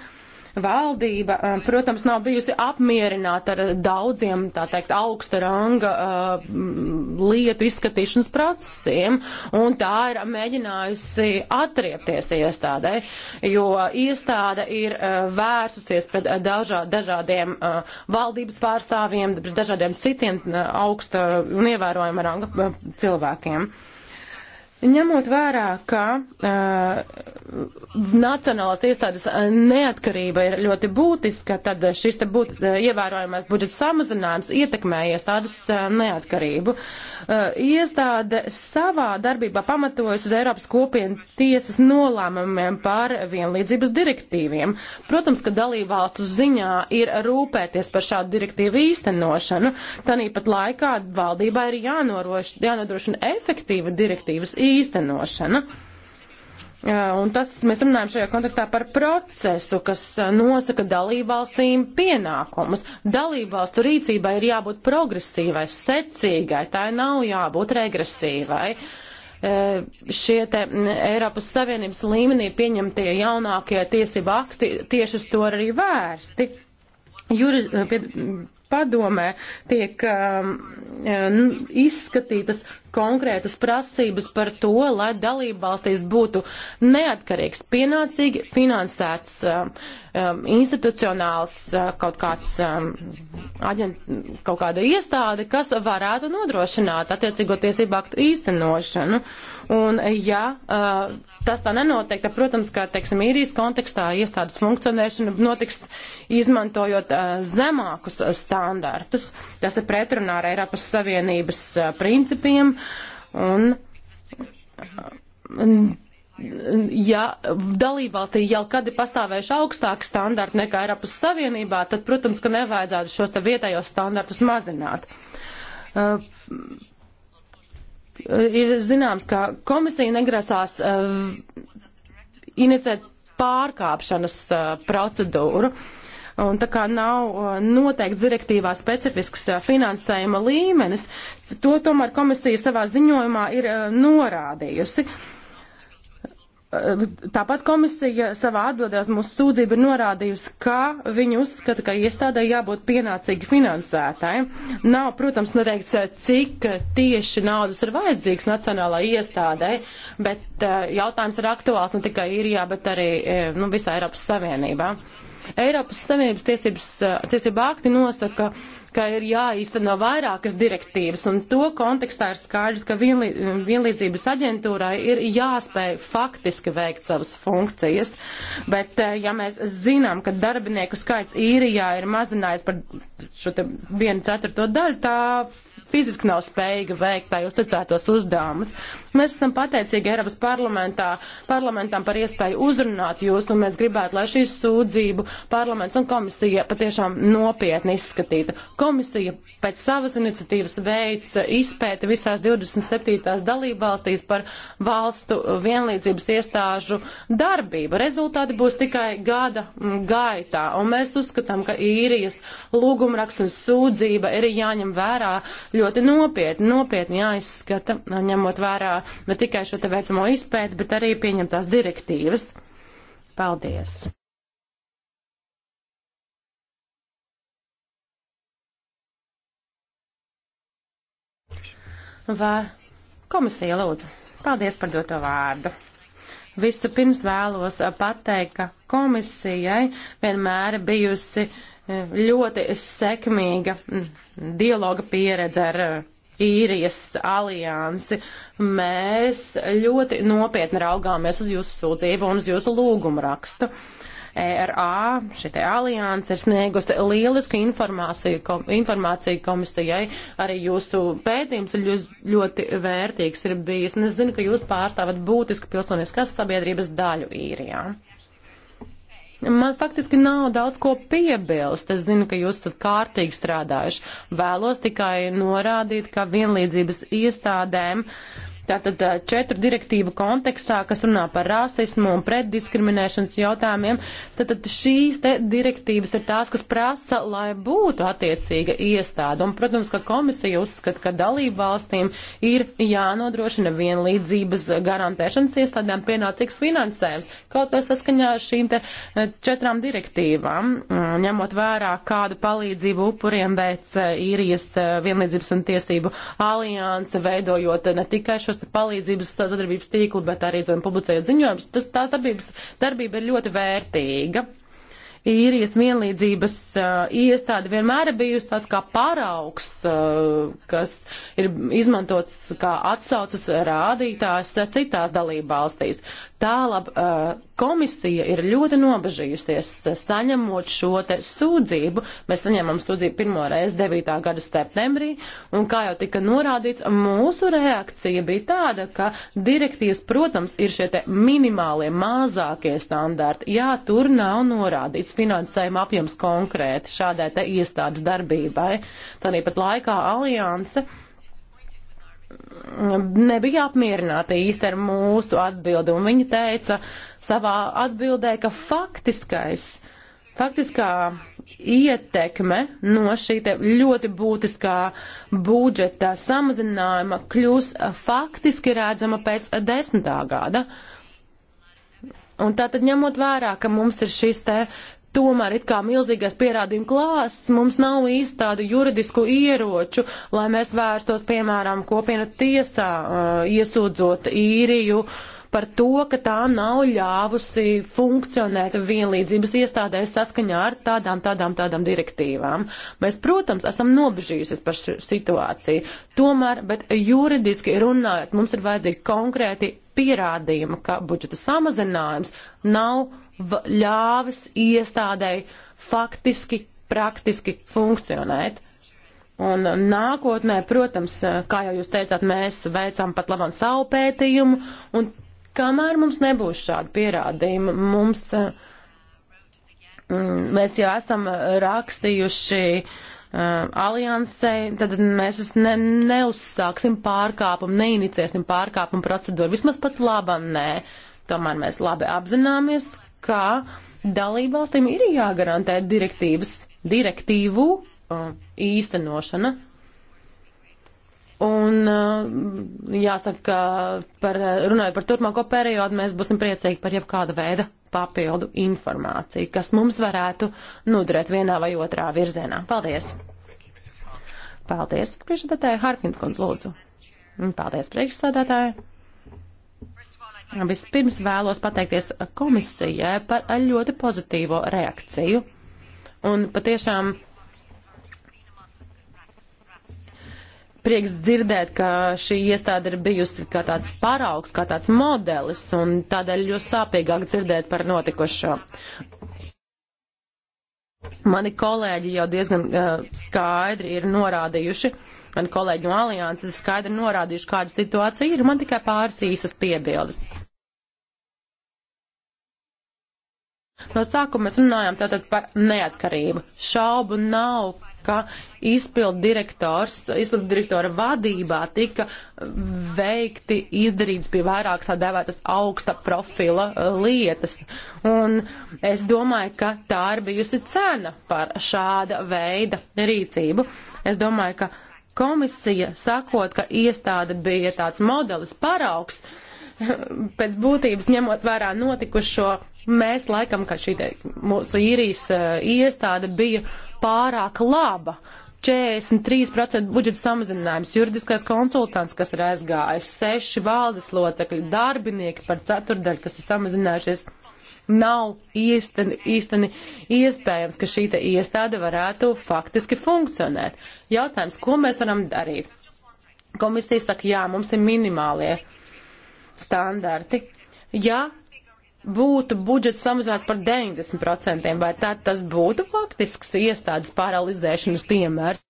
Valdība, uh, protams, nav bijusi apmierināta ar daudziem, tā teikt, augsta ranga uh, lietu izskatīšanas procesiem, un tā ir mēģinājusi atriepties iestādē, jo iestāde ir uh, vērsusies pret uh, dažā, dažādiem uh, valdības pārstāvjiem, pret dažādiem citiem augsta un ievērojama ranga cilvēkiem. Uh, Ņemot vērā, ka uh, nacionālās iestādes uh, neatkarība ir ļoti būtiska, tad šis te būt, uh, ievērojamais budžeta samazinājums ietekmē iestādes uh, neatkarību. Uh, iestāde savā darbībā pamatojas uz Eiropas kopienu tiesas nolēmumiem par vienlīdzības direktīviem. Protams, ka dalībvalstu ziņā ir rūpēties par šādu direktīvu īstenošanu, tanīpat laikā valdībā ir jānodrošina efektīva direktīvas īstenošana īstenošana. Un tas mēs runājam šajā kontekstā par procesu, kas nosaka dalībvalstīm pienākumus. Dalībvalstu rīcībai ir jābūt progresīvai, secīgai, tai nav jābūt regresīvai. E, šie te Eiropas Savienības līmenī pieņemtie jaunākie tiesība akti tieši uz to arī vērsti. Juri, e, pie, padomē tiek um, izskatītas konkrētas prasības par to, lai dalība valstīs būtu neatkarīgs, pienācīgi finansēts um, um institucionāls uh, kaut kāds um, aģent, kaut kāda iestāde, kas varētu nodrošināt attiecīgo tiesību aktu īstenošanu. Un ja uh, tas tā nenotiek, tad, protams, ka, teiksim, īrijas kontekstā iestādes funkcionēšana notiks izmantojot uh, zemākus standartus. Tas ir pretrunā ar Eiropas Savienības uh, principiem Un, ja dalībvalstī jau kad ir pastāvējuši augstāki standarti nekā Eiropas Savienībā, tad, protams, ka nevajadzētu šos te vietējos standartus mazināt. Uh, ir zināms, ka komisija negrasās uh, inicēt pārkāpšanas uh, procedūru. Uh, un tā kā nav uh, noteikts direktīvā specifisks uh, finansējuma līmenis, to tomēr komisija savā ziņojumā ir uh, norādījusi. Tāpat komisija savā atbildē uz mūsu sūdzību ir norādījusi, ka viņi uzskata, ka iestādē jābūt pienācīgi finansētai. Nav, protams, noteikts, cik tieši naudas ir vajadzīgs nacionālajai iestādē, bet jautājums ir aktuāls ne tikai Irijā, bet arī nu, visā Eiropas Savienībā. Uh, Eiropas Savienības tiesības, eh, tiesība akti nosaka, ka ir jāīsteno vairākas direktīvas, un to kontekstā ir skaidrs, ka vienlī, vienlīdzības aģentūrai ir jāspēj faktiski veikt savas funkcijas, bet eh, ja mēs zinām, ka darbinieku skaits īrijā ir mazinājies par šo te vienu ceturto daļu, tā fiziski nav spējīga veikt tai uzticētos uzdevumus. Mēs esam pateicīgi Eiropas parlamentam par iespēju uzrunāt jūs, un mēs gribētu, lai šīs sūdzību parlaments un komisija patiešām nopietni izskatītu. Komisija pēc savas iniciatīvas veica izpēti visās 27. dalībvalstīs par valstu vienlīdzības iestāžu darbību. Rezultāti būs tikai gada gaitā, un mēs uzskatām, ka īrijas lūgumraksts un sūdzība ir jāņem vērā ļoti ļoti nopietni, nopietni jāizskata, ņemot vērā ne tikai šo te veicamo izpēti, bet arī pieņemtās direktīvas. Paldies! Vai komisija lūdzu? Paldies par doto vārdu. Visu pirms vēlos pateikt, ka komisijai vienmēr bijusi uh, ļoti sekmīga dialoga pieredze ar eh, īrijas aliansi. Mēs ļoti nopietni raugāmies uz jūsu sūdzību un uz jūsu lūgumu rakstu. ERA, šī alianse ir sniegusi lielisku informāciju, kom, informāciju komisijai. Arī jūsu pētījums ir ļoti, ļoti vērtīgs ir bijis. Un es zinu, ka jūs pārstāvat būtisku pilsoniskās sabiedrības daļu īrijā. Ja? Man faktiski nav daudz ko piebilst. Es zinu, ka jūs esat kārtīgi strādājuši. Vēlos tikai norādīt, ka vienlīdzības iestādēm uh, Tātad četru direktīvu kontekstā, kas runā par rasismu un pretdiskriminēšanas jautājumiem, tātad šīs te direktīvas ir tās, kas prasa, lai būtu attiecīga iestāde. Un, protams, ka komisija uzskata, ka dalību valstīm ir jānodrošina vienlīdzības garantēšanas iestādēm pienācīgs finansējums, kaut vai saskaņā ar šīm te četrām direktīvām, ņemot vērā, kādu palīdzību upuriem veic īrijas vienlīdzības un tiesību alianse, veidojot ne tikai šo šo palīdzības sadarbības tīklu, bet arī, zem, publicējot ziņojumus, tas tā darbības, darbība ir ļoti vērtīga. Īrijas vienlīdzības uh, iestāde vienmēr ir bijusi tāds kā paraugs, uh, kas ir izmantots kā atsaucas rādītājs citās dalībvalstīs. Tālāk komisija ir ļoti nobežījusies saņemot šo te sūdzību. Mēs saņemam sūdzību pirmo reizi 9. gada septembrī, un kā jau tika norādīts, mūsu reakcija bija tāda, ka direktīvas, protams, ir šie te minimālie, mazākie standarti. Jā, tur nav norādīts finansējuma apjoms konkrēti šādai te iestādes darbībai. Tāpat laikā alianse nebija apmierināti īsti ar mūsu atbildi, un viņa teica savā atbildē, ka faktiskais, faktiskā ietekme no šī ļoti būtiskā budžeta samazinājuma kļūs faktiski redzama pēc desmitā gada. Un tātad ņemot vērā, ka mums ir šis te Tomēr it kā milzīgais pierādījumu klāsts mums nav īsti tādu juridisku ieroču, lai mēs vērstos, piemēram, kopienu tiesā uh, iesūdzot īriju par to, ka tā nav ļāvusi funkcionēt vienlīdzības iestādēs saskaņā ar tādām, tādām, tādām direktīvām. Mēs, protams, esam nobežījusies par šo situāciju. Tomēr, bet juridiski runājot, mums ir vajadzīgi konkrēti pierādījumi, ka budžeta samazinājums nav ļāvis iestādēji faktiski, praktiski funkcionēt. Un nākotnē, protams, kā jau jūs teicāt, mēs veicam pat labam savu pētījumu, un kamēr mums nebūs šādi pierādījumi, mums, mm, mēs jau esam rakstījuši eh, aliansei, tad mēs ne, neuzsāksim pārkāpumu, neiniciesim pārkāpumu procedūru. Vismaz pat labam nē. Tomēr mēs labi apzināmies, ka dalībvalstīm ir jāgarantē direktīvas, direktīvu um, īstenošana. Un um, jāsaka, ka par, runājot par turpmāko periodu, mēs būsim priecīgi par jebkāda veida papildu informāciju, kas mums varētu nudrēt vienā vai otrā virzienā. Paldies! Paldies, priekšsēdētāji Harkins, kundz lūdzu. Paldies, priekšsēdētāji. Vispirms vēlos pateikties komisijai par ļoti pozitīvo reakciju. Un patiešām prieks dzirdēt, ka šī iestāde ir bijusi kā tāds paraugs, kā tāds modelis, un tādēļ ļoti sāpīgāk dzirdēt par notikušo. Mani kolēģi jau diezgan uh, skaidri ir norādījuši, mani kolēģi no alianses skaidri norādījuši, kāda situācija ir, man tikai pāris īsas piebildes. Uh, No sākuma mēs runājām tātad par neatkarību. Šaubu nav, ka izpildu direktors, izpildu direktora vadībā tika veikti izdarīts pie vairākas tā dēvētas augsta profila uh, lietas. Un es domāju, ka tā ir bijusi cena par šāda veida rīcību. Es domāju, ka komisija sakot, ka iestāde bija tāds modelis paraugs, pēc būtības ņemot vērā notikušo mēs laikam, ka šī te, mūsu īrijas uh, iestāde bija pārāk laba. 43% budžeta samazinājums, juridiskais konsultants, kas ir aizgājis, seši valdes locekļi, darbinieki par ceturdaļu, kas ir samazinājušies. Nav īsteni, īsteni iespējams, ka šī iestāde varētu faktiski funkcionēt. Jautājums, ko mēs varam darīt? Komisija saka, jā, mums ir minimālie standarti. Ja būtu budžets samazināts par 90%, vai tā tas būtu faktisks iestādes paralizēšanas piemērs?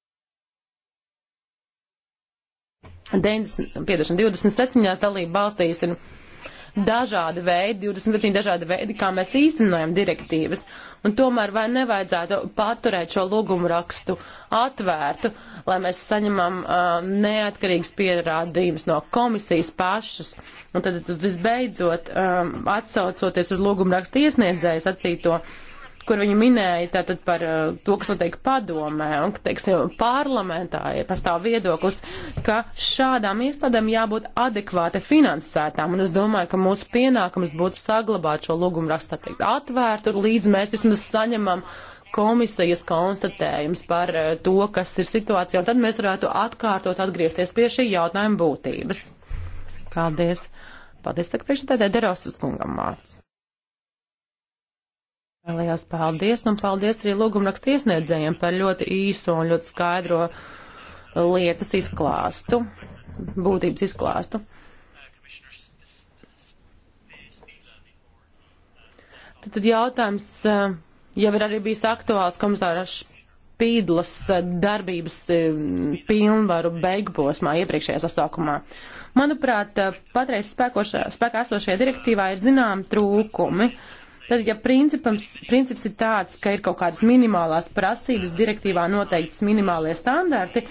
90, 50, 27 dalība valstīs ir dažādi veidi, 27 dažādi veidi, kā mēs īstenojam direktīvas. Un tomēr vai nevajadzētu paturēt šo lūgumu rakstu atvērtu, lai mēs saņemam uh, neatkarīgas pierādījumus no komisijas pašas. Un tad visbeidzot, um, atsaucoties uz lūgumu rakstu iesniedzēju sacīto, uh, kur viņi minēja tātad par uh, to, kas notiek padomē un, teiksim, parlamentā ir pastāv viedoklis, ka šādām iestādēm jābūt adekvāti finansētām. Un es domāju, ka mūsu pienākums būtu saglabāt šo lūgumu rakstu, tā teikt, atvērtu, līdz mēs vismaz saņemam komisijas konstatējums par uh, to, kas ir situācija, un tad mēs varētu atkārtot atgriezties pie šī jautājuma būtības. Paldies. Paldies, tak priekšsēdētāji Derosas kungam māc. Liels paldies, un paldies arī lūgumrakstu iesniedzējiem par ļoti īso un ļoti skaidro lietas izklāstu, būtības izklāstu. Tad, tad jautājums eh, jau ir arī bijis aktuāls komisāra Špīdlas eh, darbības eh, pilnvaru beigposmā iepriekšējā sasaukumā. Manuprāt, patreiz spēkošā, spēkā esošajā direktīvā ir zinām trūkumi Tad, ja principams, princips ir tāds, ka ir kaut kādas minimālās prasības, direktīvā noteikts minimālie standarti,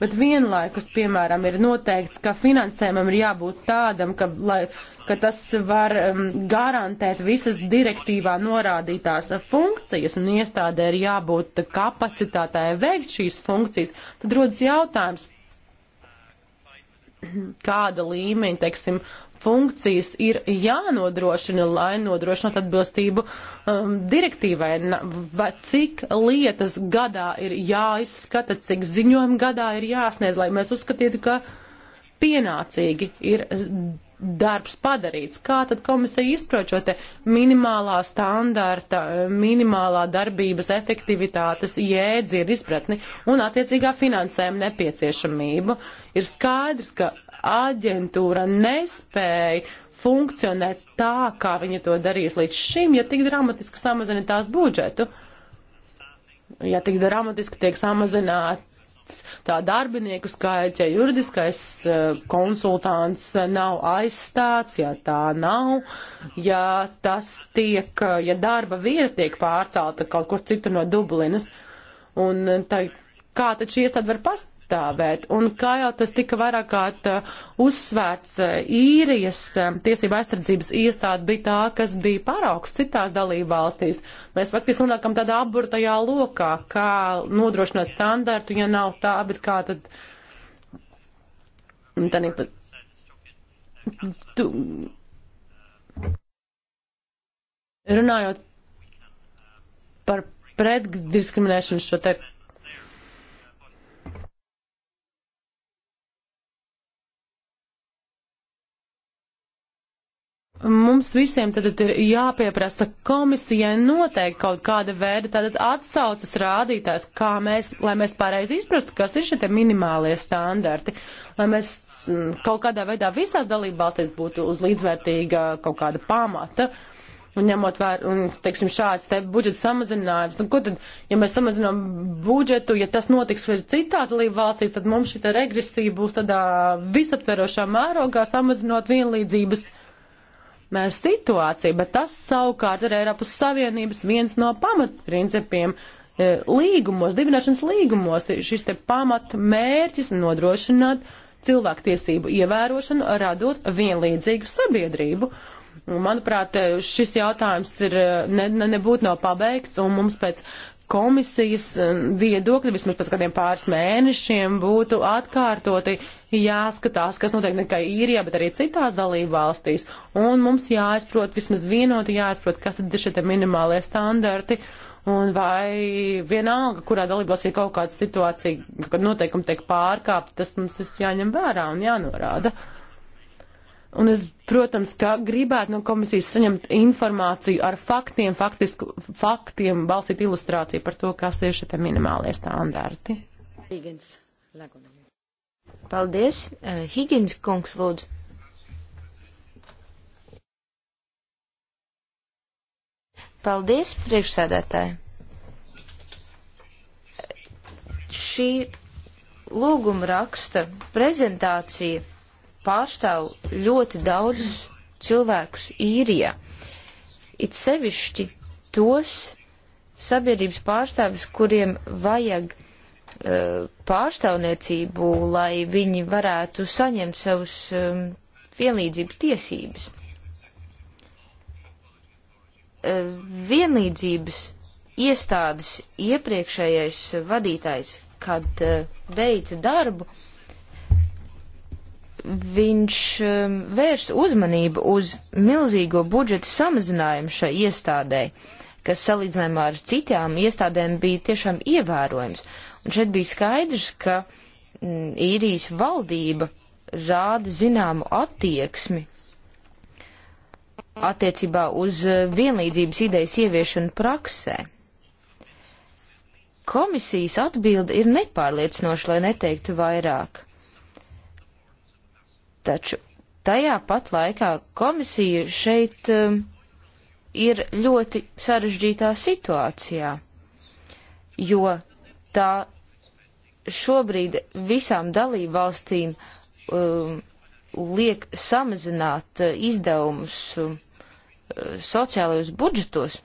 bet vienlaikus, piemēram, ir noteikts, ka finansējumam ir jābūt tādam, ka, lai, ka tas var um, garantēt visas direktīvā norādītās funkcijas un iestādē ir jābūt kapacitātē veikt šīs funkcijas, tad rodas jautājums, kāda līmeņa, teiksim, funkcijas ir jānodrošina, lai nodrošinātu atbilstību um, direktīvai. Vai cik lietas gadā ir jāizskata, cik ziņojumi gadā ir jāsniedz, lai mēs uzskatītu, ka pienācīgi ir darbs padarīts. Kā tad komisija izprot šo te minimālā standarta, minimālā darbības efektivitātes jēdzienu izpratni un attiecīgā finansējuma nepieciešamību? Ir skaidrs, ka aģentūra nespēja funkcionēt tā, kā viņa to darījusi līdz šim, ja tik dramatiski samazina tās budžetu. Ja tik dramatiski tiek samazināts tā darbinieku skaits, ja juridiskais e, konsultants nav aizstāts, ja tā nav, ja tas tiek, e, ja darba vieta tiek pārcelta kaut kur citur no Dublinas, un e, tā, kā tad šī iestāde var pastāvēt? aizstāvēt. Un kā jau tas tika vairāk kārt uh, uzsvērts, uh, īrijas um, tiesība aizsardzības iestāde bija tā, kas bija paraugs citās dalībvalstīs. Mēs faktiski nonākam tādā apburtajā lokā, kā nodrošināt standartu, ja nav tā, bet kā tad. Tā nepat. Tu... Runājot par pretdiskriminēšanu šo te mums visiem tad ir jāpieprasa komisijai noteikti kaut kāda veida tātad atsaucas rādītājs, kā mēs, lai mēs pareizi izprastu, kas ir šie te minimālie standarti, lai mēs mm, kaut kādā veidā visās dalībvalstīs būtu uz līdzvērtīga kaut kāda pamata. Un ņemot vērā, un, teiksim, šāds te budžeta samazinājums, nu, ko tad, ja mēs samazinām budžetu, ja tas notiks vēl citā dalība valstīs, tad mums šī regresija būs tādā visaptverošā mērogā samazinot vienlīdzības uh, situāciju, bet tas savukārt ir Eiropas Savienības viens no pamatprincipiem. E, līgumos, dibināšanas līgumos ir šis te pamatmērķis nodrošināt cilvēktiesību ievērošanu, radot vienlīdzīgu sabiedrību. Manuprāt, e, šis jautājums ir e, ne, ne, nebūtu nav pabeigts, un mums pēc komisijas eh, viedokļi vismaz pēc kādiem pāris mēnešiem būtu atkārtoti jāskatās, kas notiek ne tikai īrijā, bet arī citās dalību valstīs. Un mums jāizprot, vismaz vienoti jāizprot, kas tad ir šie minimālie standarti. Un vai vienalga, kurā dalībās ir kaut kāda situācija, kad noteikumi tiek pārkāpti, tas mums ir jāņem vērā un jānorāda. Uh, Un es, protams, ka gribētu no komisijas saņemt informāciju ar faktiem, faktisku, faktiem balstīt ilustrāciju par to, kas ir šie minimālie standarti. Higgins. Paldies. Eh, Higgins kungs, lūdzu. Paldies, priekšsēdētāji. Šī lūguma raksta prezentācija pārstāv ļoti daudzus cilvēkus īrijā. It sevišķi tos sabiedrības pārstāvis, kuriem vajag uh, pārstāvniecību, lai viņi varētu saņemt savus um, ehm, vienlīdzības tiesības. Uh, vienlīdzības iestādes iepriekšējais vadītājs, kad uh, beidza darbu, uh, viņš um, vērs uzmanību uz milzīgo budžeta samazinājumu šai iestādēji, kas salīdzinājumā ar citām iestādēm bija tiešām ievērojams. Un šeit bija skaidrs, ka mm, īrijas valdība rāda zināmu attieksmi attiecībā uz uh, vienlīdzības idejas ieviešanu praksē. Komisijas atbilde ir nepārliecinoša, lai neteiktu vairāk Taču tajā pat laikā komisija šeit um, ir ļoti sarežģītā situācijā, jo tā šobrīd visām dalību valstīm um, liek samazināt uh, izdevumus uh, sociālajos budžetos.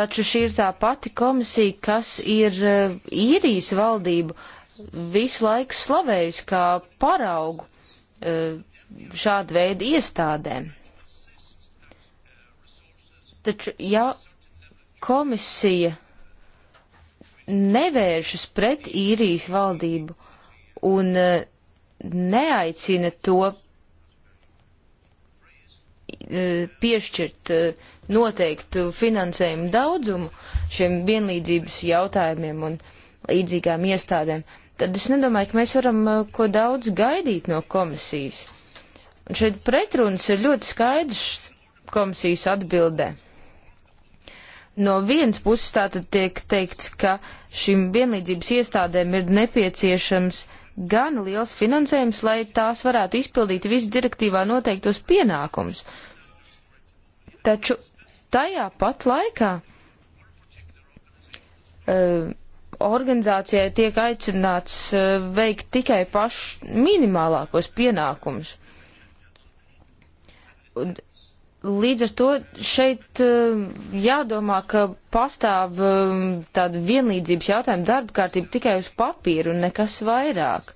Taču šī ir tā pati komisija, kas ir uh, īrijas valdību uh, visu laiku slavējusi kā paraugu e, šāda veida iestādēm. Taču, ja komisija nevēršas pret īrijas valdību un e, neaicina to e, piešķirt noteiktu finansējumu daudzumu šiem vienlīdzības jautājumiem un līdzīgām iestādēm, tad es nedomāju, ka mēs varam uh, ko daudz gaidīt no komisijas. Un šeit pretrunas ir ļoti skaidrs komisijas atbildē. No vienas puses tātad tiek teikts, ka šīm vienlīdzības iestādēm ir nepieciešams gan liels finansējums, lai tās varētu izpildīt visu direktīvā noteiktos pienākumus. Taču tajā pat laikā uh, organizācijai tiek aicināts e, veikt tikai pašus minimālākos pienākumus. Un līdz ar to šeit e, jādomā, ka pastāv e, tāda vienlīdzības jautājuma darba kārtība tikai uz papīru un nekas vairāk.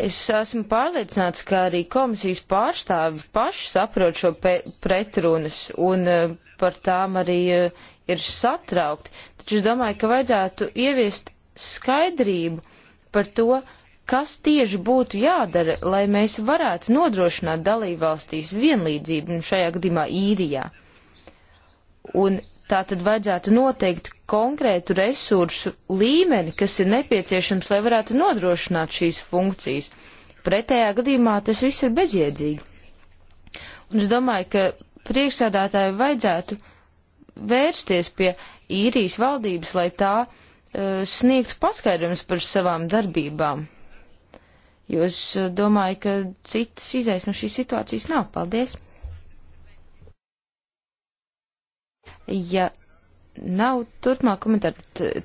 Es esmu pārliecināts, ka arī komisijas pārstāvi paši saprot šo pretrunas un par tām arī ir satraukti, taču es domāju, ka vajadzētu ieviest skaidrību par to, kas tieši būtu jādara, lai mēs varētu nodrošināt dalībvalstīs vienlīdzību, un šajā gadījumā īrijā. Un tā tad vajadzētu noteikt konkrētu resursu līmeni, kas ir nepieciešams, lai varētu nodrošināt šīs funkcijas. Pretējā gadījumā tas viss ir bezjēdzīgi. Un es domāju, ka priekšsēdētāju vajadzētu vērsties pie īrijas valdības, lai tā uh, sniegtu paskaidrojums par savām darbībām. Jo es eh, domāju, ka citas izaisa no šīs situācijas nav. Paldies! Ja nav turpmāk komentāru,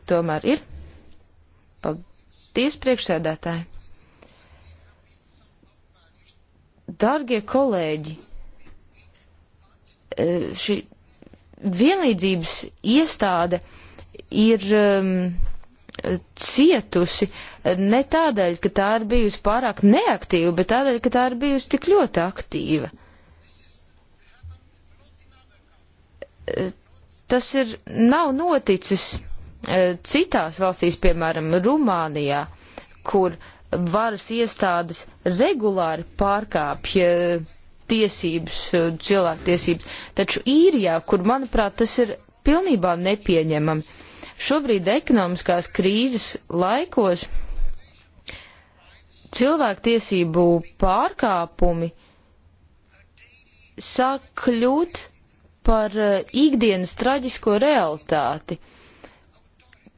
tomēr ir. Paldies, priekšsēdētāji! Dārgie kolēģi, eh, šī vienlīdzības iestāde ir um, cietusi eh, ne tādēļ, ka tā ir bijusi pārāk neaktīva, bet tādēļ, ka tā ir bijusi tik ļoti aktīva. Eh, tas ir, nav noticis eh, citās valstīs, piemēram, Rumānijā, kur varas iestādes regulāri pārkāpja tiesības, eh, cilvēktiesības. Taču īrijā, kur, manuprāt, tas ir pilnībā nepieņemami, šobrīd ekonomiskās krīzes laikos cilvēktiesību pārkāpumi sāk kļūt par eh, ikdienas traģisko realitāti.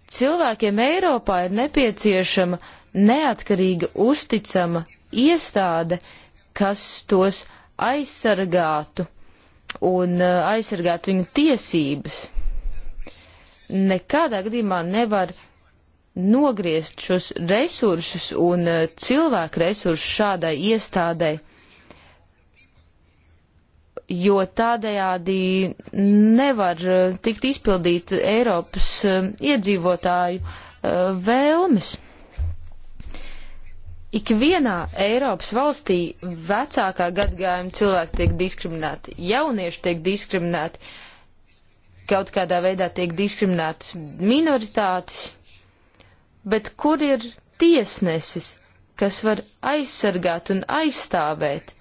Cilvēkiem Eiropā ir nepieciešama neatkarīga, uzticama iestāde, kas tos aizsargātu un uh, aizsargātu viņu tiesības. Nekādā gadījumā nevar nogriezt šos resursus un uh, cilvēku resursus šādai iestādē, jo tādējādi nevar uh, tikt izpildīt Eiropas iedzīvotāju vēlmes. Ikvienā Eiropas valstī vecākā gadgājuma cilvēki tiek diskriminēti, jaunieši tiek diskriminēti, kaut kādā veidā tiek diskriminētas minoritātes, bet kur ir tiesnesis, kas var aizsargāt un aizstāvēt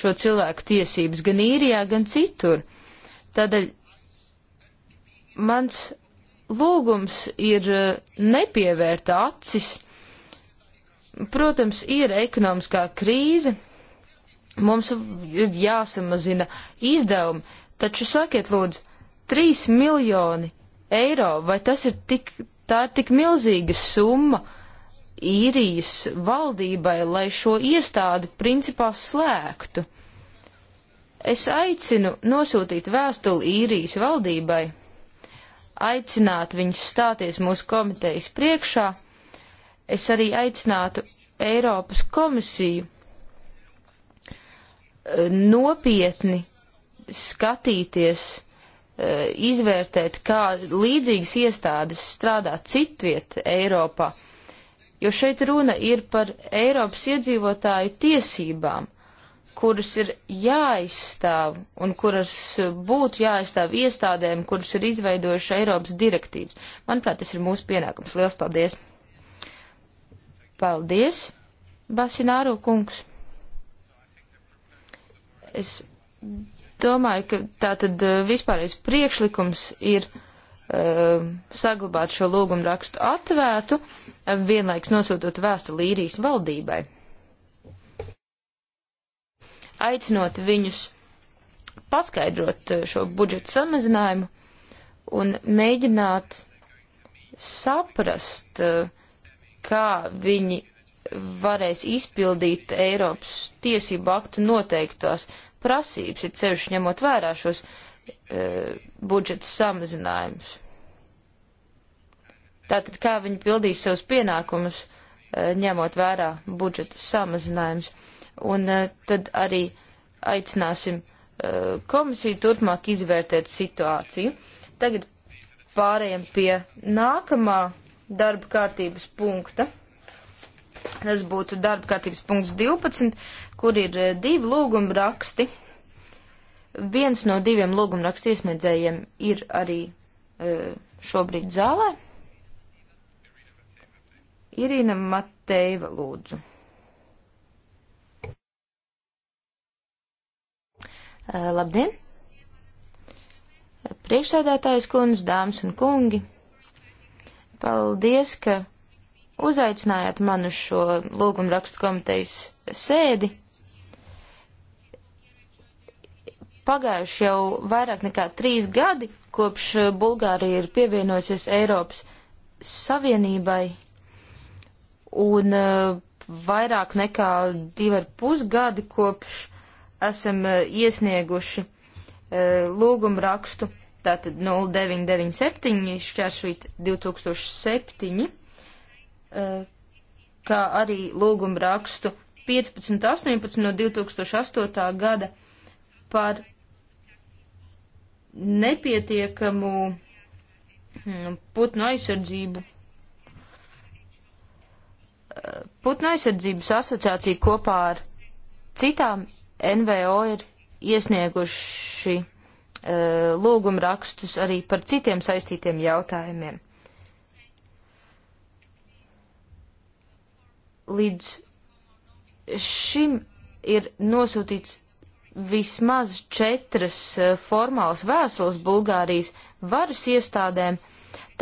šo cilvēku tiesības gan īrijā, gan citur? Tādēļ mans lūgums ir eh, nepievērt acis Protams, ir ekonomiskā krīze, mums ir jāsamazina izdevumi, taču sakiet lūdzu, 3 miljoni eiro, vai tas ir tik, tā ir tik milzīga summa īrijas valdībai, lai šo iestādi principā slēgtu? Es aicinu nosūtīt vēstuli īrijas valdībai, aicināt viņus stāties mūsu komitejas priekšā es arī aicinātu Eiropas komisiju eh, nopietni skatīties, eh, izvērtēt, kā līdzīgas iestādes strādā citviet Eiropā, jo šeit runa ir par Eiropas iedzīvotāju tiesībām, kuras ir jāizstāv un kuras būtu jāizstāv iestādēm, kuras ir izveidojuši Eiropas direktīvas. Manuprāt, tas ir mūsu pienākums. Lielas paldies! Paldies, Basināru kungs. Es domāju, ka tātad eh, vispārējais priekšlikums ir uh, saglabāt šo lūgumu rakstu atvērtu, eh, vienlaiks nosūtot vēstuli īrijas valdībai. Aicinot viņus paskaidrot šo budžetu samazinājumu un mēģināt saprast, uh, kā viņi varēs izpildīt Eiropas tiesību aktu noteiktās prasības, ir cevišķi ņemot vērā šos e, budžeta samazinājumus. Tātad, kā viņi pildīs savus pienākumus, e, ņemot vērā budžeta samazinājumus. Un e, tad arī aicināsim e, komisiju turpmāk izvērtēt situāciju. Tagad pārējiem pie nākamā darba kārtības punkta. Tas būtu darba kārtības punkts 12, kur ir eh, divi lūguma raksti. Viens no diviem lūguma rakstu iesniedzējiem ir arī eh, šobrīd zālē. Irīna Mateiva lūdzu. Eh, labdien! Priekšsēdētājs kundze, dāmas un kungi! Paldies, ka uzaicinājāt manu šo lūgumu rakstu komitejas sēdi. Pagājuši jau vairāk nekā trīs gadi, kopš Bulgārija ir pievienojusies Eiropas Savienībai, un eh, vairāk nekā divi ar pusgadi kopš esam eh, iesnieguši eh, lūgumu rakstu tātad 0997 šķēršvīt 2007, kā arī lūgumu rakstu 1518 no 2008. gada par nepietiekamu mm, putnu aizsardzību. Eh, putnu aizsardzības asociācija kopā ar citām NVO ir iesnieguši uh, Uh, lūgumrakstus arī par citiem saistītiem jautājumiem. Līdz šim ir nosūtīts vismaz četras uh, formālas vēstules Bulgārijas varas iestādēm,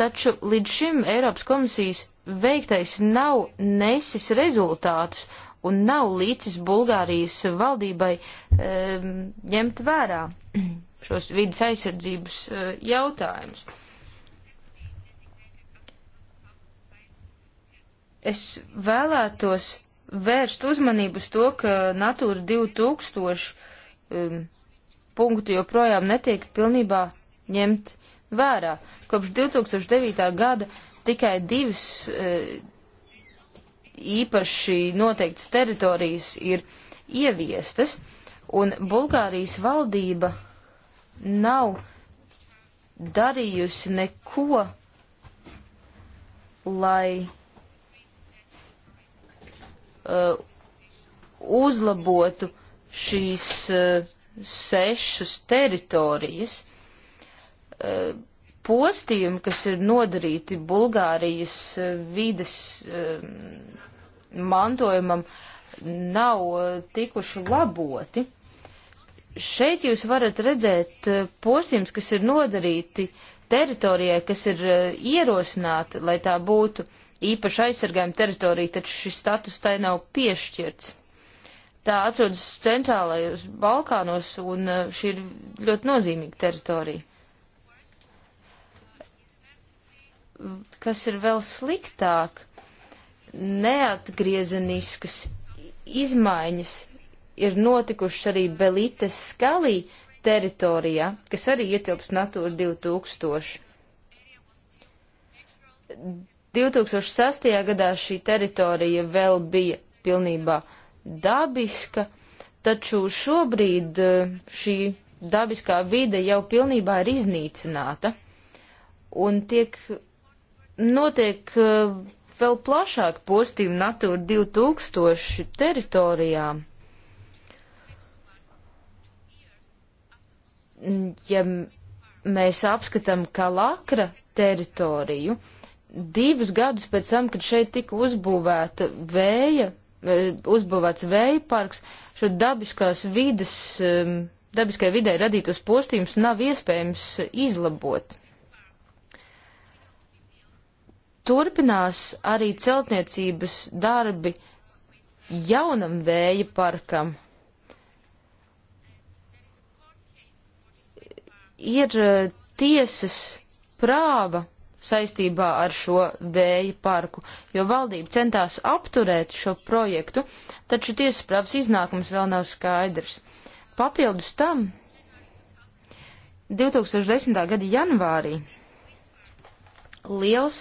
taču līdz šim Eiropas komisijas veiktais nav nesis rezultātus un nav līdzis Bulgārijas valdībai um, e, ņemt vērā. šos vidas aizsardzības eh, jautājumus. Es vēlētos vērst uzmanību uz to, ka Natūra 2000 um, punktu joprojām netiek pilnībā ņemt vērā. Kopš 2009. gada tikai divas e, īpaši noteiktas teritorijas ir ieviestas, un Bulgārijas valdība nav darījusi neko, lai uh, uzlabotu šīs uh, sešas teritorijas. Uh, postījumi, kas ir nodarīti Bulgārijas uh, vides uh, mantojumam, nav uh, tikuši laboti šeit jūs varat redzēt eh, posms, kas ir nodarīti teritorijai, kas ir eh, ierosināta, lai tā būtu īpaši aizsargājuma teritorija, taču šis status tai nav piešķirts. Tā atrodas centrālajos Balkānos, un eh, šī ir ļoti nozīmīga teritorija. Kas ir vēl sliktāk? Neatgriezeniskas izmaiņas ir notikušas arī Belites skalī teritorijā, kas arī ietilps Natūra 2000. 2006. gadā šī teritorija vēl bija pilnībā dabiska, taču šobrīd eh, šī dabiskā vide jau pilnībā ir iznīcināta un tiek notiek eh, vēl plašāk postījumi Natūra 2000 teritorijām. ja mēs apskatām Kalakra teritoriju, divus gadus pēc tam, kad šeit tika uzbūvēta vēja, uzbūvēts vēja parks, šo dabiskās vides, dabiskai vidē radītos postījumus nav iespējams izlabot. Turpinās arī celtniecības darbi jaunam vēja parkam. ir e, tiesas prāva saistībā ar šo vēja parku, jo valdība centās apturēt šo projektu, taču tiesas prāvas iznākums vēl nav skaidrs. Papildus tam 2010. gada janvārī liels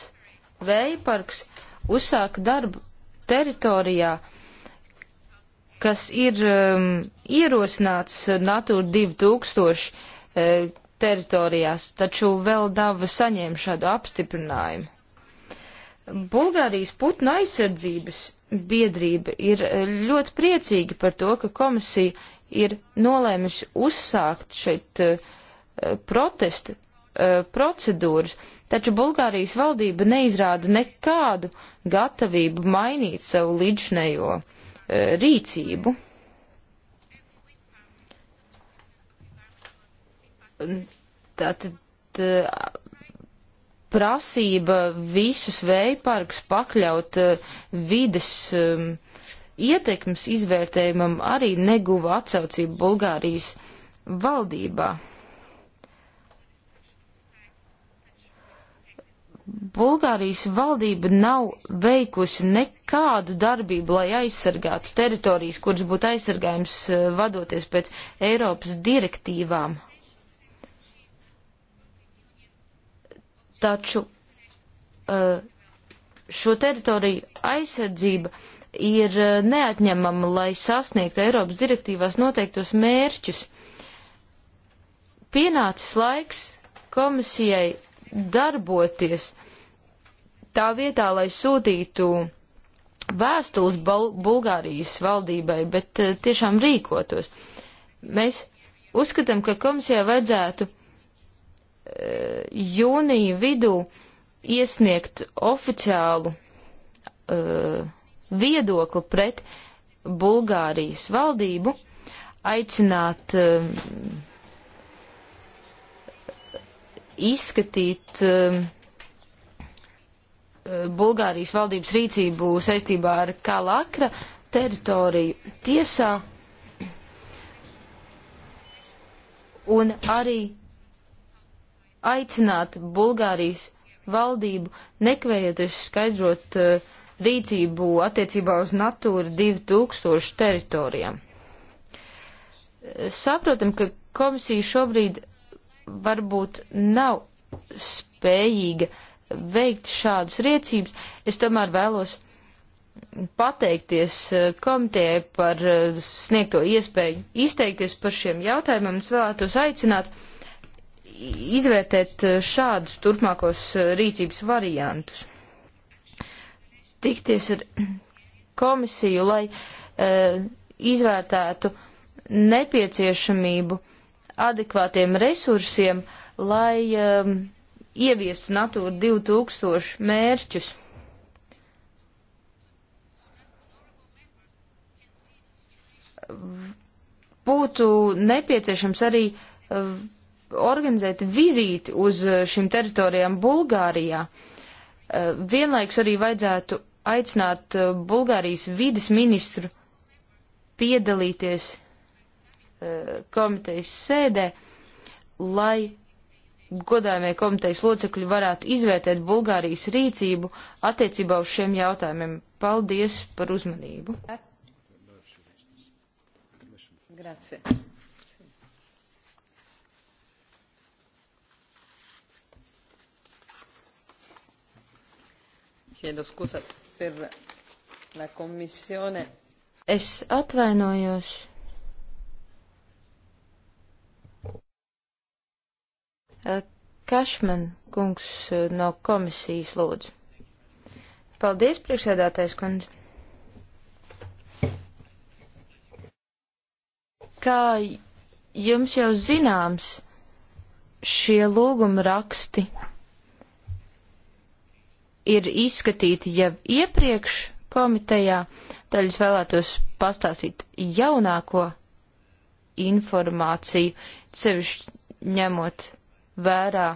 vēja parks uzsāka darbu teritorijā, kas ir um, ierosināts Natūra 2000 uh, teritorijās, taču vēl dava saņēma šādu apstiprinājumu. Bulgārijas putna aizsardzības biedrība ir eh, ļoti priecīga par to, ka komisija ir nolēmusi uzsākt šeit uh, protesta uh, procedūras, taču Bulgārijas valdība neizrāda nekādu gatavību mainīt savu līdzinējo uh, rīcību. tātad prasība visus vējparkus pakļaut eh, vides um, ietekmes izvērtējumam arī neguva atsaucību Bulgārijas valdībā. Bulgārijas valdība nav veikusi nekādu darbību, lai aizsargātu teritorijas, kuras būtu aizsargājums eh, vadoties pēc Eiropas direktīvām. taču eh, šo teritoriju aizsardzība ir eh, neatņemama, lai sasniegtu Eiropas direktīvās noteiktos mērķus. Pienācis laiks komisijai darboties tā vietā, lai sūtītu vēstules Bul Bulgārijas valdībai, bet eh, tiešām rīkotos. Mēs uzskatām, ka komisijai vajadzētu Eh, jūnija vidū iesniegt oficiālu uh, viedokli pret Bulgārijas valdību, aicināt uh, izskatīt uh, Bulgārijas valdības rīcību saistībā ar Kalakra teritoriju tiesā un arī aicināt Bulgārijas valdību nekvējoties skaidrot uh, rīcību attiecībā uz Natūra 2000 teritorijām. Saprotam, ka komisija šobrīd varbūt nav spējīga veikt šādas riecības. Es tomēr vēlos pateikties eh, komitejai par eh, sniegto iespēju izteikties par šiem jautājumiem. Es vēlētos aicināt uh, izvērtēt eh, šādus turpmākos eh, rīcības variantus. Tikties ar komisiju, lai uh, izvērtētu nepieciešamību adekvātiem resursiem, lai um, ieviestu Natūra 2000 mērķus. Būtu nepieciešams arī uh, organizēt vizīti uz eh, šīm teritorijām Bulgārijā. Eh, vienlaiks arī vajadzētu aicināt eh, Bulgārijas vides ministru piedalīties komitejas sēdē, lai godājumie komitejas locekļi varētu izvērtēt Bulgārijas rīcību attiecībā uz šiem jautājumiem. Paldies par uzmanību! Grazie. Chiedo scusa per la commissione. Es atvainojos. Eh, Kašman kungs eh, no komisijas lūdzu. Paldies, priekšsēdātais kundze. Kā jums jau zināms, šie lūguma raksti ir izskatīti jau iepriekš komitejā, tad es vēlētos pastāstīt jaunāko informāciju, sevišķi ņemot vērā,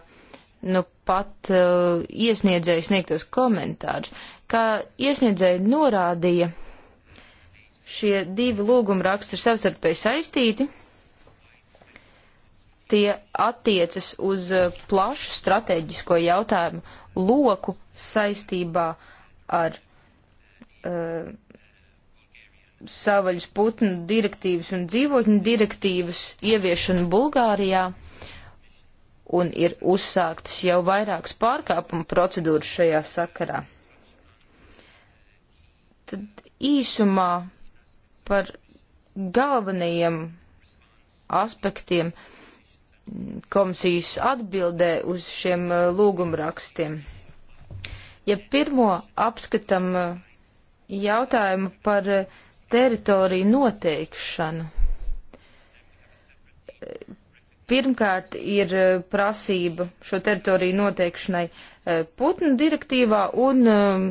nu pat uh, iesniedzēju sniegtos komentārus. Kā iesniedzēji norādīja, šie divi lūguma raksti ir savstarpēji saistīti. Tie attiecas uz eh, plašu strateģisko jautājumu loku saistībā ar uh, savaļas putnu direktīvas un dzīvotņu direktīvas ieviešanu Bulgārijā, un ir uzsāktas jau vairākas pārkāpuma procedūras šajā sakarā. Tad īsumā par galvenajiem aspektiem uh, komisijas atbildē uz šiem uh, lūgumrakstiem. Ja pirmo apskatam uh, jautājumu par uh, teritoriju noteikšanu, pirmkārt ir prasība šo teritoriju noteikšanai putnu direktīvā un um,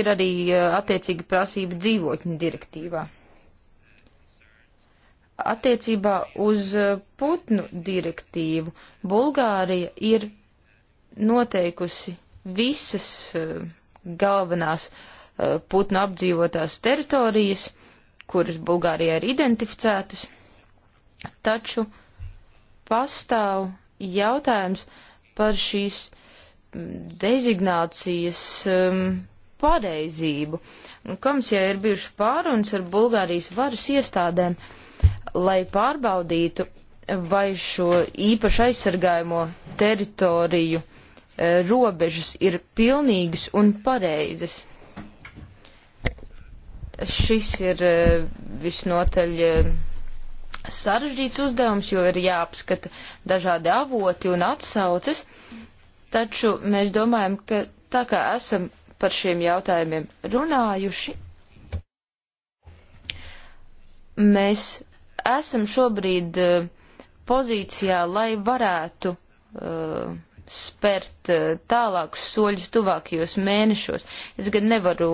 ir arī attiecīga prasība dzīvotņu direktīvā attiecībā uz eh, putnu direktīvu Bulgārija ir noteikusi visas eh, galvenās eh, putnu apdzīvotās teritorijas, kuras Bulgārijā ir identificētas, taču pastāv jautājums par šīs mm, dezignācijas um, mm, pareizību. Komisijā ir bijuši pārunas ar Bulgārijas varas iestādēm, uh, lai pārbaudītu, vai šo īpaši aizsargājamo teritoriju e, robežas ir pilnīgas un pareizas. Šis ir e, visnotaļ e, sarežģīts uzdevums, jo ir jāapskata dažādi avoti un atsauces, taču mēs domājam, ka tā kā esam par šiem jautājumiem runājuši, mēs esam šobrīd eh, pozīcijā, lai varētu uh, spērt uh, tālākus soļus tuvākajos mēnešos. Es gan nevaru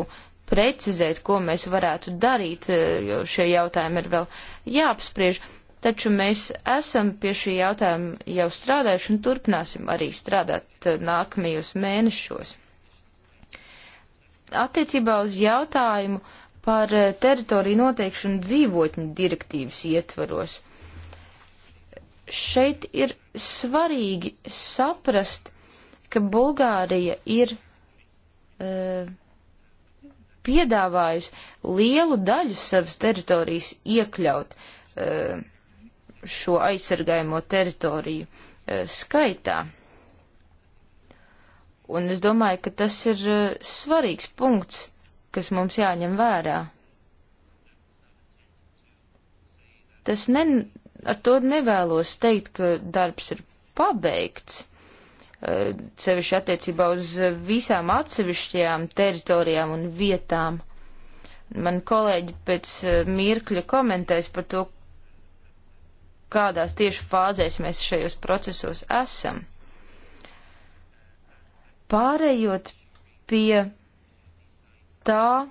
precizēt, ko mēs varētu darīt, uh, jo šie jautājumi ir vēl jāapspriež, taču mēs esam pie šī jautājuma jau strādājuši un turpināsim arī strādāt nākamajos mēnešos. Attiecībā uz jautājumu, uh, par eh, teritoriju noteikšanu dzīvotņu direktīvas ietvaros. Šeit ir svarīgi saprast, ka Bulgārija ir uh, piedāvājusi lielu daļu savas teritorijas iekļaut uh, šo aizsargājumo teritoriju uh, skaitā. Un es domāju, ka tas ir svarīgs punkts kas mums jāņem vērā. Tas ne, ar to nevēlos teikt, ka darbs ir pabeigts, e, sevišķi attiecībā uz visām atsevišķajām teritorijām un vietām. Man kolēģi pēc e, mirkļa komentēs par to, kādās tieši fāzēs mēs šajos procesos esam. Pārējot pie tā,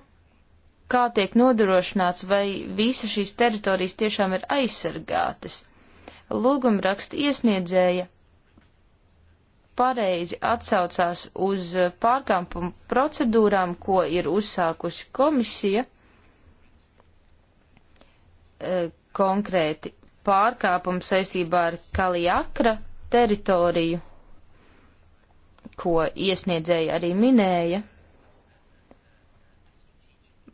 kā tiek nodrošināts, vai visa šīs teritorijas tiešām ir aizsargātas. Lūgumraksta iesniedzēja pareizi atsaucās uz pārkāpumu procedūrām, ko ir uzsākusi komisija, e, konkrēti pārkāpumu saistībā ar Kaliakra teritoriju, ko iesniedzēja arī minēja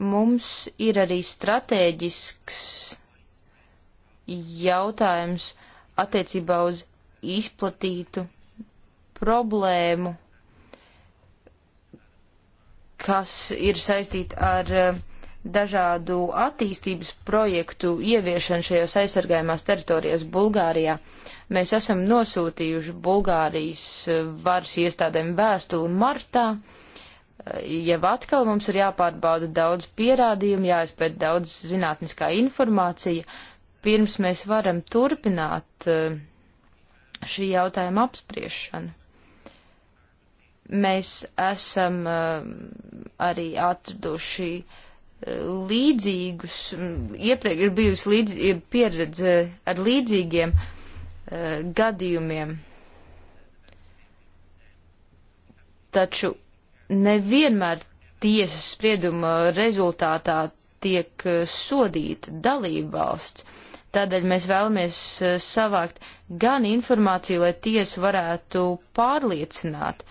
mums ir arī stratēģisks jautājums attiecībā uz izplatītu problēmu, kas ir saistīta ar eh, dažādu attīstības projektu ieviešanu šajās aizsargājumās teritorijās Bulgārijā. Mēs esam nosūtījuši Bulgārijas eh, varas iestādēm vēstuli martā, uh, jeb atkal mums ir jāpārbauda daudz pierādījumu, jāizpēt daudz zinātniskā informācija, pirms mēs varam turpināt eh, šī jautājuma apspriešanu. Mēs esam eh, arī atraduši eh, līdzīgus, iepriekš ir bijusi līdz, pieredze ar līdzīgiem gadījumiem. Taču nevienmēr tiesas sprieduma rezultātā tiek eh, sodīta dalībvalsts. Tādēļ mēs vēlamies eh, savākt gan informāciju, lai tiesu varētu pārliecināt.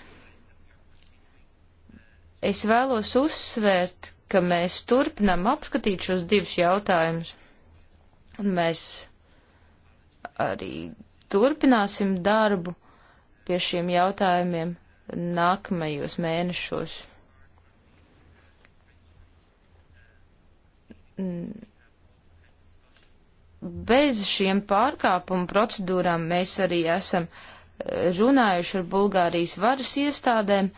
Es vēlos uzsvērt, ka mēs turpinām apskatīt šos divus jautājumus. Un mēs arī turpināsim darbu pie šiem jautājumiem nākamajos mēnešos. Bez šiem pārkāpumu procedūrām mēs arī esam eh, runājuši ar Bulgārijas varas iestādēm,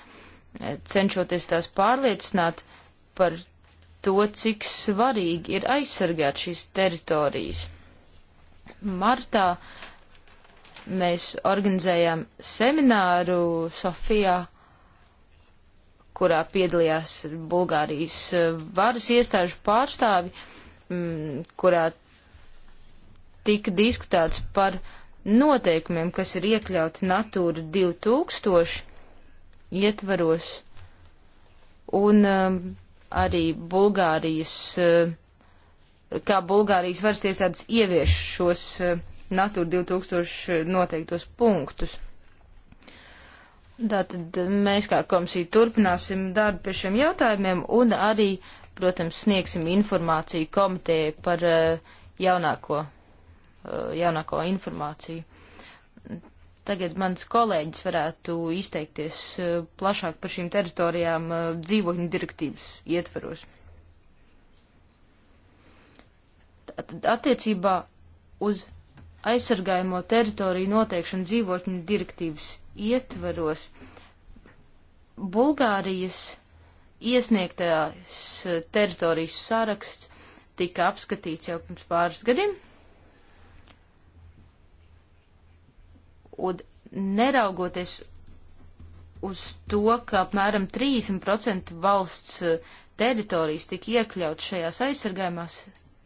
eh, cenšoties tās pārliecināt par to, cik svarīgi ir aizsargāt šīs teritorijas. Martā uh, mēs organizējām semināru Sofijā, kurā piedalījās Bulgārijas eh, varas iestāžu pārstāvi, mm, kurā tika diskutēts par noteikumiem, kas ir iekļauti Natūra 2000 ietvaros, un um, arī Bulgārijas, uh, kā Bulgārijas varas iestādes ievieš šos uh, Natūra 2000 noteiktos punktus. Tātad mēs kā komisija turpināsim darbu pie šiem jautājumiem un arī, protams, sniegsim informāciju komitejai par uh, jaunāko, uh, jaunāko informāciju. Tagad mans kolēģis varētu izteikties uh, plašāk par šīm teritorijām dzīvokļu direktīvas ietveros. Tātad attiecībā uz aizsargājamo teritoriju noteikšanu dzīvotņu direktīvas ietvaros. Bulgārijas iesniegtās eh, teritorijas saraksts tika apskatīts jau pirms pāris gadiem. Un neraugoties uz to, ka apmēram 30% valsts eh, teritorijas tika iekļaut šajās aizsargājumās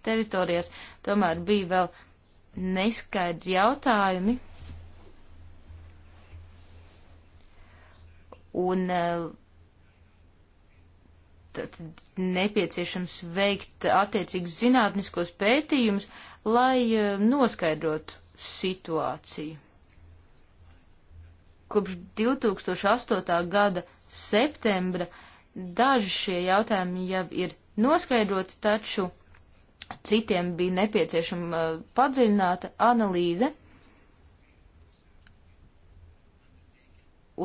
teritorijās, tomēr bija vēl neskaidri jautājumi. Un eh, tad nepieciešams veikt attiecīgus zinātniskos pētījumus, lai eh, noskaidrotu situāciju. Kopš 2008. gada septembra daži šie jautājumi jau ir noskaidroti, taču Citiem bija nepieciešama uh, padziļināta analīze.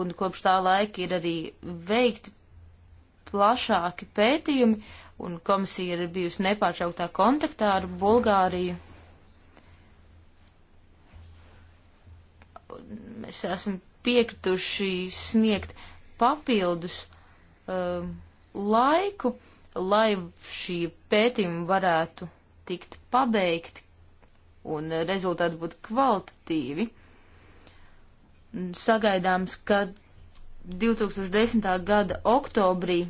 Un kopš tā laika ir arī veikti plašāki pētījumi, un komisija ir bijusi nepārtrauktā kontaktā ar Bulgāriju. Mēs esam piekrituši sniegt papildus um, laiku, lai šī pētījuma varētu tikt pabeigti un rezultāti būtu kvalitatīvi. Sagaidāms, ka 2010. gada oktobrī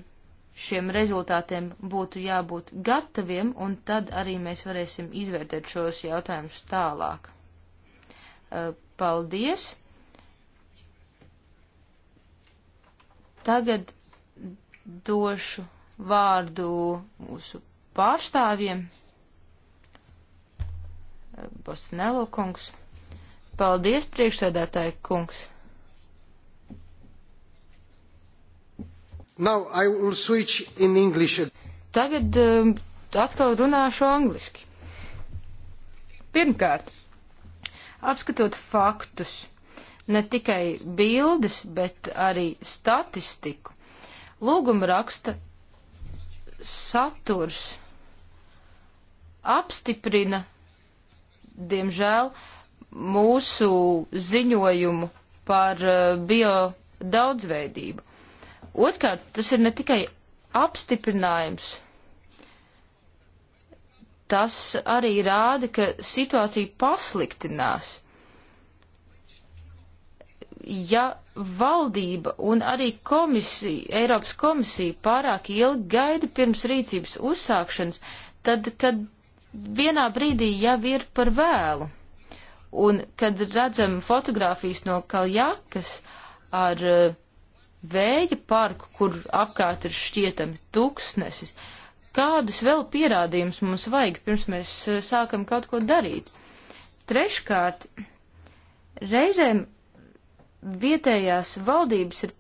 šiem rezultātiem būtu jābūt gataviem, un tad arī mēs varēsim izvērtēt šos jautājumus tālāk. Paldies! Tagad došu vārdu mūsu pārstāvjiem. Bosnelo kungs. Paldies, priekšsēdētāji kungs. Now I will switch in English. Tagad um, atkal runāšu angliski. Pirmkārt, apskatot faktus, ne tikai bildes, bet arī statistiku, lūguma raksta saturs apstiprina, diemžēl, mūsu ziņojumu par eh, bio daudzveidību. Otkārt, tas ir ne tikai apstiprinājums, tas arī rāda, ka situācija pasliktinās. Ja valdība un arī komisija, Eiropas komisija pārāk ilgi gaida pirms rīcības uzsākšanas, tad, kad vienā brīdī jau ir par vēlu. Un kad redzam fotogrāfijas no Kaljakas ar uh, vēja parku, kur apkārt ir šķietami tuksnesis, kādus vēl pierādījumus mums vajag, pirms mēs uh, sākam kaut ko darīt? Treškārt, reizēm vietējās valdības ir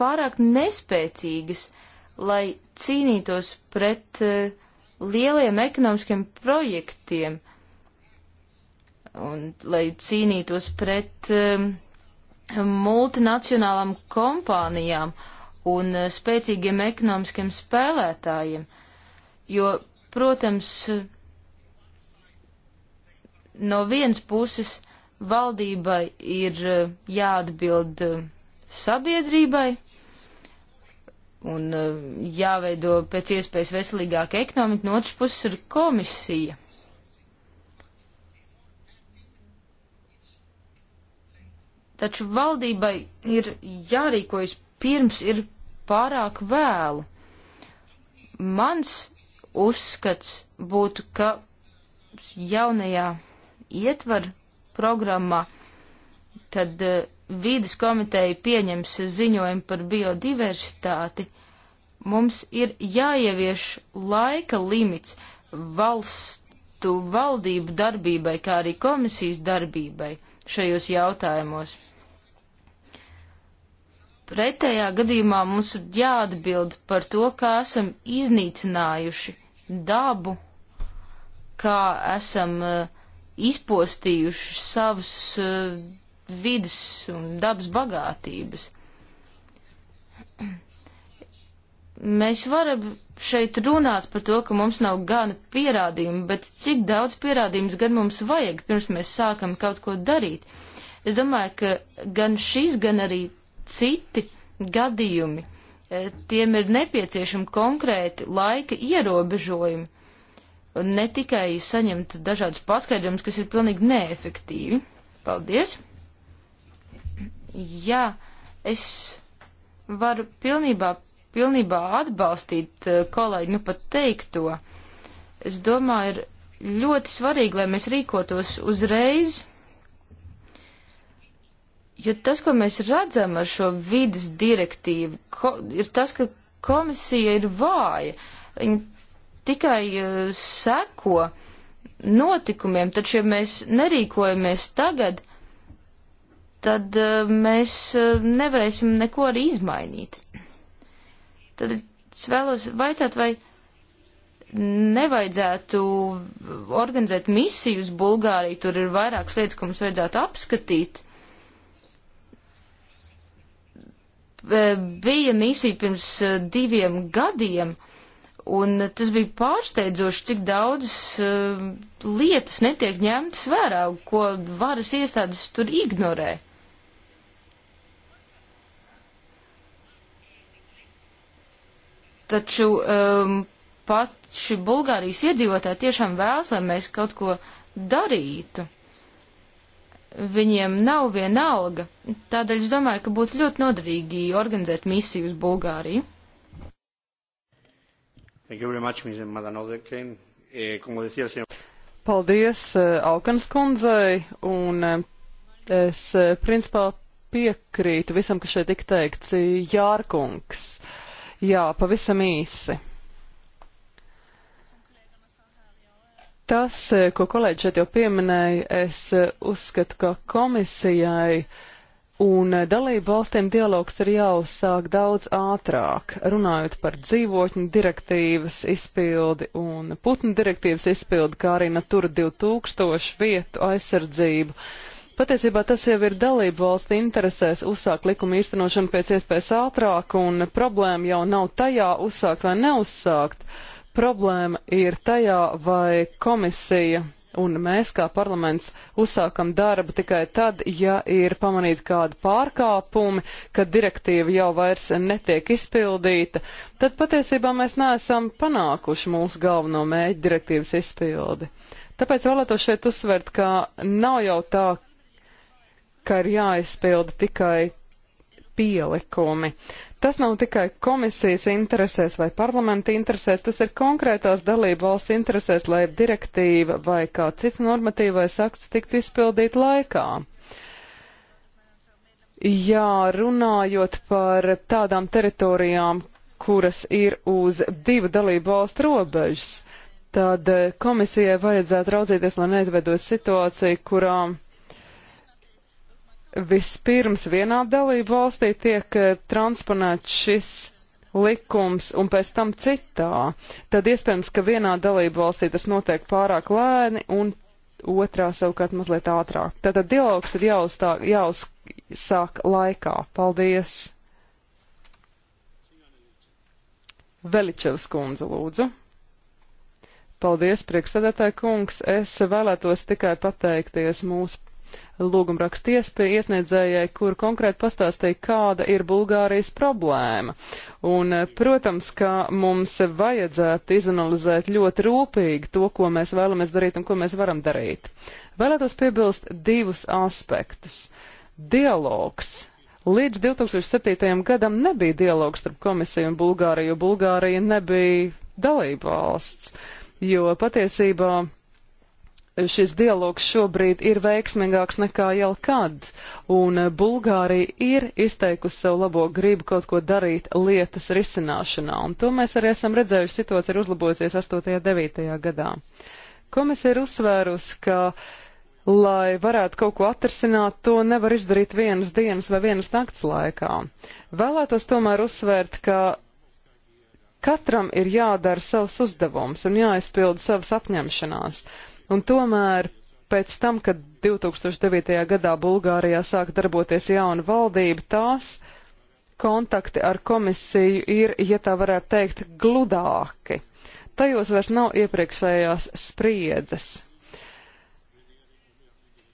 pārāk nespēcīgas, lai cīnītos pret uh, lieliem ekonomiskiem projektiem un lai cīnītos pret um, multinacionālām kompānijām un uh, spēcīgiem ekonomiskiem spēlētājiem. Jo, protams, no vienas puses uh, valdībai ir eh, jāatbild eh, sabiedrībai un eh, jāveido pēc iespējas veselīgāka ekonomika, no otras puses ir komisija. Taču valdībai ir jārīkojas pirms ir pārāk vēlu. Mans uzskats būtu, ka jaunajā ietvar programmā, kad eh, vīdes komiteja pieņems ziņojumu par biodiversitāti, mums ir jāievieš laika limits valstu valdību darbībai, kā arī komisijas darbībai šajos jautājumos. Pretējā gadījumā mums ir jāatbild par to, kā esam iznīcinājuši dabu, kā esam uh, izpostījuši savus uh, eh, vidas un dabas bagātības. Mēs varam šeit runāt par to, ka mums nav gana pierādījumu, bet cik daudz pierādījumus gan mums vajag, pirms mēs sākam kaut ko darīt. Es domāju, ka gan šis, gan arī citi gadījumi, eh, tiem ir nepieciešami konkrēti laika ierobežojumi ne tikai saņemt dažādus paskaidrojumus, kas ir pilnīgi neefektīvi. Paldies! Jā, es varu pilnībā, pilnībā atbalstīt eh, kolēģi, nu pat teikto. Es domāju, ir ļoti svarīgi, lai mēs rīkotos uzreiz, jo tas, ko mēs redzam ar šo vidas direktīvu, ko, ir tas, ka komisija ir vāja. Viņa tikai uh, seko notikumiem, taču ja mēs nerīkojamies tagad, tad uh, mēs uh, nevarēsim neko arī izmainīt. Tad es vēlos vaicāt, vai nevajadzētu organizēt misiju uz Bulgāriju, tur ir vairākas lietas, ko mums vajadzētu apskatīt. Bija misija pirms diviem gadiem. Uh, Un tas bija pārsteidzoši, cik daudzas uh, lietas netiek ņemtas vērā, ko varas iestādes tur ignorē. Taču um, paši Bulgārijas iedzīvotāji tiešām vēlas, lai mēs kaut ko darītu. Viņiem nav viena alga, tādēļ es domāju, ka būtu ļoti noderīgi organizēt misiju uz Bulgāriju. Much, eh, Paldies eh, Alkanas kundzei, un eh, es principā piekrītu visam, kas šeit tika teikts. Jārkungs, jā, pavisam īsi. Tas, ko kolēģi šeit jau pieminēja, es uzskatu, ka komisijai uh, Un eh, dalību valstīm dialogs ir jāuzsāk daudz ātrāk, runājot par dzīvotņu direktīvas izpildi un putnu direktīvas izpildi, kā arī Natura 2000 vietu aizsardzību. Patiesībā tas jau ir dalību valstu interesēs uzsākt likuma īstenošanu pēc iespējas ātrāk, un problēma jau nav tajā uzsākt vai neuzsākt. Problēma ir tajā, vai komisija un mēs kā parlaments uzsākam darbu tikai tad, ja ir pamanīti kādi pārkāpumi, kad direktīva jau vairs netiek izpildīta, tad patiesībā mēs neesam panākuši mūsu galveno mēģi direktīvas izpildi. Tāpēc vēlētos šeit uzsvert, ka nav jau tā, ka ir jāizpilda tikai pielikumi. Tas nav tikai komisijas interesēs vai parlamenta interesēs, tas ir konkrētās dalību valsts interesēs, lai direktīva vai kā cits normatīvais akts tiktu izpildīt laikā. Jā, runājot par tādām teritorijām, kuras ir uz divu dalību valstu robežas, tad eh, komisijai vajadzētu raudzīties, lai neizveidotu situāciju, kurām vispirms vienā dalību valstī tiek eh, transponēts šis likums un pēc tam citā, tad iespējams, ka vienā dalību valstī tas notiek pārāk lēni un otrā savukārt mazliet ātrāk. Tātad dialogs ir jāuzstā, jāuzsāk laikā. Paldies! Veličevs kundze, lūdzu. Paldies, priekšsēdētāji kungs. Es vēlētos tikai pateikties mūsu lūgumrakstu iesniedzējai, kur konkrēti pastāstīja, kāda ir Bulgārijas problēma. Un, eh, protams, ka mums vajadzētu izanalizēt ļoti rūpīgi to, ko mēs vēlamies darīt un ko mēs varam darīt. Vēlētos piebilst divus aspektus. Dialogs Līdz 2007. gadam nebija dialogs starp komisiju un Bulgāriju, jo Bulgārija nebija dalība valsts, jo patiesībā šis dialogs šobrīd ir veiksmīgāks nekā jebkad, un eh, Bulgārija ir izteikusi savu labo gribu kaut ko darīt lietas risināšanā, un to mēs arī esam redzējuši situācija ir uzlabojusies 8. un 9. gadā. Komisija ir uzsvērusi, ka, lai varētu kaut ko atrisināt, to nevar izdarīt vienas dienas vai vienas nakts laikā. Vēlētos tomēr uzsvērt, ka katram ir jādara savs uzdevums un jāizpilda savas apņemšanās. Un tomēr pēc tam, kad 2009. gadā Bulgārijā sāk darboties jauna valdība, tās kontakti ar komisiju ir, ja tā varētu teikt, gludāki. Tajos vairs nav iepriekšējās spriedzes.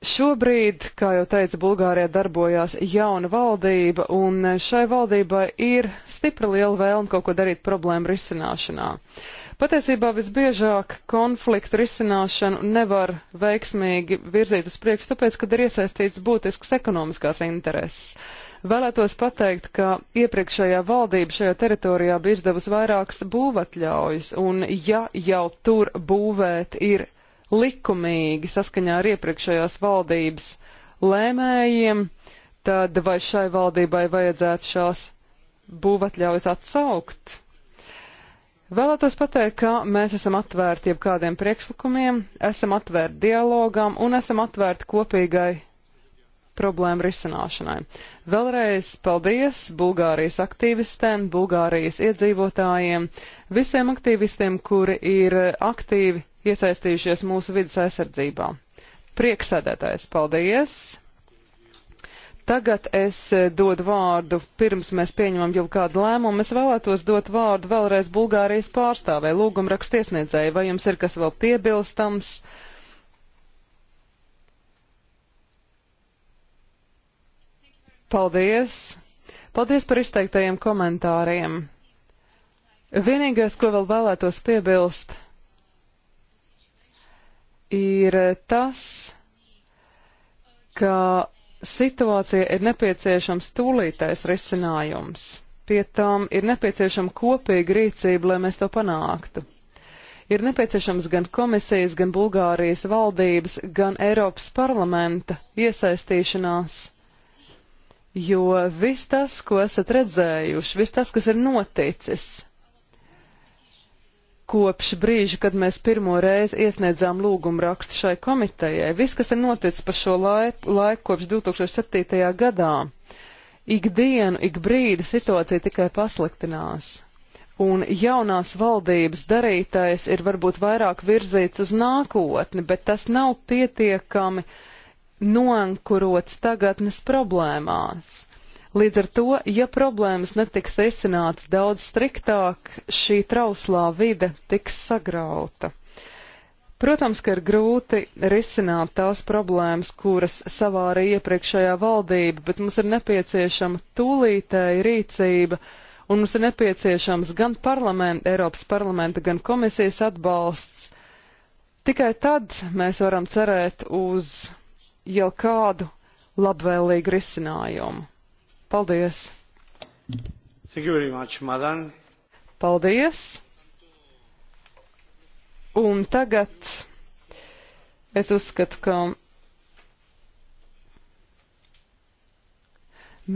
Šobrīd, kā jau teicu, Bulgārijā darbojās jauna valdība, un šai valdībai ir stipra liela vēlme kaut ko darīt problēmu risināšanā. Patiesībā visbiežāk konfliktu risināšanu nevar veiksmīgi virzīt uz priekšu, tāpēc, kad ir iesaistīts būtiskas ekonomiskās intereses vēlētos pateikt, ka iepriekšējā valdība šajā teritorijā bija izdevusi vairākas būvatļaujas, un ja jau tur būvēt ir likumīgi saskaņā ar iepriekšējās valdības lēmējiem, tad vai šai valdībai vajadzētu šās būvatļaujas atsaukt? Vēlētos pateikt, ka mēs esam atvērti jau kādiem priekšlikumiem, esam atvērti dialogām un esam atvērti kopīgai problēmu risināšanai. Vēlreiz paldies Bulgārijas aktīvistēm, Bulgārijas iedzīvotājiem, visiem aktīvistiem, kuri ir aktīvi iesaistījušies mūsu vidas aizsardzībā. Prieksēdētājs, paldies! Tagad es eh, dodu vārdu, pirms mēs pieņemam jau kādu lēmumu, es vēlētos dot vārdu vēlreiz Bulgārijas pārstāvē, lūgumrakstiesniedzēji, vai jums ir kas vēl piebilstams? Paldies! Paldies par izteiktajiem komentāriem! Vienīgais, ko vēl vēlētos piebilst, ir tas, ka situācija ir nepieciešams tūlītais risinājums. Pie tām ir nepieciešama kopīga rīcība, lai mēs to panāktu. Ir nepieciešams gan komisijas, gan Bulgārijas valdības, gan Eiropas parlamenta iesaistīšanās, jo viss tas, ko esat redzējuši, viss tas, kas ir noticis, kopš brīža, kad mēs pirmo reizi iesniedzām lūgumu rakstu šai komitejai. Viss, kas ir noticis pa šo laiku, laiku kopš 2007. gadā, ikdienu, ik brīdi situācija tikai pasliktinās. Un jaunās valdības darītais ir varbūt vairāk virzīts uz nākotni, bet tas nav pietiekami noankurots tagadnes problēmās. Līdz ar to, ja problēmas netiks risinātas daudz striktāk, šī trauslā vide tiks sagrauta. Protams, ka ir grūti risināt tās problēmas, kuras savārīja iepriekšējā valdība, bet mums ir nepieciešama tūlītēja rīcība, un mums ir nepieciešams gan parlamenta, Eiropas parlamenta, gan komisijas atbalsts. Tikai tad mēs varam cerēt uz jau kādu labvēlīgu risinājumu. Paldies! Much, madam. Paldies! Un tagad es uzskatu, ka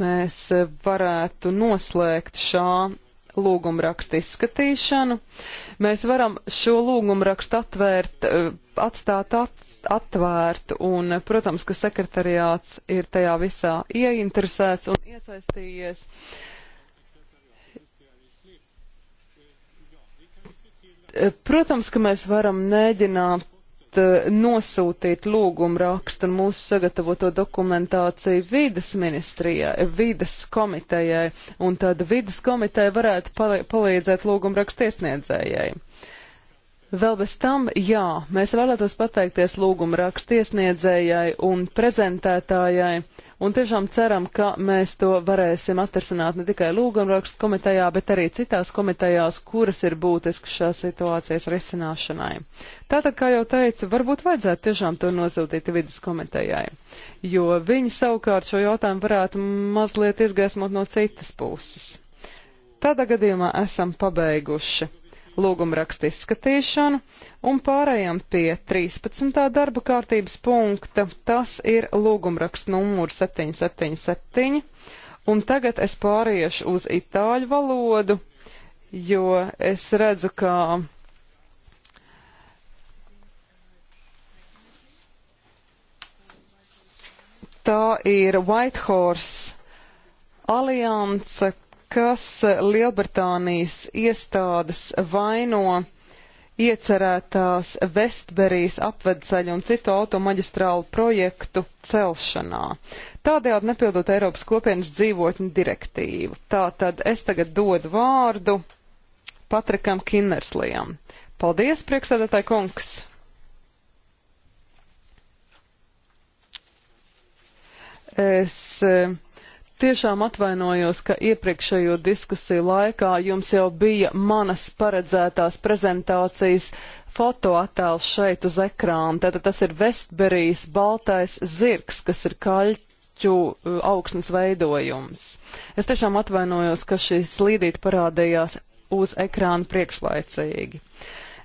mēs varētu noslēgt šā lūgumrakstu izskatīšanu. Mēs varam šo lūgumrakstu atvērt, eh, atstāt at, atvērtu, un, protams, ka sekretariāts ir tajā visā ieinteresēts un iesaistījies. Eh, protams, ka mēs varam mēģināt varat eh, nosūtīt lūgumu rakstu un mūsu sagatavoto dokumentāciju vidas ministrijai, eh, vidas komitejai, un tad vidas komiteja varētu palīdzēt lūgumu rakstu iesniedzējai. Vēl bez tam, jā, mēs vēlētos pateikties lūguma rakstiesniedzējai un prezentētājai, un tiešām ceram, ka mēs to varēsim atrasināt ne tikai lūguma rakstu komitejā, bet arī citās komitejās, kuras ir būtiskas šās situācijas risināšanai. Tātad, kā jau teicu, varbūt vajadzētu tiešām to nosūtīt vidas komitejai, jo viņi savukārt šo jautājumu varētu mazliet izgaismot no citas puses. Tādā gadījumā esam pabeiguši lūgumrakstu izskatīšanu un pārējām pie 13. darba kārtības punkta. Tas ir lūgumraksts numurs 777. Un tagad es pāriešu uz itāļu valodu, jo es redzu, ka tā ir Whitehorse alianse, kas Lielbritānijas iestādes vaino iecerētās Vestberijas apvedceļu un citu automaģistrālu projektu celšanā. Tādējādi nepildot Eiropas kopienas dzīvotņu direktīvu. Tātad es tagad dodu vārdu Patrikam Kinnerslijam. Paldies, priekšsēdētāji kungs! Es eh, tiešām atvainojos, ka iepriekšējo diskusiju laikā jums jau bija manas paredzētās prezentācijas fotoattēls šeit uz ekrāna. Tātad tas ir Vestberijas baltais zirgs, kas ir kaļķu uh, augsnes veidojums. Es tiešām atvainojos, ka šī slīdīte parādījās uz ekrāna priekšlaicīgi.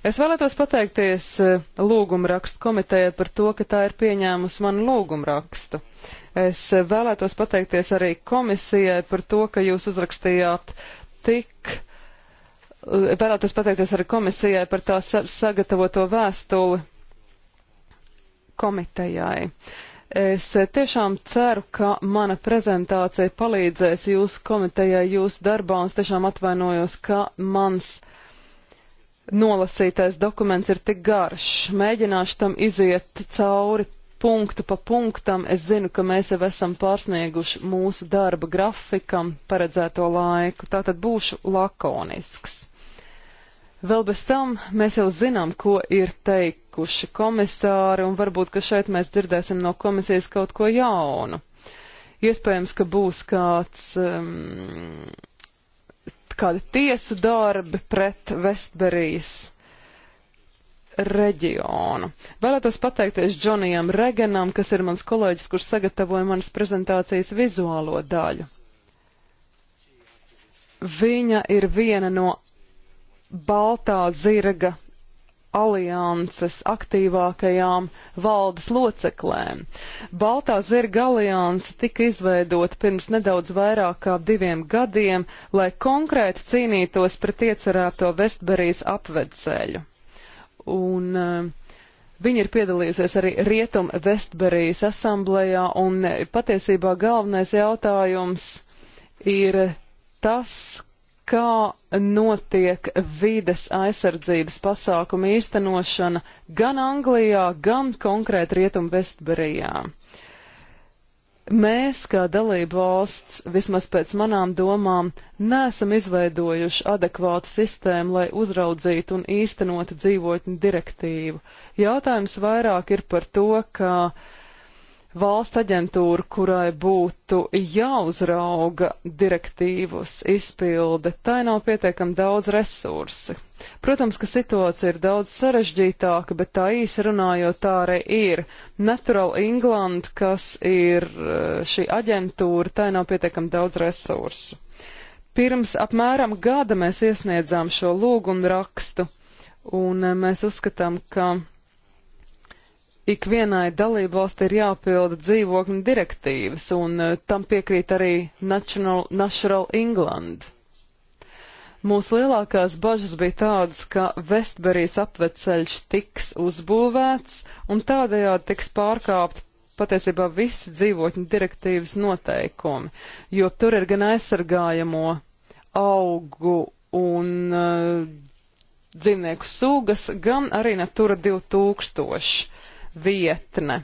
Es vēlētos pateikties uh, lūgumrakstu komitejai par to, ka tā ir pieņēmusi manu lūgumrakstu. rakstu. Es vēlētos pateikties arī komisijai par to, ka jūs uzrakstījāt tik. Vēlētos pateikties arī komisijai par tā sagatavoto vēstuli komitejai. Es tiešām ceru, ka mana prezentācija palīdzēs jūsu komitejai, jūsu darbā, un es tiešām atvainojos, ka mans nolasītais dokuments ir tik garš. Mēģināšu tam iziet cauri punktu pa punktam. Es zinu, ka mēs jau esam pārsnieguši mūsu darba grafikam paredzēto laiku, tātad būšu lakonisks. Vēl bez tam mēs jau zinām, ko ir teikuši komisāri, un varbūt, ka šeit mēs dzirdēsim no komisijas kaut ko jaunu. Iespējams, ka būs kāds, um, kādi tiesu darbi pret Vestberijas reģionu. Vēlētos pateikties Džonijam Reganam, kas ir mans kolēģis, kurš sagatavoja manas prezentācijas vizuālo daļu. Viņa ir viena no Baltā zirga alianses aktīvākajām valdes loceklēm. Baltā zirga alianse tika izveidota pirms nedaudz vairāk kā diviem gadiem, lai konkrēti cīnītos pret iecerēto Vestberijas apvedceļu un eh, viņa ir piedalījusies arī Rietum Vestberijas asamblējā, un eh, patiesībā galvenais jautājums ir tas, kā notiek vides aizsardzības pasākuma īstenošana gan Anglijā, gan konkrēti Rietum Vestberijā. Mēs, kā dalība valsts, vismaz pēc manām domām, neesam izveidojuši adekvātu sistēmu, lai uzraudzītu un īstenotu dzīvotņu direktīvu. Jautājums vairāk ir par to, ka uh, valsts aģentūra, kurai būtu jāuzrauga direktīvas izpilde, tai nav pietiekami daudz resursi. Protams, ka situācija ir daudz sarežģītāka, bet tā īsi runājot tā arī ir. Natural England, kas ir eh, šī aģentūra, tai nav pietiekami daudz resursu. Pirms apmēram gada mēs iesniedzām šo lūgumu rakstu, un eh, mēs uzskatām, ka ikvienai dalībvalsti ir jāpilda dzīvokļu direktīvas, un eh, tam piekrīt arī National, National England. Mūsu lielākās bažas bija tādas, ka Vestberijas apveceļš tiks uzbūvēts, un tādējādi tiks pārkāpt patiesībā visi dzīvotņu direktīvas noteikumi, jo tur ir gan aizsargājamo augu un uh, dzīvnieku sugas, gan arī Natura 2000 vietne.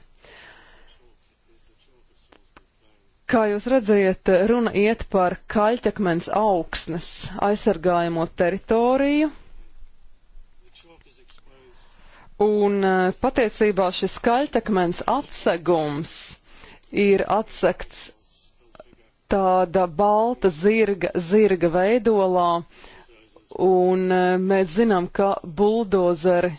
Kā jūs redzat, runa iet par kaļķakmens augsnes aizsargājamo teritoriju. Un e, patiesībā šis kaļķakmens atsegums ir atsekts tāda balta zirga, zirga veidolā, un e, mēs zinām, ka buldozeri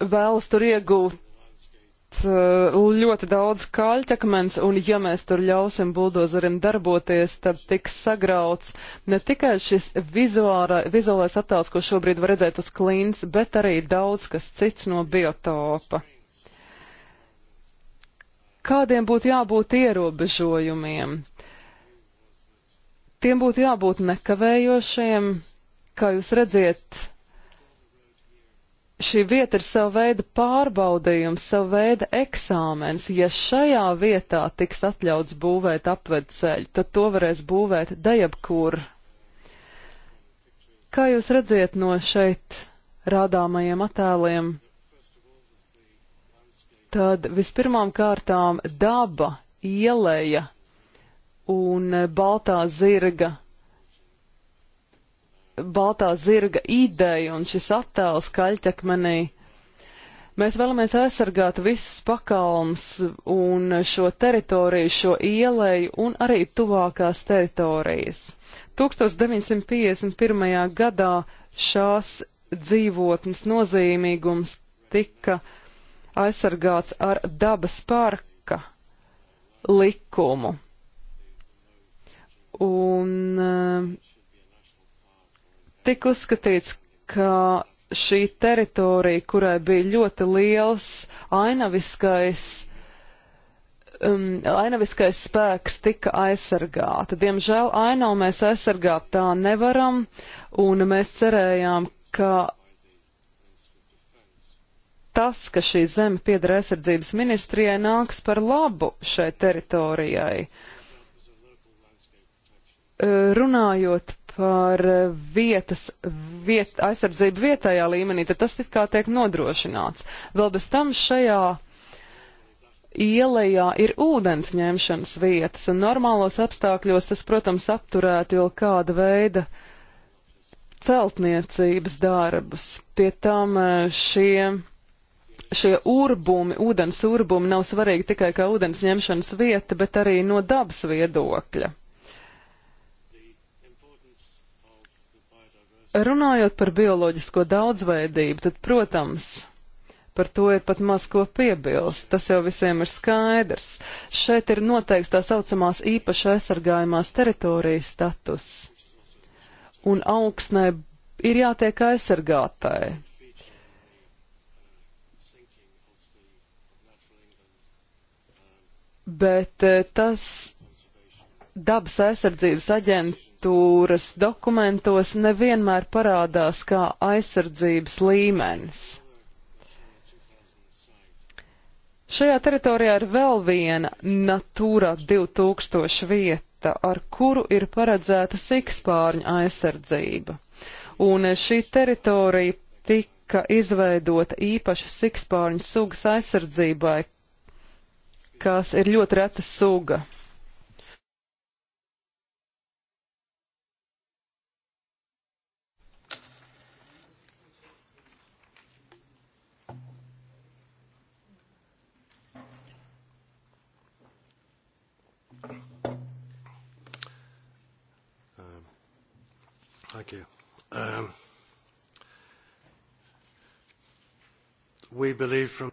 vēlas tur iegūt eh, ļoti daudz kāļķakmens, un ja mēs tur ļausim buldozerim darboties, tad tiks sagrauts ne tikai šis vizuāra, vizuālais attēls, ko šobrīd var redzēt uz klints, bet arī daudz kas cits no biotopa. Kādiem būtu jābūt ierobežojumiem? Tiem būtu jābūt nekavējošiem, kā jūs redziet, šī vieta ir sava veida pārbaudījums, sava veida eksāmens. Ja šajā vietā tiks atļauts būvēt apvedceļu, tad to varēs būvēt dejabkur. Kā jūs redziet no šeit rādāmajiem attēliem, tad vispirmām kārtām daba, ieleja un baltā zirga baltā zirga ideja un šis attēls kaļķakmenī. Mēs vēlamies aizsargāt visus pakalmus un šo teritoriju, šo ieleju un arī tuvākās teritorijas. 1951. gadā šās dzīvotnes nozīmīgums tika aizsargāts ar dabas parka likumu. Un eh, Tik uzskatīts, ka šī teritorija, kurai bija ļoti liels ainaviskais, um, ainaviskais spēks, tika aizsargāta. Diemžēl ainavu mēs aizsargāt tā nevaram, un mēs cerējām, ka tas, ka šī zeme pieder aizsardzības ministrijai, nāks par labu šai teritorijai. Uh, runājot par vietas viet, aizsardzību vietējā līmenī, tad tas it kā tiek nodrošināts. Vēl bez tam šajā ielējā ir ūdens ņemšanas vietas, un normālos apstākļos tas, protams, apturētu jau kāda veida celtniecības darbus. Pie tam e, šie šie urbumi, ūdens urbumi nav svarīgi tikai kā ūdens ņemšanas vieta, bet arī no dabas viedokļa. Runājot par bioloģisko daudzveidību, tad, protams, par to ir pat maz ko piebilst. Tas jau visiem ir skaidrs. Šeit ir noteikts tā saucamās īpaši aizsargājumās teritorijas status. Un augsnē ir jātiek aizsargātai. Bet eh, tas dabas aizsardzības aģents aģentūras dokumentos nevienmēr parādās kā aizsardzības līmenis. Šajā teritorijā ir vēl viena Natūra 2000 vieta, ar kuru ir paredzēta sikspārņa aizsardzība. Un šī teritorija tika izveidota īpaši sikspārņu sugas aizsardzībai, kas ir ļoti reta suga. Thank you. Um, we believe from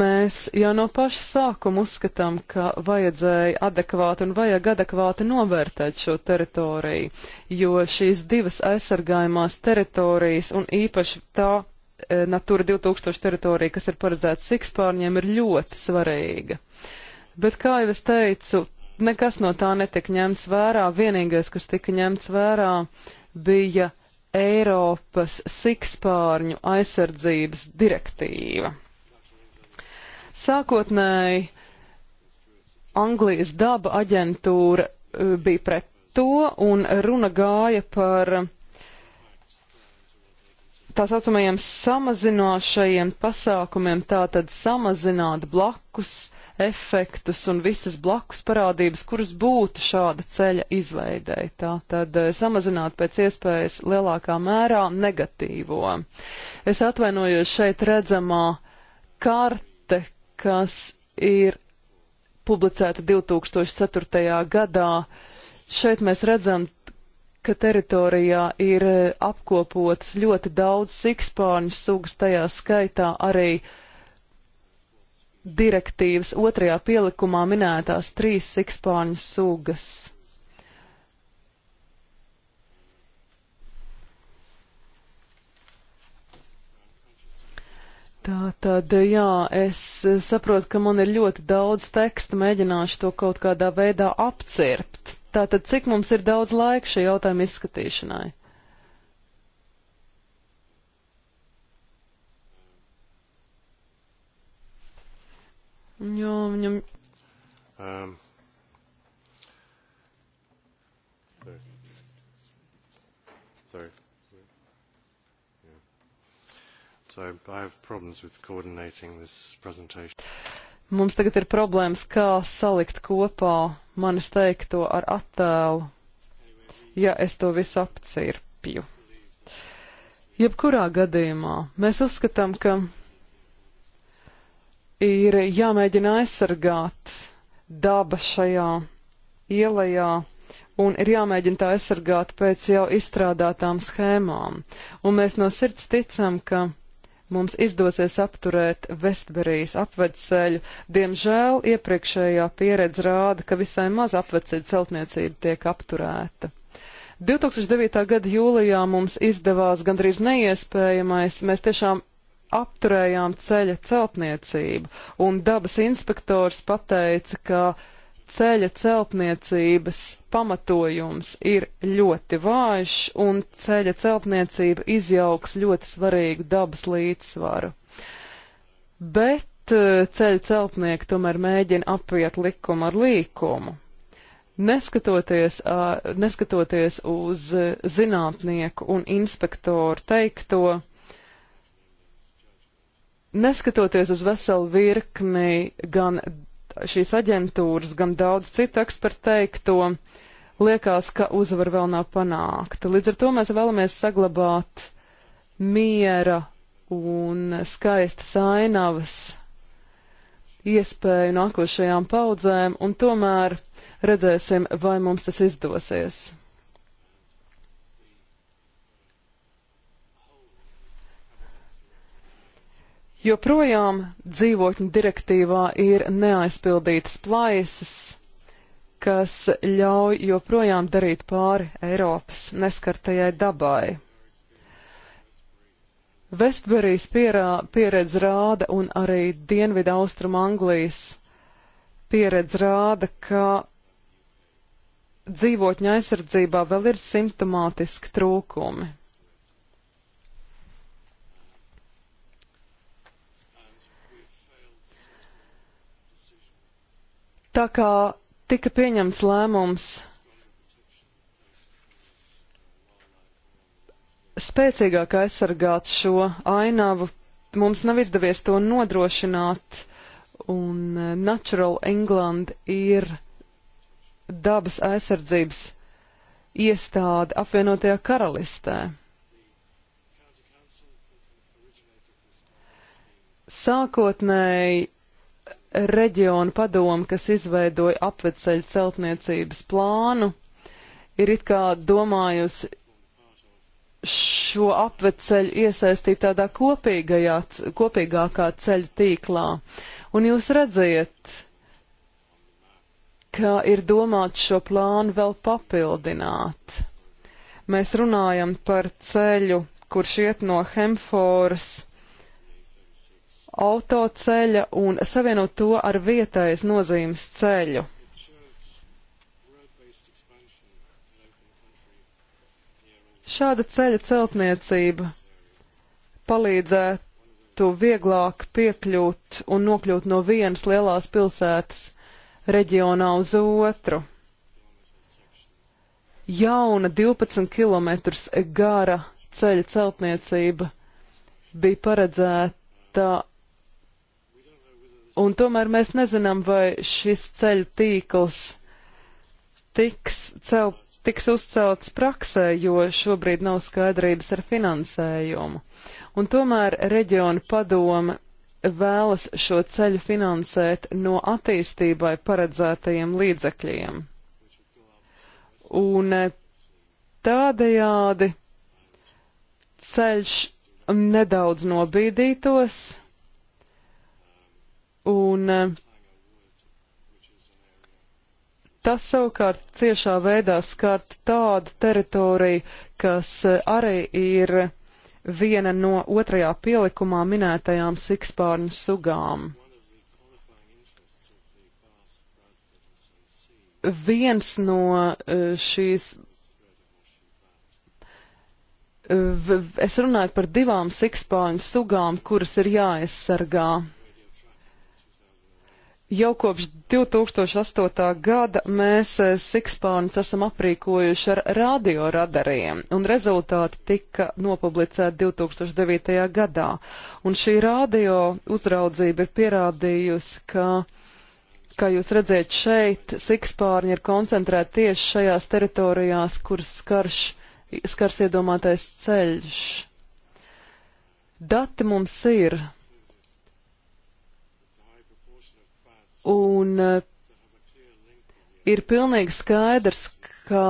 Mēs jau no paša sākuma uzskatām, ka vajadzēja adekvāti un vajag adekvāti novērtēt šo teritoriju, jo šīs divas aizsargājumās teritorijas un īpaši tā e, Natura 2000 teritorija, kas ir paredzēta sikspārņiem, ir ļoti svarīga. Bet, kā jau es teicu, nekas no tā netika ņemts vērā, vienīgais, kas tika ņemts vērā, uh, bija Eiropas sikspārņu aizsardzības direktīva. Sākotnēji Anglijas daba aģentūra e, bija pret to, un runa gāja par tā saucamajiem samazinošajiem pasākumiem, tātad samazināt blakus efektus un visas blakus parādības, kuras būtu šāda ceļa izveidē. Tā tad eh, samazināt pēc iespējas lielākā mērā negatīvo. Es atvainojos šeit redzamā karte, kas ir publicēta 2004. gadā. Šeit mēs redzam, ka teritorijā ir eh, apkopotas ļoti daudz sikspārņu sugas, tajā skaitā arī uh, direktīvas otrajā pielikumā minētās trīs sikspāņu sugas. Tā tad, jā, es saprotu, ka man ir ļoti daudz tekstu, mēģināšu to kaut kādā veidā apcirpt. Tātad, cik mums ir daudz laika šī jautājuma izskatīšanai? Jo viņam. Um. Ehm. Sorry. Sorry. Yeah. So I have problems with coordinating this presentation. Mums tagad ir problēmas, kā salikt kopā manis teikto ar attēlu, ja es to visu apcirpju. Jebkurā gadījumā mēs uzskatām, ka ir jāmēģina aizsargāt daba šajā ielajā un ir jāmēģina tā aizsargāt pēc jau izstrādātām schēmām. Un mēs no sirds ticam, ka mums izdosies apturēt Vestberijas apvedceļu. Diemžēl iepriekšējā pieredze rāda, ka visai maz apvedceļu celtniecība tiek apturēta. 2009. gada jūlijā mums izdevās gandrīz neiespējamais. Mēs tiešām apturējām ceļa celtniecību, un dabas inspektors pateica, ka ceļa celtniecības pamatojums ir ļoti vājš, un ceļa celtniecība izjauks ļoti svarīgu dabas līdzsvaru. Bet eh, ceļa celtnieki tomēr mēģina apiet likumu ar līkumu. Neskatoties, eh, neskatoties uz eh, zinātnieku un inspektoru teikto, Neskatoties uz veselu virkni gan šīs aģentūras, gan daudz citu ekspertu teikto, liekas, ka uzvara vēl nav panākta. Līdz ar to mēs vēlamies saglabāt miera un skaista ainavas iespēju nākošajām paudzēm, un tomēr redzēsim, vai mums tas izdosies. Joprojām dzīvotņu direktīvā ir neaizpildītas plaisas, kas ļauj joprojām darīt pāri Eiropas neskartajai dabai. Vestberijas pieredze rāda un arī Dienvidu Austrum Anglijas pieredze rāda, ka dzīvotņa aizsardzībā vēl ir simptomātiski trūkumi. Tā kā tika pieņemts lēmums spēcīgāk aizsargāt šo ainavu, mums nav izdevies to nodrošināt, un e, Natural England ir dabas aizsardzības iestāde apvienotajā karalistē. Sākotnēji reģiona padoma, kas izveidoja apveceļu celtniecības plānu, ir it kā domājusi šo apveceļu iesaistīt tādā kopīgajā, kopīgākā ceļa tīklā. Un jūs redziet, ka ir domāts šo plānu vēl papildināt. Mēs runājam par ceļu, kurš iet no Hemforas autoceļa un savienot to ar vietējas nozīmes ceļu. Šāda ceļa celtniecība palīdzētu vieglāk piekļūt un nokļūt no vienas lielās pilsētas reģionā uz otru. Jauna 12 km gara ceļa celtniecība bija paredzēta un tomēr mēs nezinām, vai šis ceļu tīkls tiks, cel, tiks uzcelts praksē, jo šobrīd nav skaidrības ar finansējumu. Un tomēr reģiona padome vēlas šo ceļu finansēt no attīstībai paredzētajiem līdzekļiem. Un eh, tādējādi ceļš nedaudz nobīdītos, Un eh, tas savukārt ciešā veidā skart tādu teritoriju, kas eh, arī ir viena no otrajā pielikumā minētajām sikspārņu sugām. Viens no eh, šīs es runāju par divām sikspāņu sugām, kuras ir jāaizsargā. Jau kopš 2008. gada mēs eh, Sikspānis esam aprīkojuši ar radioradariem, un rezultāti tika nopublicēti 2009. gadā. Un šī radio uzraudzība ir pierādījusi, ka, kā jūs redzēt šeit, Sikspāni ir koncentrēti tieši šajās teritorijās, kuras skarš, skars iedomātais ceļš. Dati mums ir Un eh, ir pilnīgi skaidrs, ka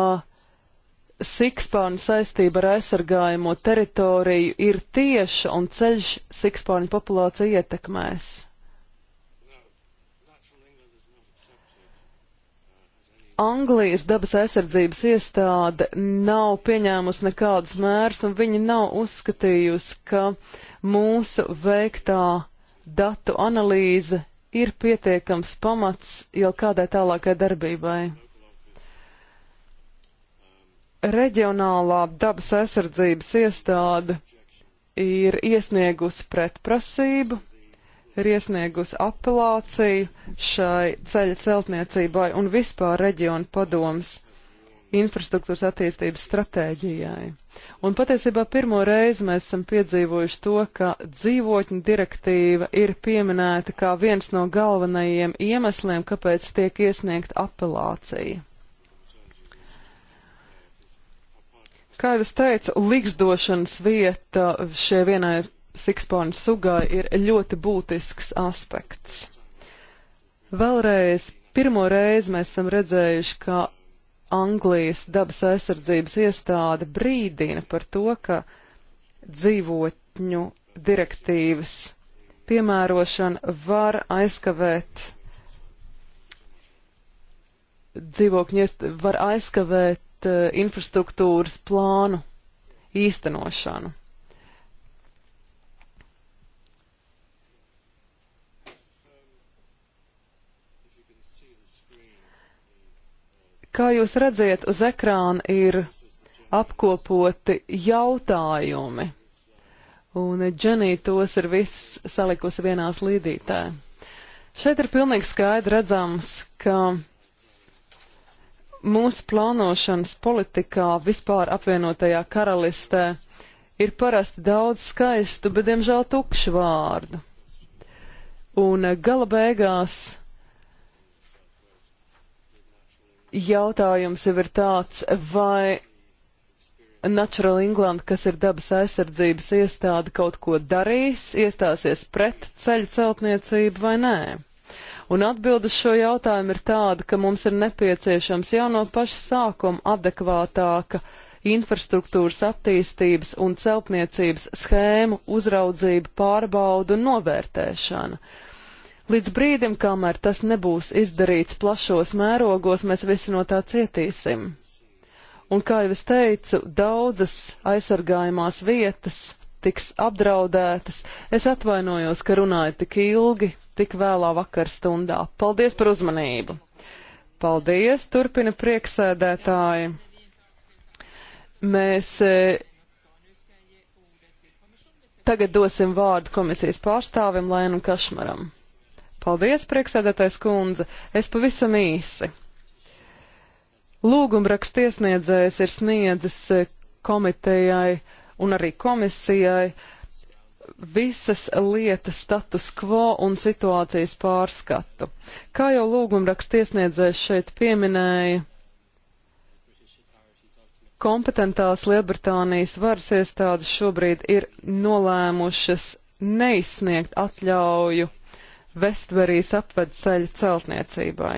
Sikspāņu saistība ar aizsargājamo teritoriju ir tieša un ceļš Sikspāņu populāciju ietekmēs. Anglijas dabas aizsardzības iestāde nav pieņēmusi nekādus mērus, un viņi nav uzskatījusi, ka mūsu veiktā datu analīze ir pietiekams pamats jau kādai tālākai darbībai. Reģionālā dabas aizsardzības iestāde ir iesniegusi pretprasību, ir iesniegusi apelāciju šai ceļa celtniecībai un vispār reģionu padomas infrastruktūras attīstības stratēģijai. Un patiesībā pirmo reizi mēs esam piedzīvojuši to, ka dzīvotņu direktīva ir pieminēta kā viens no galvenajiem iemesliem, kāpēc tiek iesniegta apelācija. Kā jau es teicu, likšdošanas vieta šie vienai sikspārnu sugai ir ļoti būtisks aspekts. Vēlreiz pirmo reizi mēs esam redzējuši, ka Anglijas dabas aizsardzības iestāde brīdina par to, ka dzīvotņu direktīvas piemērošana var aizkavēt dzīvokņies, var aizkavēt uh, infrastruktūras plānu īstenošanu. Kā jūs redzat, uz ekrāna ir apkopoti jautājumi, un Dženī tos ir viss salikusi vienā slīdītē. Šeit ir pilnīgi skaidri redzams, ka mūsu plānošanas politikā vispār apvienotajā karalistē ir parasti daudz skaistu, bet diemžēl tukšu vārdu. Un gala beigās jautājums jau ir tāds, vai Natural England, kas ir dabas aizsardzības iestāde, kaut ko darīs, iestāsies pret ceļu celtniecību vai nē? Un atbild uz šo jautājumu ir tāda, ka mums ir nepieciešams jau no paša sākuma adekvātāka infrastruktūras attīstības un celtniecības schēmu uzraudzība, pārbauda un novērtēšana. Uh, Līdz brīdim, kamēr tas nebūs izdarīts plašos mērogos, mēs visi no tā cietīsim. Un, kā jau es teicu, daudzas aizsargājumās vietas tiks apdraudētas. Es atvainojos, ka runāju tik ilgi, tik vēlā vakar stundā. Paldies par uzmanību! Paldies, turpina prieksēdētāji. Mēs e, Tagad dosim vārdu komisijas pārstāvim Lēnam Kašmaram. Paldies, priekšsēdētājs kundze. Es pavisam īsi. Lūgumraksts iesniedzējs ir sniedzis e, komitejai un arī komisijai visas lietas status quo un situācijas pārskatu. Kā jau lūgumraksts iesniedzējs šeit pieminēja, kompetentās Lielbritānijas varas iestādes šobrīd ir nolēmušas neizsniegt atļauju Vestverijas apvedceļa celtniecībai.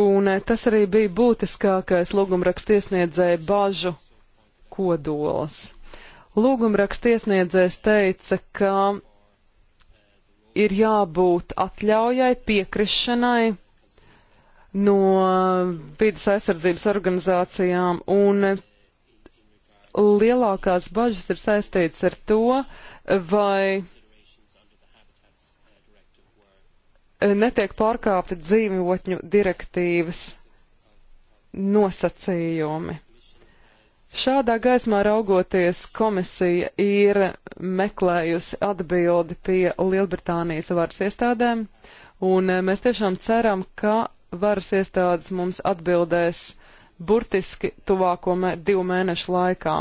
Un eh, tas arī bija būtiskākais lūgumrakstu iesniedzēja bažu kodols. Lūgumrakstu iesniedzējs teica, ka ir jābūt atļaujai, piekrišanai no vidas aizsardzības organizācijām, un lielākās bažas ir saistītas ar to, vai netiek pārkāpti dzīvotņu direktīvas nosacījumi. Šādā gaismā raugoties, komisija ir meklējusi atbildi pie Lielbritānijas varas iestādēm, un eh, mēs tiešām ceram, ka varas iestādes mums atbildēs burtiski tuvāko mē, divu mēnešu laikā.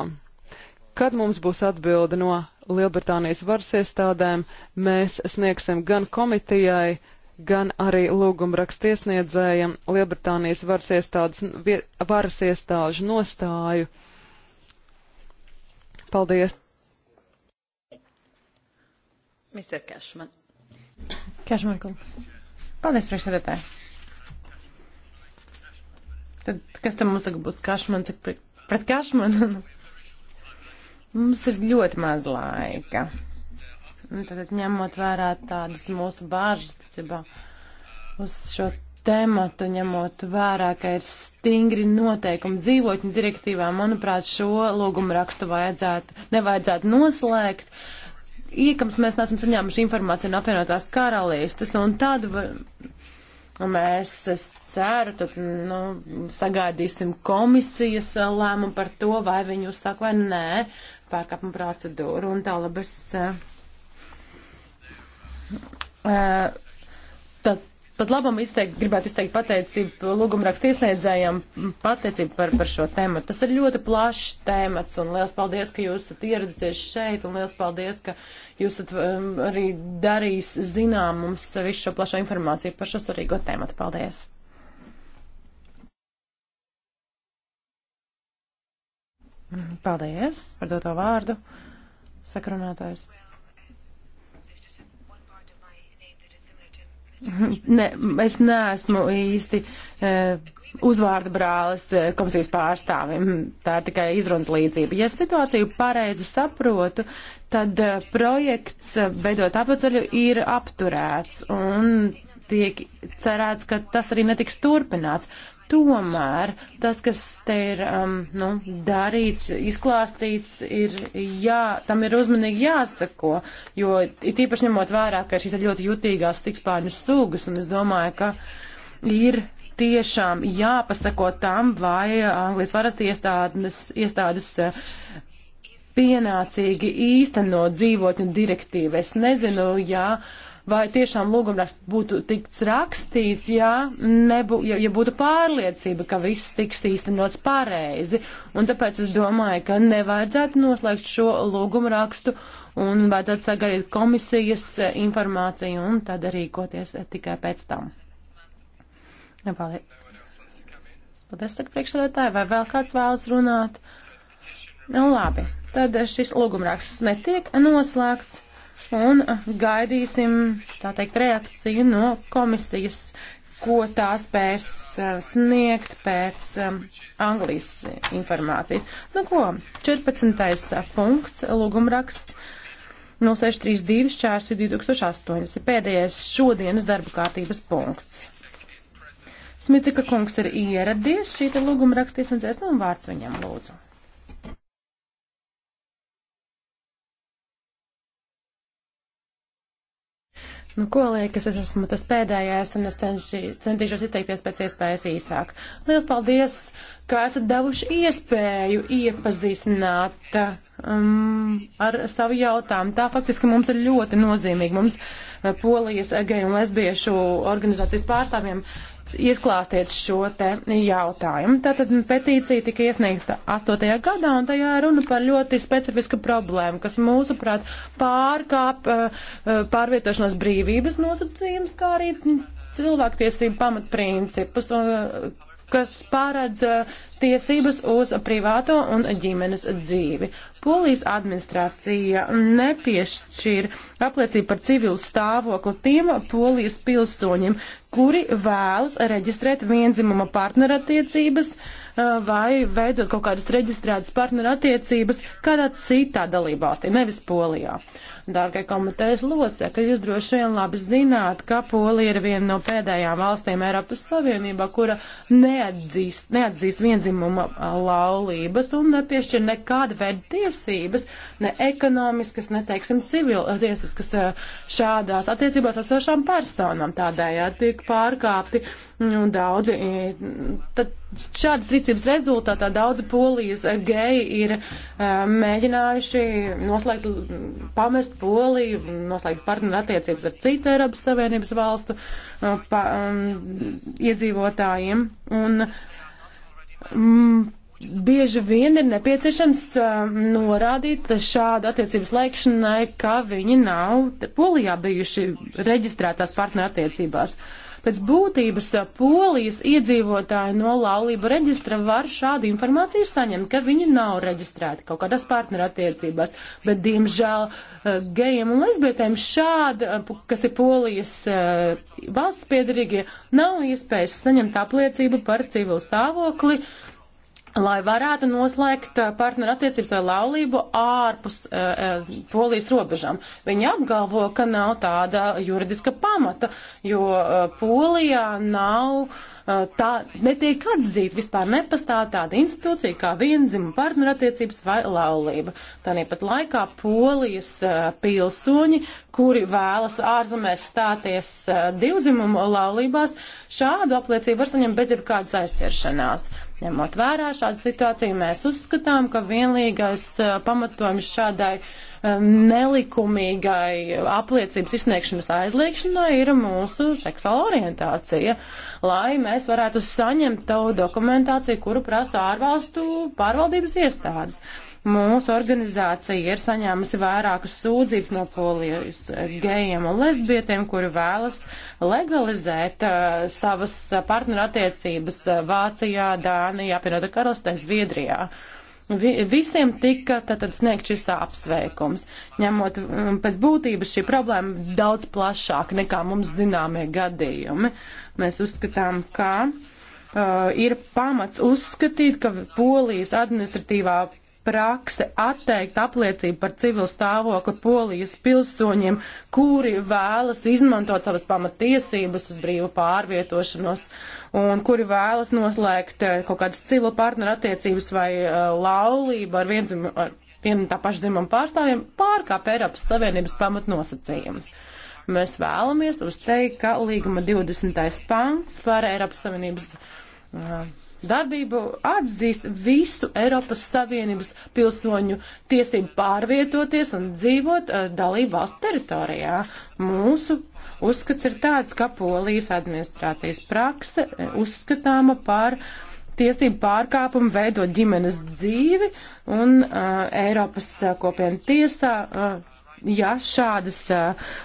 Kad mums būs atbilde no Lielbritānijas varas iestādēm, mēs sniegsim gan komitijai, gan arī lūgumrakstu iesniedzējiem Lielbritānijas varas iestādes, varas iestāžu nostāju. Paldies! Mr. Cashman. Cashman kungs. Paldies, priekšsēdētāji. Tad kas tam mums tagad būs Kašmans pret, pret Kašmanu? mums ir ļoti maz laika. Nu, tātad ņemot vērā tādas mūsu bāžas, ticībā, uz šo tematu, ņemot vērā, ka ir stingri noteikumi dzīvotņu direktīvā, manuprāt, šo lūgumu rakstu vajadzētu, nevajadzētu noslēgt. Iekams mēs neesam saņēmuši informāciju no apvienotās karalīstas, un tad mēs, es ceru, tad, nu, sagaidīsim komisijas lēmumu par to, vai viņi uzsāk vai nē pārkāpuma procedūru, un tālāk es. Uh, eh, Tad pat labam izteikt, gribētu izteikt pateicību lūgumrakstu iesniedzējiem, pateicību par, par šo tēmu. Tas ir ļoti plašs tēmats, un liels paldies, ka jūs esat ieradusies šeit, un liels paldies, ka jūs esat um, arī darījis zinām mums visu šo plašo informāciju par šo svarīgo tēmatu. Paldies! Mm, paldies par doto vārdu, sakrunātājs. Ne, es neesmu īsti e, uzvārda brālis e, komisijas pārstāvim. Mm, tā ir tikai izrunas līdzība. Ja situāciju pareizi saprotu, tad e, projekts veidot apceļu ir apturēts un tiek cerēts, ka tas arī netiks turpināts. Tomēr tas, kas te ir um, nu, darīts, izklāstīts, ir jā, tam ir uzmanīgi jāsako, jo it īpaši ņemot vērā, ka šīs ir ļoti jutīgās tikspāņu sugas, un es domāju, ka ir tiešām jāpasako tam, vai Anglijas varas iestādes, iestādes uh, pienācīgi īstenot dzīvotņu direktīvu. Es nezinu, jā. Ja, vai tiešām lūgumraksts būtu tikts rakstīts, ja, nebū, ja, ja būtu pārliecība, ka viss tiks īstenots pareizi. Un tāpēc es domāju, ka nevajadzētu noslēgt šo lūgumrakstu un vajadzētu sagaidīt komisijas e, informāciju un tad rīkoties e, tikai pēc tam. Paldies. Paldies, saka priekšsēdētāji, vai vēl kāds vēlas runāt? Nu, labi, tad šis lūgumraksts netiek noslēgts un gaidīsim, tā teikt, reakciju no komisijas, ko tā spēs uh, sniegt pēc um, Anglijas informācijas. Nu ko, 14. Uh, punkts, lūgumraksts. No 632 šķērsi 2008. Tas ir pēdējais šodienas darba kārtības punkts. Smicika kungs ir ieradies, šī te lūguma rakstīsniedzēs un vārds viņam lūdzu. Nu, ko liekas, es esmu tas pēdējais, un es cenši, centīšos izteikties pēc iespējas īsāk. Lielas paldies, ka esat devuši iespēju iepazīstināt um, ar savu jautājumu. Tā faktiski mums ir ļoti nozīmīgi. Mums uh, polijas geju un lesbiešu organizācijas pārstāvjiem iesklāstiet šo te jautājumu. Tātad petīcija tika iesniegta 8. gadā, un tajā runa par ļoti specifisku problēmu, kas mūsuprāt pārkāp eh, eh, pārvietošanās brīvības nosacījums, kā arī cilvēktiesību pamatprincipus, un, eh, kas pārēdz tiesības uz privāto un ģimenes dzīvi. Polijas administrācija nepiešķir apliecību par civilu stāvokli tiem polijas pilsoņiem, kuri vēlas reģistrēt vienzimuma partnerattiecības eh, vai veidot kaut kādas reģistrētas partnerattiecības kādā citā dalībvalstī, nevis Polijā. Dārgai komitejas locekļi, jūs droši vien labi zināt, ka Polija ir viena no pēdējām valstīm Eiropas Savienībā, kura neatzīst, neatzīst vienzimuma laulības un nepiešķir nekāda veida tiesības, ne ekonomiskas, ne, teiksim, civiltiesiskas eh, eh, šādās attiecībās esošām personām. Tādējādi tiek pārkāpti nu, daudzi. Eh, tad šādas rīcības rezultātā daudzi polijas geji ir mēģinājuši noslēgt, pamest poliju, noslēgt partneru attiecības ar citu Eiropas Savienības valstu pa, um, iedzīvotājiem. Un, um, bieži vien ir nepieciešams uh, norādīt šādu attiecības laikšanai, ka viņi nav polijā bijuši reģistrētās partnerattiecībās. Pēc būtības polijas iedzīvotāji no laulību reģistra var šādu informāciju saņemt, ka viņi nav reģistrēti kaut kādās partnerattiecībās, bet diemžēl uh, gejiem un lesbietēm šādi, kas ir polijas uh, valsts piedarīgie, nav iespējas saņemt apliecību par civilu stāvokli. Uh, lai varētu noslēgt eh, partneru attiecības vai laulību ārpus e, e, polijas robežām. Viņi apgalvo, ka nav tāda juridiska pamata, jo e, polijā nav e, tā, netiek atzīt, vispār nepastāv tāda institūcija kā vienzima partneru attiecības vai laulība. Tāpat laikā polijas e, pilsoņi, kuri vēlas ārzemēs stāties e, divdzimumu laulībās, šādu apliecību var saņemt bez jebkādas aizķeršanās. Ņemot vērā šādu situāciju, mēs uzskatām, ka vienīgais pamatojums šādai nelikumīgai apliecības izsniegšanas aizliekšanai ir mūsu seksuāla orientācija, lai mēs varētu saņemt to dokumentāciju, kuru prasa ārvalstu pārvaldības iestādes. Mūsu organizācija ir saņēmusi vairākas sūdzības no polijas eh, gejiem un lesbietiem, kuri vēlas legalizēt uh, savas eh, partnerattiecības Vācijā, Dānijā, apvienotā karalistē, Zviedrijā. Vi, visiem tika tātad sniegt šis apsveikums, ņemot mm, pēc būtības šī problēma daudz plašāk nekā mums zināmie gadījumi. Mēs uzskatām, ka uh, ir pamats uzskatīt, ka Polijas administratīvā prakse atteikt apliecību par civilu stāvokli polijas pilsoņiem, kuri vēlas izmantot savas pamatiesības uz brīvu pārvietošanos un kuri vēlas noslēgt eh, kaut kādas civilu partneru attiecības vai uh, laulību ar vienzim, ar vienu tā pašu dzimumu pārstāvjiem, pārkāp Eiropas Savienības pamatnosacījumus. Mēs vēlamies uzteikt, ka līguma 20. pants par Eiropas Savienības uh, darbību atzīst visu Eiropas Savienības pilsoņu tiesību pārvietoties un dzīvot uh, dalību valstu teritorijā. Mūsu uzskats ir tāds, ka polijas administrācijas prakse eh, uzskatāma par tiesību pārkāpumu veidot ģimenes dzīvi un uh, Eiropas uh, kopienu tiesā. Uh, Ja šādas uh,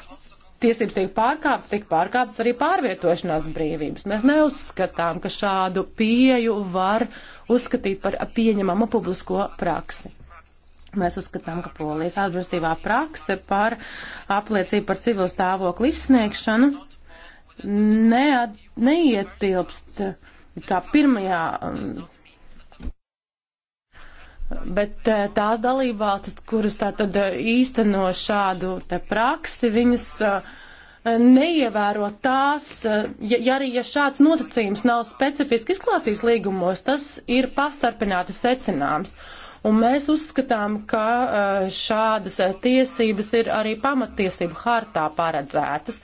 tiesības tiek pārkāptas, tiek pārkāptas arī pārvietošanās brīvības. Mēs neuzskatām, ka šādu pieju var uzskatīt par pieņemamu publisko praksi. Mēs uzskatām, ka polijas atbrīvotībā prakse par apliecību par civil stāvokli izsniegšanu neat, neietilpst kā pirmajā Bet eh, tās dalībvalstis, kuras tātad eh, īsteno šādu te praksi, viņas eh, neievēro tās, ja, ja arī ja šāds nosacījums nav specifiski izklātīs līgumos, tas ir pastarpināti secināms. Un mēs uzskatām, ka šādas tiesības ir arī pamatiesību hartā paredzētas.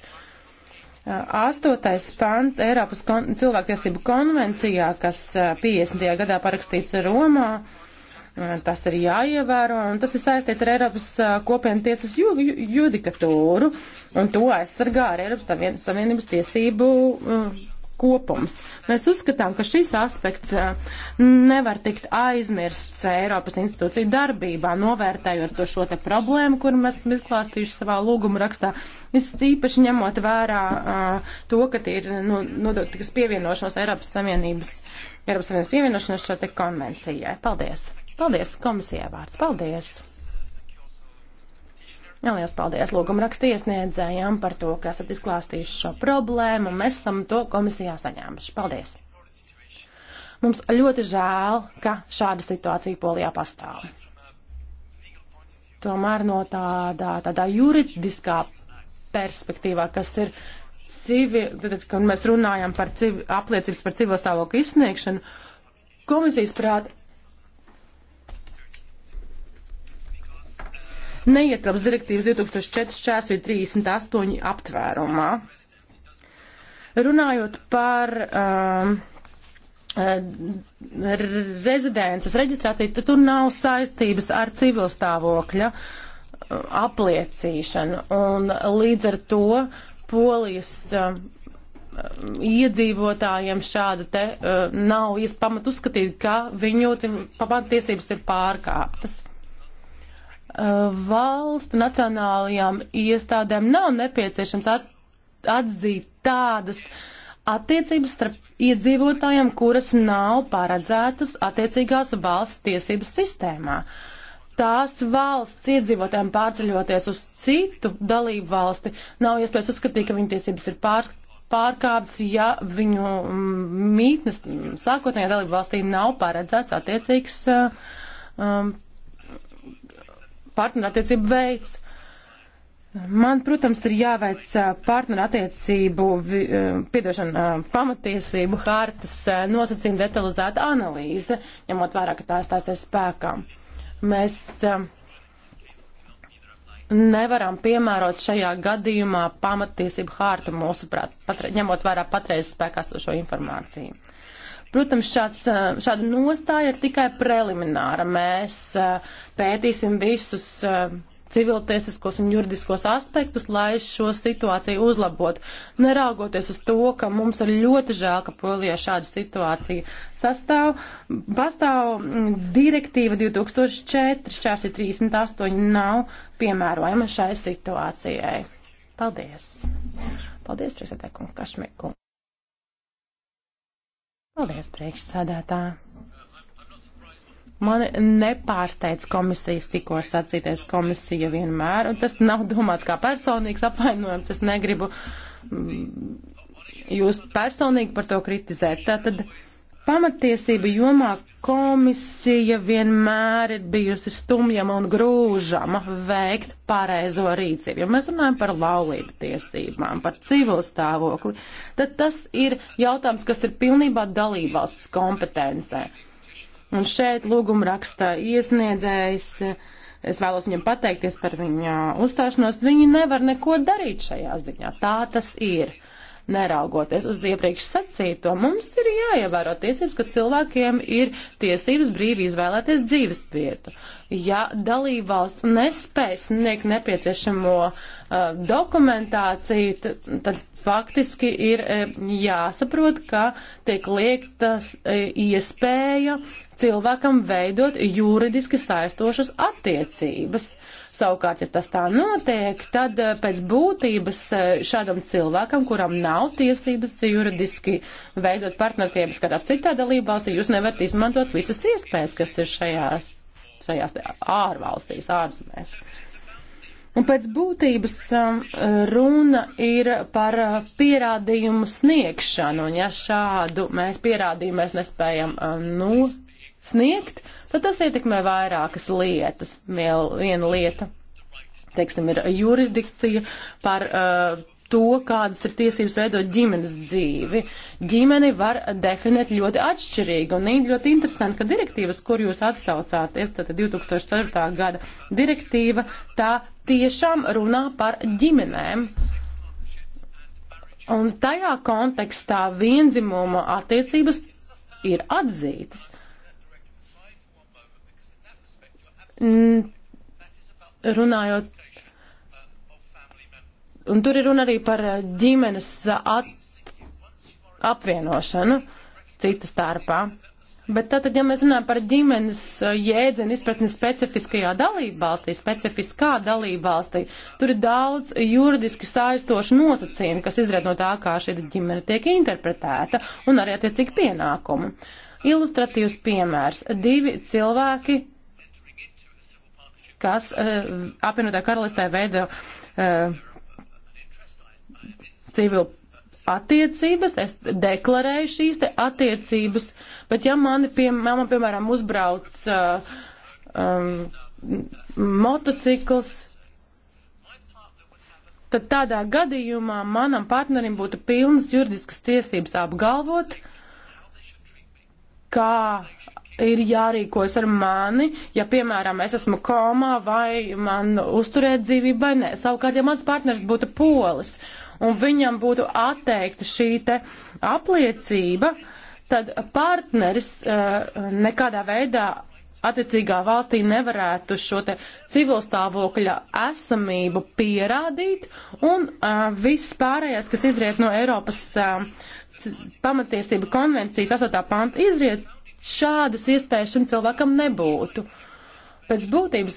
Astotais pants Eiropas kon cilvēktiesību konvencijā, kas 50. gadā parakstīts Romā, uh, Tas ir jāievēro, un tas ir saistīts ar Eiropas kopienu tiesas ju, ju, judikatūru, un to aizsargā ar Eiropas Savienības tiesību kopums. Mēs uzskatām, ka šis aspekts nevar tikt aizmirsts Eiropas institūciju darbībā, novērtējot to šo te problēmu, kur mēs esam izklāstījuši savā lūguma rakstā. Es īpaši ņemot vērā to, ka ir nu, nodotikas pievienošanos Eiropas Savienības, Eiropas Savienības pievienošanos šo te konvencijai. Paldies! Paldies, komisijai vārds. Paldies! Jā, liels paldies lūgumraksta iesniedzējām par to, ka esat izklāstījuši šo problēmu. Mēs esam to komisijā saņēmuši. Paldies! Mums ļoti žēl, ka šāda situācija Polijā pastāv. Tomēr no tādā, tādā juridiskā perspektīvā, kas ir civi, tad, kad mēs runājam par civi, apliecības par civil stāvokli izsniegšanu, komisijas prāt neietilps direktīvas 2004-38 aptvērumā. Runājot par um, uh, rezidences reģistrāciju, tad tur nav saistības ar civilstāvokļa uh, apliecīšanu. Un līdz ar to polijas um, iedzīvotājiem šāda te uh, nav iespamata uzskatīt, ka viņu pamatiesības ir pārkāptas. Uh, valstu nacionālajām iestādēm nav nepieciešams at, atzīt tādas attiecības starp iedzīvotājiem, kuras nav paredzētas attiecīgās valsts tiesības sistēmā. Tās valsts iedzīvotājiem pārceļoties uz citu dalību valsti nav iespējas uzskatīt, ka viņu tiesības ir pār, pārkāptas, ja viņu mm, mītnes sākotnējā dalību valstī nav paredzēts attiecīgs uh, um, partnerattiecību veids. Man, protams, ir jāveic partnerattiecību, piedošana, pamatiesību hārtas nosacījuma detalizēta analīze, ņemot vērā, ka tās stāsies spēkā. Mēs nevaram piemērot šajā gadījumā pamatiesību hārtu mūsuprāt, patre, ņemot vērā patreiz spēkā sošo informāciju. Protams, šāds, šāda nostāja ir tikai prelimināra. Mēs pētīsim visus civiltiesiskos un juridiskos aspektus, lai šo situāciju uzlabotu. Neraugoties uz to, ka mums ir ļoti žēl, ka Polijā šāda situācija sastāv, pastāv direktīva 2004, 438 nav piemērojama šai situācijai. Paldies! Paldies, Trīsētē kungu Kašmiku! Paldies, priekšsādātā. Man nepārsteidz komisijas tikko sacīties komisija vienmēr, un tas nav domāts kā personīgs apvainojums. Es negribu mm, jūs personīgi par to kritizēt. Tātad Pamatiesība jomā komisija vienmēr ir bijusi stumjama un grūžama veikt pareizo rīcību. Ja mēs runājam par laulību tiesībām, par civilu stāvokli, tad tas ir jautājums, kas ir pilnībā dalībvalsts kompetencē. Un šeit lūguma raksta iesniedzējs. Es vēlos viņam pateikties par viņa uzstāšanos. Viņi nevar neko darīt šajā ziņā. Tā tas ir neraugoties uz iepriekš sacīto, mums ir jāievēro tiesības, ka cilvēkiem ir tiesības brīvi izvēlēties dzīves vietu. Ja dalībvalsts nespēj sniegt nepieciešamo uh, Uh, dokumentāciju, tad faktiski ir uh, jāsaprot, ka tiek liektas uh, iespēja cilvēkam veidot juridiski saistošas attiecības. Savukārt, ja tas tā notiek, tad pēc būtības šādam cilvēkam, kuram nav tiesības juridiski veidot partnertiebas kādā citā dalībvalstī, jūs nevarat izmantot visas iespējas, kas ir šajās, šajās ārvalstīs, ārzemēs. Uh, Un pēc būtības um, runa ir par uh, pierādījumu sniegšanu, un ja šādu mēs pierādījumu mēs nespējam um, nosniegt, tad tas ietekmē vairākas lietas. Viena lieta, teiksim, ir jurisdikcija par uh, to, kādas ir tiesības veidot ģimenes dzīvi. Ģimeni var definēt ļoti atšķirīgi, un ir ļoti interesanti, ka direktīvas, kur jūs atsaucāties, tātad 2004. gada direktīva, tā tiešām runā par ģimenēm. Un tajā kontekstā vienzimuma attiecības ir atzītas. Runājot Un tur ir runa arī par eh, ģimenes eh, at, apvienošanu cita starpā. Bet tātad, ja mēs runājam par ģimenes eh, jēdzienu izpratni specifiskajā dalībvalstī, specifiskā dalībvalstī, tur ir daudz juridiski saistošu nosacījumu, kas izriet no tā, kā šī ģimene tiek interpretēta un arī attiecīgi pienākumu. Ilustratīvs piemērs. Divi cilvēki, kas uh, apvienotā karalistē veido uh, civil attiecības, es deklarēju šīs te attiecības, bet ja mani, pie, man, piemēram, uzbrauc uh, um, motocikls, tad tādā gadījumā manam partnerim būtu pilnas juridiskas tiesības apgalvot, kā ir jārīkojas ar mani, ja, piemēram, es esmu komā vai man uzturēt dzīvību vai nē. Savukārt, ja mans partners būtu polis un viņam būtu atteikta šī te apliecība, tad partneris eh, nekādā veidā attiecīgā valstī nevarētu šo te civilstāvokļa esamību pierādīt, un uh, viss pārējais, kas izriet no Eiropas uh, eh, pamatiesība konvencijas 8. panta izriet, šādas iespējas šim cilvēkam nebūtu. Uh, Pēc būtības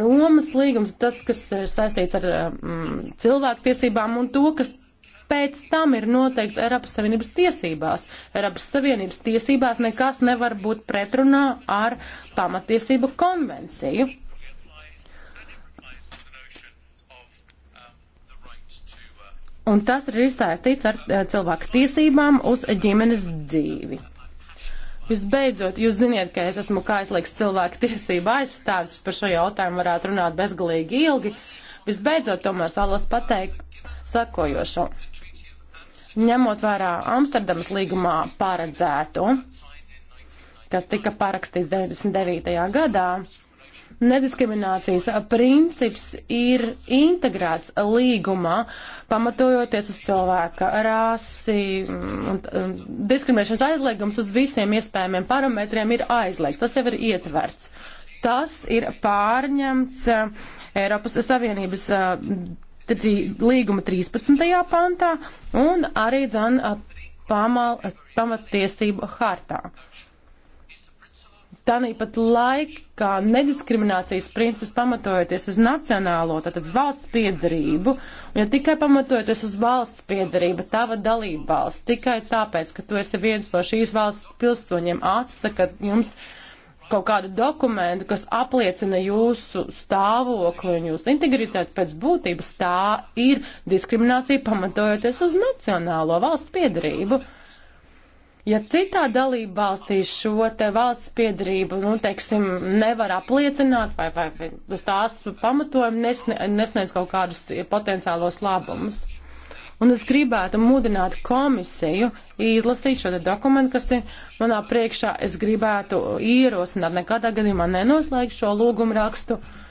Romas līgums tas, kas ir saistīts ar cilvēku tiesībām un to, kas pēc tam ir noteikts Eiropas Savienības tiesībās. Eiropas Savienības tiesībās nekas nevar būt pretrunā ar pamatiesību konvenciju. Un tas ir saistīts ar cilvēku tiesībām uz ģimenes dzīvi. Visbeidzot, jūs ziniet, ka es esmu kaislīgs cilvēku tiesība aizstāvis, par šo jautājumu varētu runāt bezgalīgi ilgi. Visbeidzot, tomēr vēlos pateikt sakojošo. Ņemot vērā Amsterdamas līgumā paredzēto, kas tika parakstīts 99. gadā, Nediskriminācijas princips ir integrēts līgumā, pamatojoties uz cilvēka rasi. Un, un, diskriminēšanas aizliegums uz visiem iespējamiem parametriem ir aizliegts. Tas jau ir ietverts. Tas ir pārņemts uh, Eiropas Savienības uh, tri, līguma 13. pantā un arī dzan uh, pamal, pamatiesību hartā. Tāpat laikā nediskriminācijas princips pamatojoties uz nacionālo, tātad valsts piedarību, un ja tikai pamatojoties uz valsts piedarību, tava dalība valsts, tikai tāpēc, ka tu esi viens no šīs valsts pilsoņiem, atsakat jums kaut kādu dokumentu, kas apliecina jūsu stāvokli un jūsu integritāti pēc būtības, tā ir diskriminācija pamatojoties uz nacionālo valsts piedarību. Ja citā dalība valstī šo te valsts piedarību, nu, teiksim, nevar apliecināt vai, vai, vai uz tās pamatojumu nesne, nesniedz kaut kādus potenciālos labumus. Un es gribētu mudināt komisiju izlasīt šo dokumentu, kas ir manā priekšā. Es gribētu ierosināt, nekādā gadījumā nenoslēgt šo lūgumu rakstu. Uh,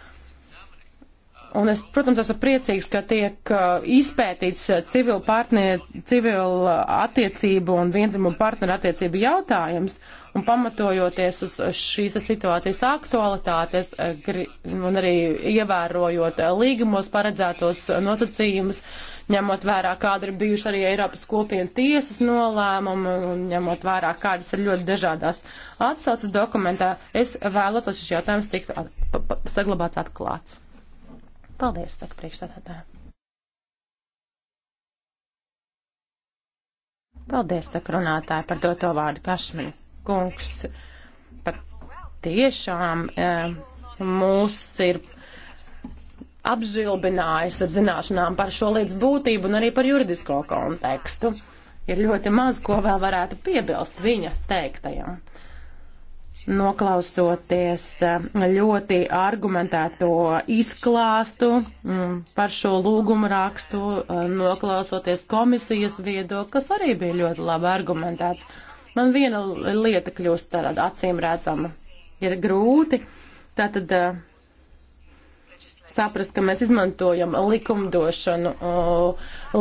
Un es, protams, esmu priecīgs, ka tiek uh, izpētīts uh, civil, partner, civil uh, attiecību un vienzimumu partneru attiecību jautājums. Un pamatojoties uz šīs situācijas aktualitātes un arī ievērojot līgumos paredzētos nosacījumus, ņemot vērā, kāda ir bijuši arī Eiropas kopienu tiesas nolēmumi un ņemot vērā, kādas ir ļoti dažādās atsaucas dokumentā, es vēlos, lai šis jautājums tiktu saglabāts atklāts. Paldies, saka priekšstādātāja. Paldies, saka runātāja, par doto vārdu Kašmī. Kungs, pat tiešām e, mūs ir apžilbinājis ar zināšanām par šo lietas būtību un arī par juridisko kontekstu. Ir ļoti maz, ko vēl varētu piebilst viņa teiktajam noklausoties eh, ļoti argumentēto izklāstu mm, par šo lūgumu rakstu, eh, noklausoties komisijas viedokli, kas arī bija ļoti labi argumentēts. Man viena lieta kļūst tāda acīm redzama. Ir grūti tātad eh, saprast, ka mēs izmantojam likumdošanu,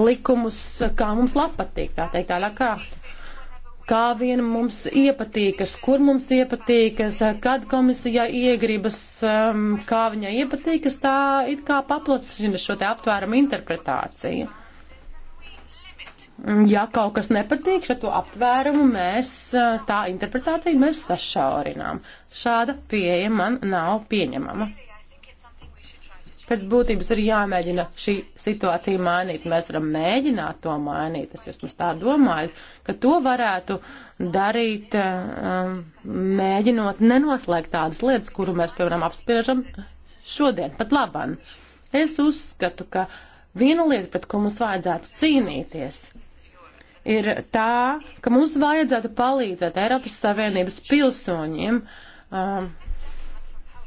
likumus, kā mums labpatīk, tā teikt, tālāk kārtā kā vien mums iepatīkas, kur mums iepatīkas, kad komisija iegribas, um, kā viņai iepatīkas, tā it kā paplašina šo te aptvērumu interpretāciju. Ja kaut kas nepatīk, šo aptvērumu mēs, uh, tā interpretāciju mēs sašaurinām. Šāda pieeja man nav pieņemama pēc būtības ir jāmēģina šī situācija mainīt. Mēs varam mēģināt to mainīt, es vismaz tā domāju, ka to varētu darīt, um, mēģinot nenoslēgt tādas lietas, kuru mēs, piemēram, apspriežam šodien, pat labam. Es uzskatu, ka viena lieta, pret ko mums vajadzētu cīnīties, ir tā, ka mums vajadzētu palīdzēt Eiropas Savienības pilsoņiem um,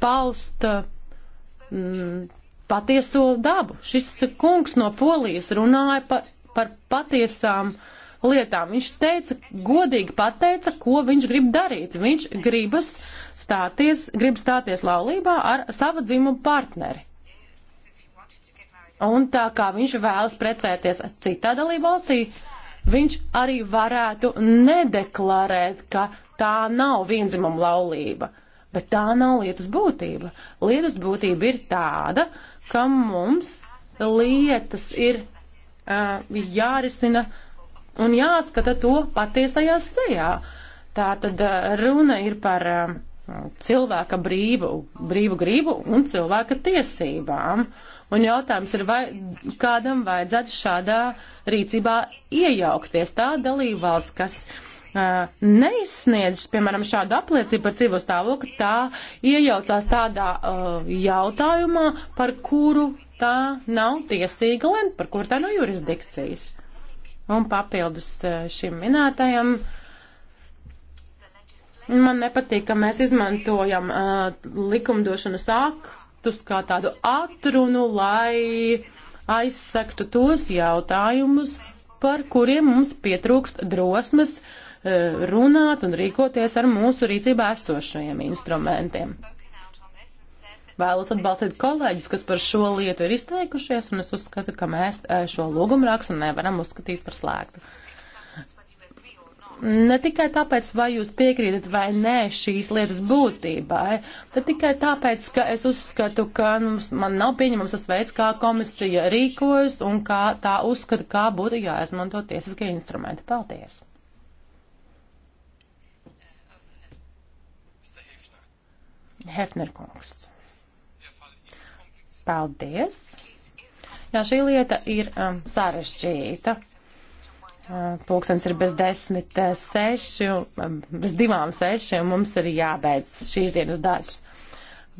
paust um, patieso dabu. Šis kungs no Polijas runāja pa, par patiesām lietām. Viņš teica, godīgi pateica, ko viņš grib darīt. Viņš gribas stāties, grib stāties laulībā ar savu dzimumu partneri. Un tā kā viņš vēlas precēties citā dalību valstī, viņš arī varētu nedeklarēt, ka tā nav vienzimuma laulība. Bet tā nav lietas būtība. Lietas būtība ir tāda, ka mums lietas ir uh, jārisina un jāskata to patiesajā sejā. Tā tad uh, runa ir par uh, cilvēka brīvu, brīvu gribu un cilvēka tiesībām. Un jautājums ir, vai kādam vajadzētu šādā rīcībā iejaukties tā dalībvalsts, kas uh, neizsniedz, piemēram, šādu apliecību par dzīvo stāvokli, tā iejaucās tādā uh, jautājumā, par kuru tā nav tiesīga lemt, par kuru tā nav jurisdikcijas. Un papildus šim minētajam. Man nepatīk, ka mēs izmantojam uh, likumdošanas aktus kā tādu atrunu, lai aizsaktu tos jautājumus, par kuriem mums pietrūkst drosmes uh, E, runāt un rīkoties ar mūsu rīcībā esošajiem instrumentiem. Vēlos atbalstīt kolēģis, kas par šo lietu ir izteikušies, un es uzskatu, ka mēs e, šo lūgumrakstu nevaram uzskatīt par slēgtu. Ne tikai tāpēc, vai jūs piekrītat vai nē šīs lietas būtībai, bet tikai tāpēc, ka es uzskatu, ka nu, man nav pieņemams tas veids, kā komisija rīkojas un kā tā uzskata, kā būtu jāizmanto tiesiskie instrumenti. Paldies! Hefner kungs. Paldies! Jā, šī lieta ir um, sarežģīta. Uh, pulkstens ir bez desmit uh, seši, um, bez divām seši, un mums ir jābeidz šīs dienas darbs.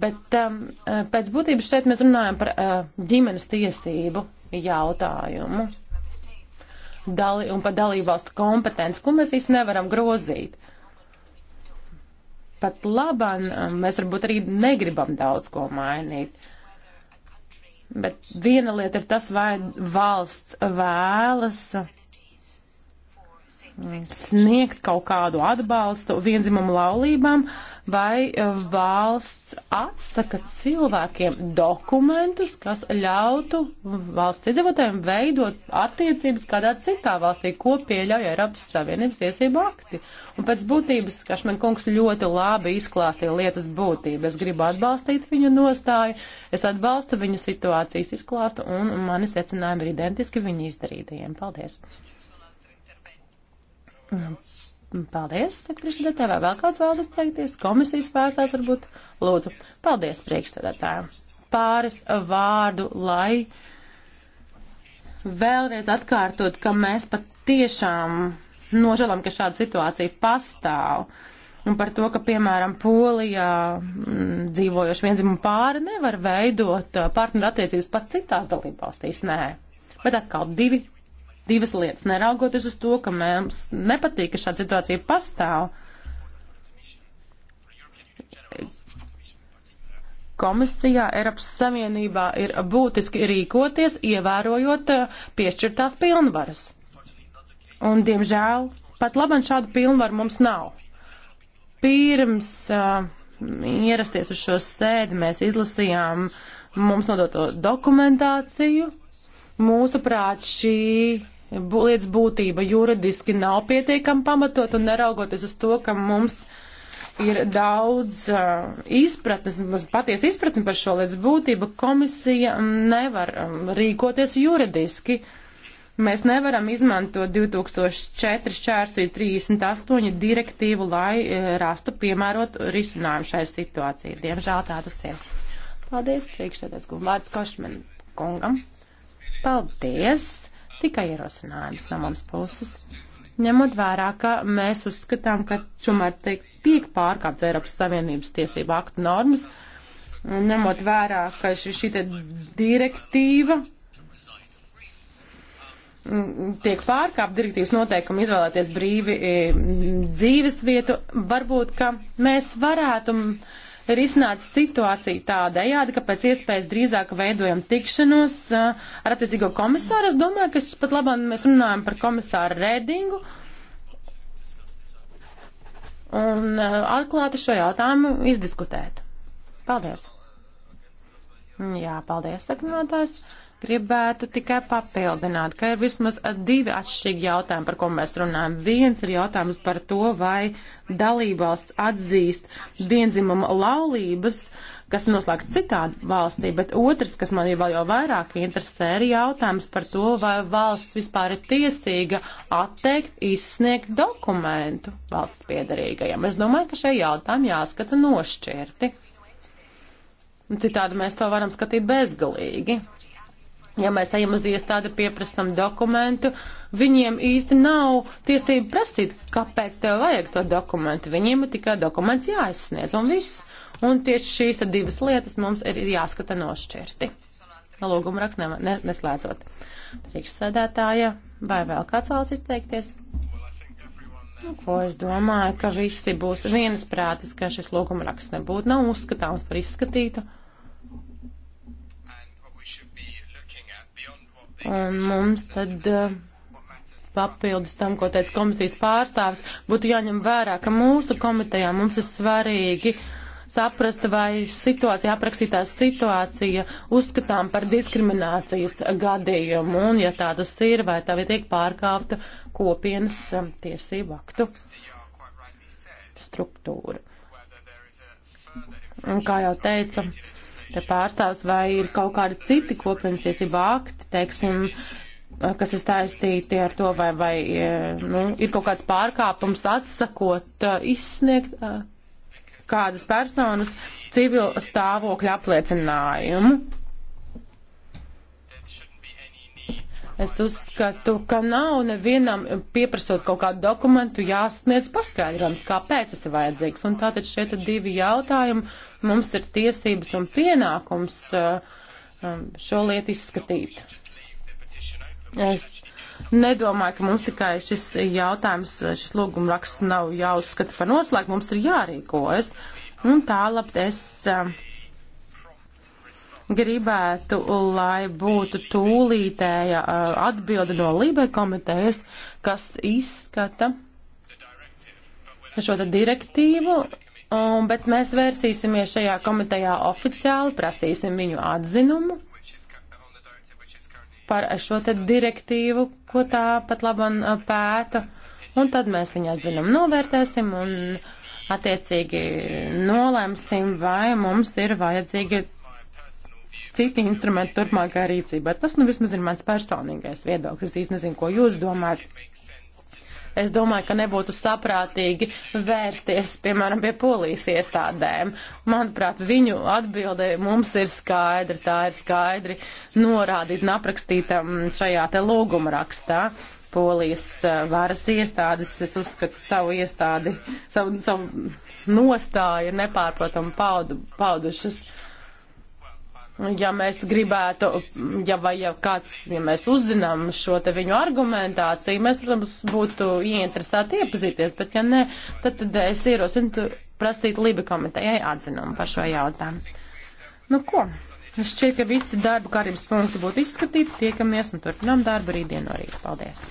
Bet um, uh, pēc būtības šeit mēs runājam par uh, ģimenes tiesību jautājumu Dali, un par dalībvalstu kompetenci, ko mēs īsti nevaram grozīt. Uh, pat labam mēs varbūt arī negribam daudz ko mainīt. Bet viena lieta ir tas, vai valsts vēlas sniegt kaut kādu atbalstu vienzimumu laulībām, vai eh, valsts atsaka cilvēkiem dokumentus, kas ļautu valsts iedzīvotājiem veidot attiecības kādā citā valstī, ko pieļauj Eiropas Savienības tiesību akti. Un pēc būtības Kašmen kungs ļoti labi izklāstīja lietas būtību. Es gribu atbalstīt viņu nostāju, es atbalstu viņu situācijas izklāstu, un mani secinājumi ir identiski viņu izdarītajiem. Paldies! Paldies, priekšsēdētāji, vai vēl kāds vēlas teikties? Komisijas pārstāvs varbūt lūdzu. Paldies, priekšsēdētājiem. Pāris vārdu, lai vēlreiz atkārtot, ka mēs pat tiešām nožēlam, ka šāda situācija pastāv. Un par to, ka, piemēram, Polijā mm, dzīvojoši vienzimumu pāri nevar veidot uh, partneru attiecības pat citās dalībvalstīs. Nē. Bet atkal divi divas lietas. Neraugoties uz to, ka mums nepatīk, ka šāda situācija pastāv, komisijā Eiropas Savienībā ir būtiski rīkoties, ievērojot eh, piešķirtās pilnvaras. Un, diemžēl, pat labam šādu pilnvaru mums nav. Pirms uh, ierasties uz šo sēdi, mēs izlasījām mums nodoto dokumentāciju. Mūsuprāt, šī lietas būtība juridiski nav pietiekami pamatot un neraugoties uz to, ka mums ir daudz uh, izpratnes, patiesa izpratne par šo lietas būtību, komisija nevar um, rīkoties juridiski. Mēs nevaram izmantot 2004 šķērstīt 38 direktīvu, lai uh, rastu piemērot risinājumu šai situācijai. Diemžēl tā tas ir. Paldies, priekšsēdētājs Gulvārds Košmen kungam. Paldies! Tikai ierosinājums no mums puses. Ņemot vērā, ka mēs uzskatām, ka čumar tiek tiek pārkāpts Eiropas Savienības tiesību aktu normas, ņemot vērā, ka šī direktīva mm, tiek pārkāpta direktīvas noteikumi izvēlēties brīvi mm, dzīves vietu, varbūt, ka mēs varētu mm, ir iznāca situācija tādējādi, ka pēc iespējas drīzāk veidojam tikšanos ar attiecīgo komisāru. Es domāju, ka pat labāk mēs runājam par komisāru Redingu. Un atklāti šo jautājumu izdiskutēt. Paldies! Jā, paldies, sakinātājs. Gribētu tikai papildināt, ka ir vismaz divi atšķirīgi jautājumi, par ko mēs runājam. Viens ir jautājums par to, vai dalībvalsts atzīst viendzimumu laulības, kas noslēgts citā valstī, bet otrs, kas man jau, jau vairāk interesē, ir jautājums par to, vai valsts vispār ir tiesīga atteikt izsniegt dokumentu valsts piedarīgajam. Es domāju, ka šie jautājumi jāskata nošķirti. Citādi mēs to varam skatīt bezgalīgi ja mēs ejam uz iestādi pieprasam dokumentu, viņiem īsti nav tiesību prasīt, kāpēc tev vajag to dokumentu. Viņiem ir tikai dokuments jāizsniedz un viss. Un tieši šīs divas lietas mums ir jāskata nošķirti. Lūgumu rakst ne, ne, neslēdzot. Priekšsēdētāja, vai vēl kāds vēlas izteikties? Nu, ko es domāju, ka visi būs viensprātis, ka šis lūguma raksts nebūtu nav uzskatāms par izskatītu. Un mums tad eh, papildus tam, ko teica komisijas pārstāvis, būtu jāņem vērā, ka mūsu komitejā mums ir svarīgi saprast, vai situācija, aprakstītā situācija uzskatām par diskriminācijas gadījumu, un ja tādas ir, vai tā vai tiek pārkāpta kopienas eh, tiesību aktu struktūra. Un kā jau teica, te pārstāvs, vai ir kaut kādi citi kopienas tiesība akti, teiksim, kas ir saistīti ar to, vai, vai e, nu, ir kaut kāds pārkāpums atsakot e, izsniegt e, kādas personas civil stāvokļa apliecinājumu. Es uzskatu, ka nav nevienam pieprasot kaut kādu dokumentu jāsniedz paskaidrojums, kāpēc tas ir vajadzīgs. Un tātad šeit ir divi jautājumi, Mums ir tiesības un pienākums uh, um, šo lietu izskatīt. Es nedomāju, ka mums tikai šis jautājums, šis lūgumraksts nav jāuzskata par noslēgumu, mums ir jārīkojas. Un tālāk es um, gribētu, lai būtu tūlītēja uh, atbilde no Lībe komitejas, kas izskata šo direktīvu, Un, bet mēs vērsīsimies šajā komitejā oficiāli, prasīsim viņu atzinumu par šo te direktīvu, ko tā pat laban uh, pēta. Un tad mēs viņu atzinumu novērtēsim un attiecīgi nolēmsim, vai mums ir vajadzīgi citi instrumenti turpmākā rīcībā. Tas nu vismaz ir mans personīgais viedoklis. Es īsti nezinu, ko jūs domājat es domāju, ka nebūtu saprātīgi vērsties, piemēram, pie polijas iestādēm. Manuprāt, viņu atbilde mums ir skaidra, tā ir skaidri norādīta un aprakstīta mm, šajā te lūguma rakstā. Polijas eh, varas iestādes, es uzskatu savu iestādi, savu, savu nostāju nepārprotamu paudu, paudušas. Uh, ja mēs gribētu, ja vai ja kāds, ja mēs uzzinām šo te viņu argumentāciju, mēs, protams, būtu ieinteresēti iepazīties, bet ja nē, tad, tad es ierosinu prasīt Libi komitejai atzinumu par šo jautājumu. Nu ko, šķiet, ka visi darba kārības punkti būtu izskatīti, tiekamies un turpinām darbu rītdien no rīta. Paldies!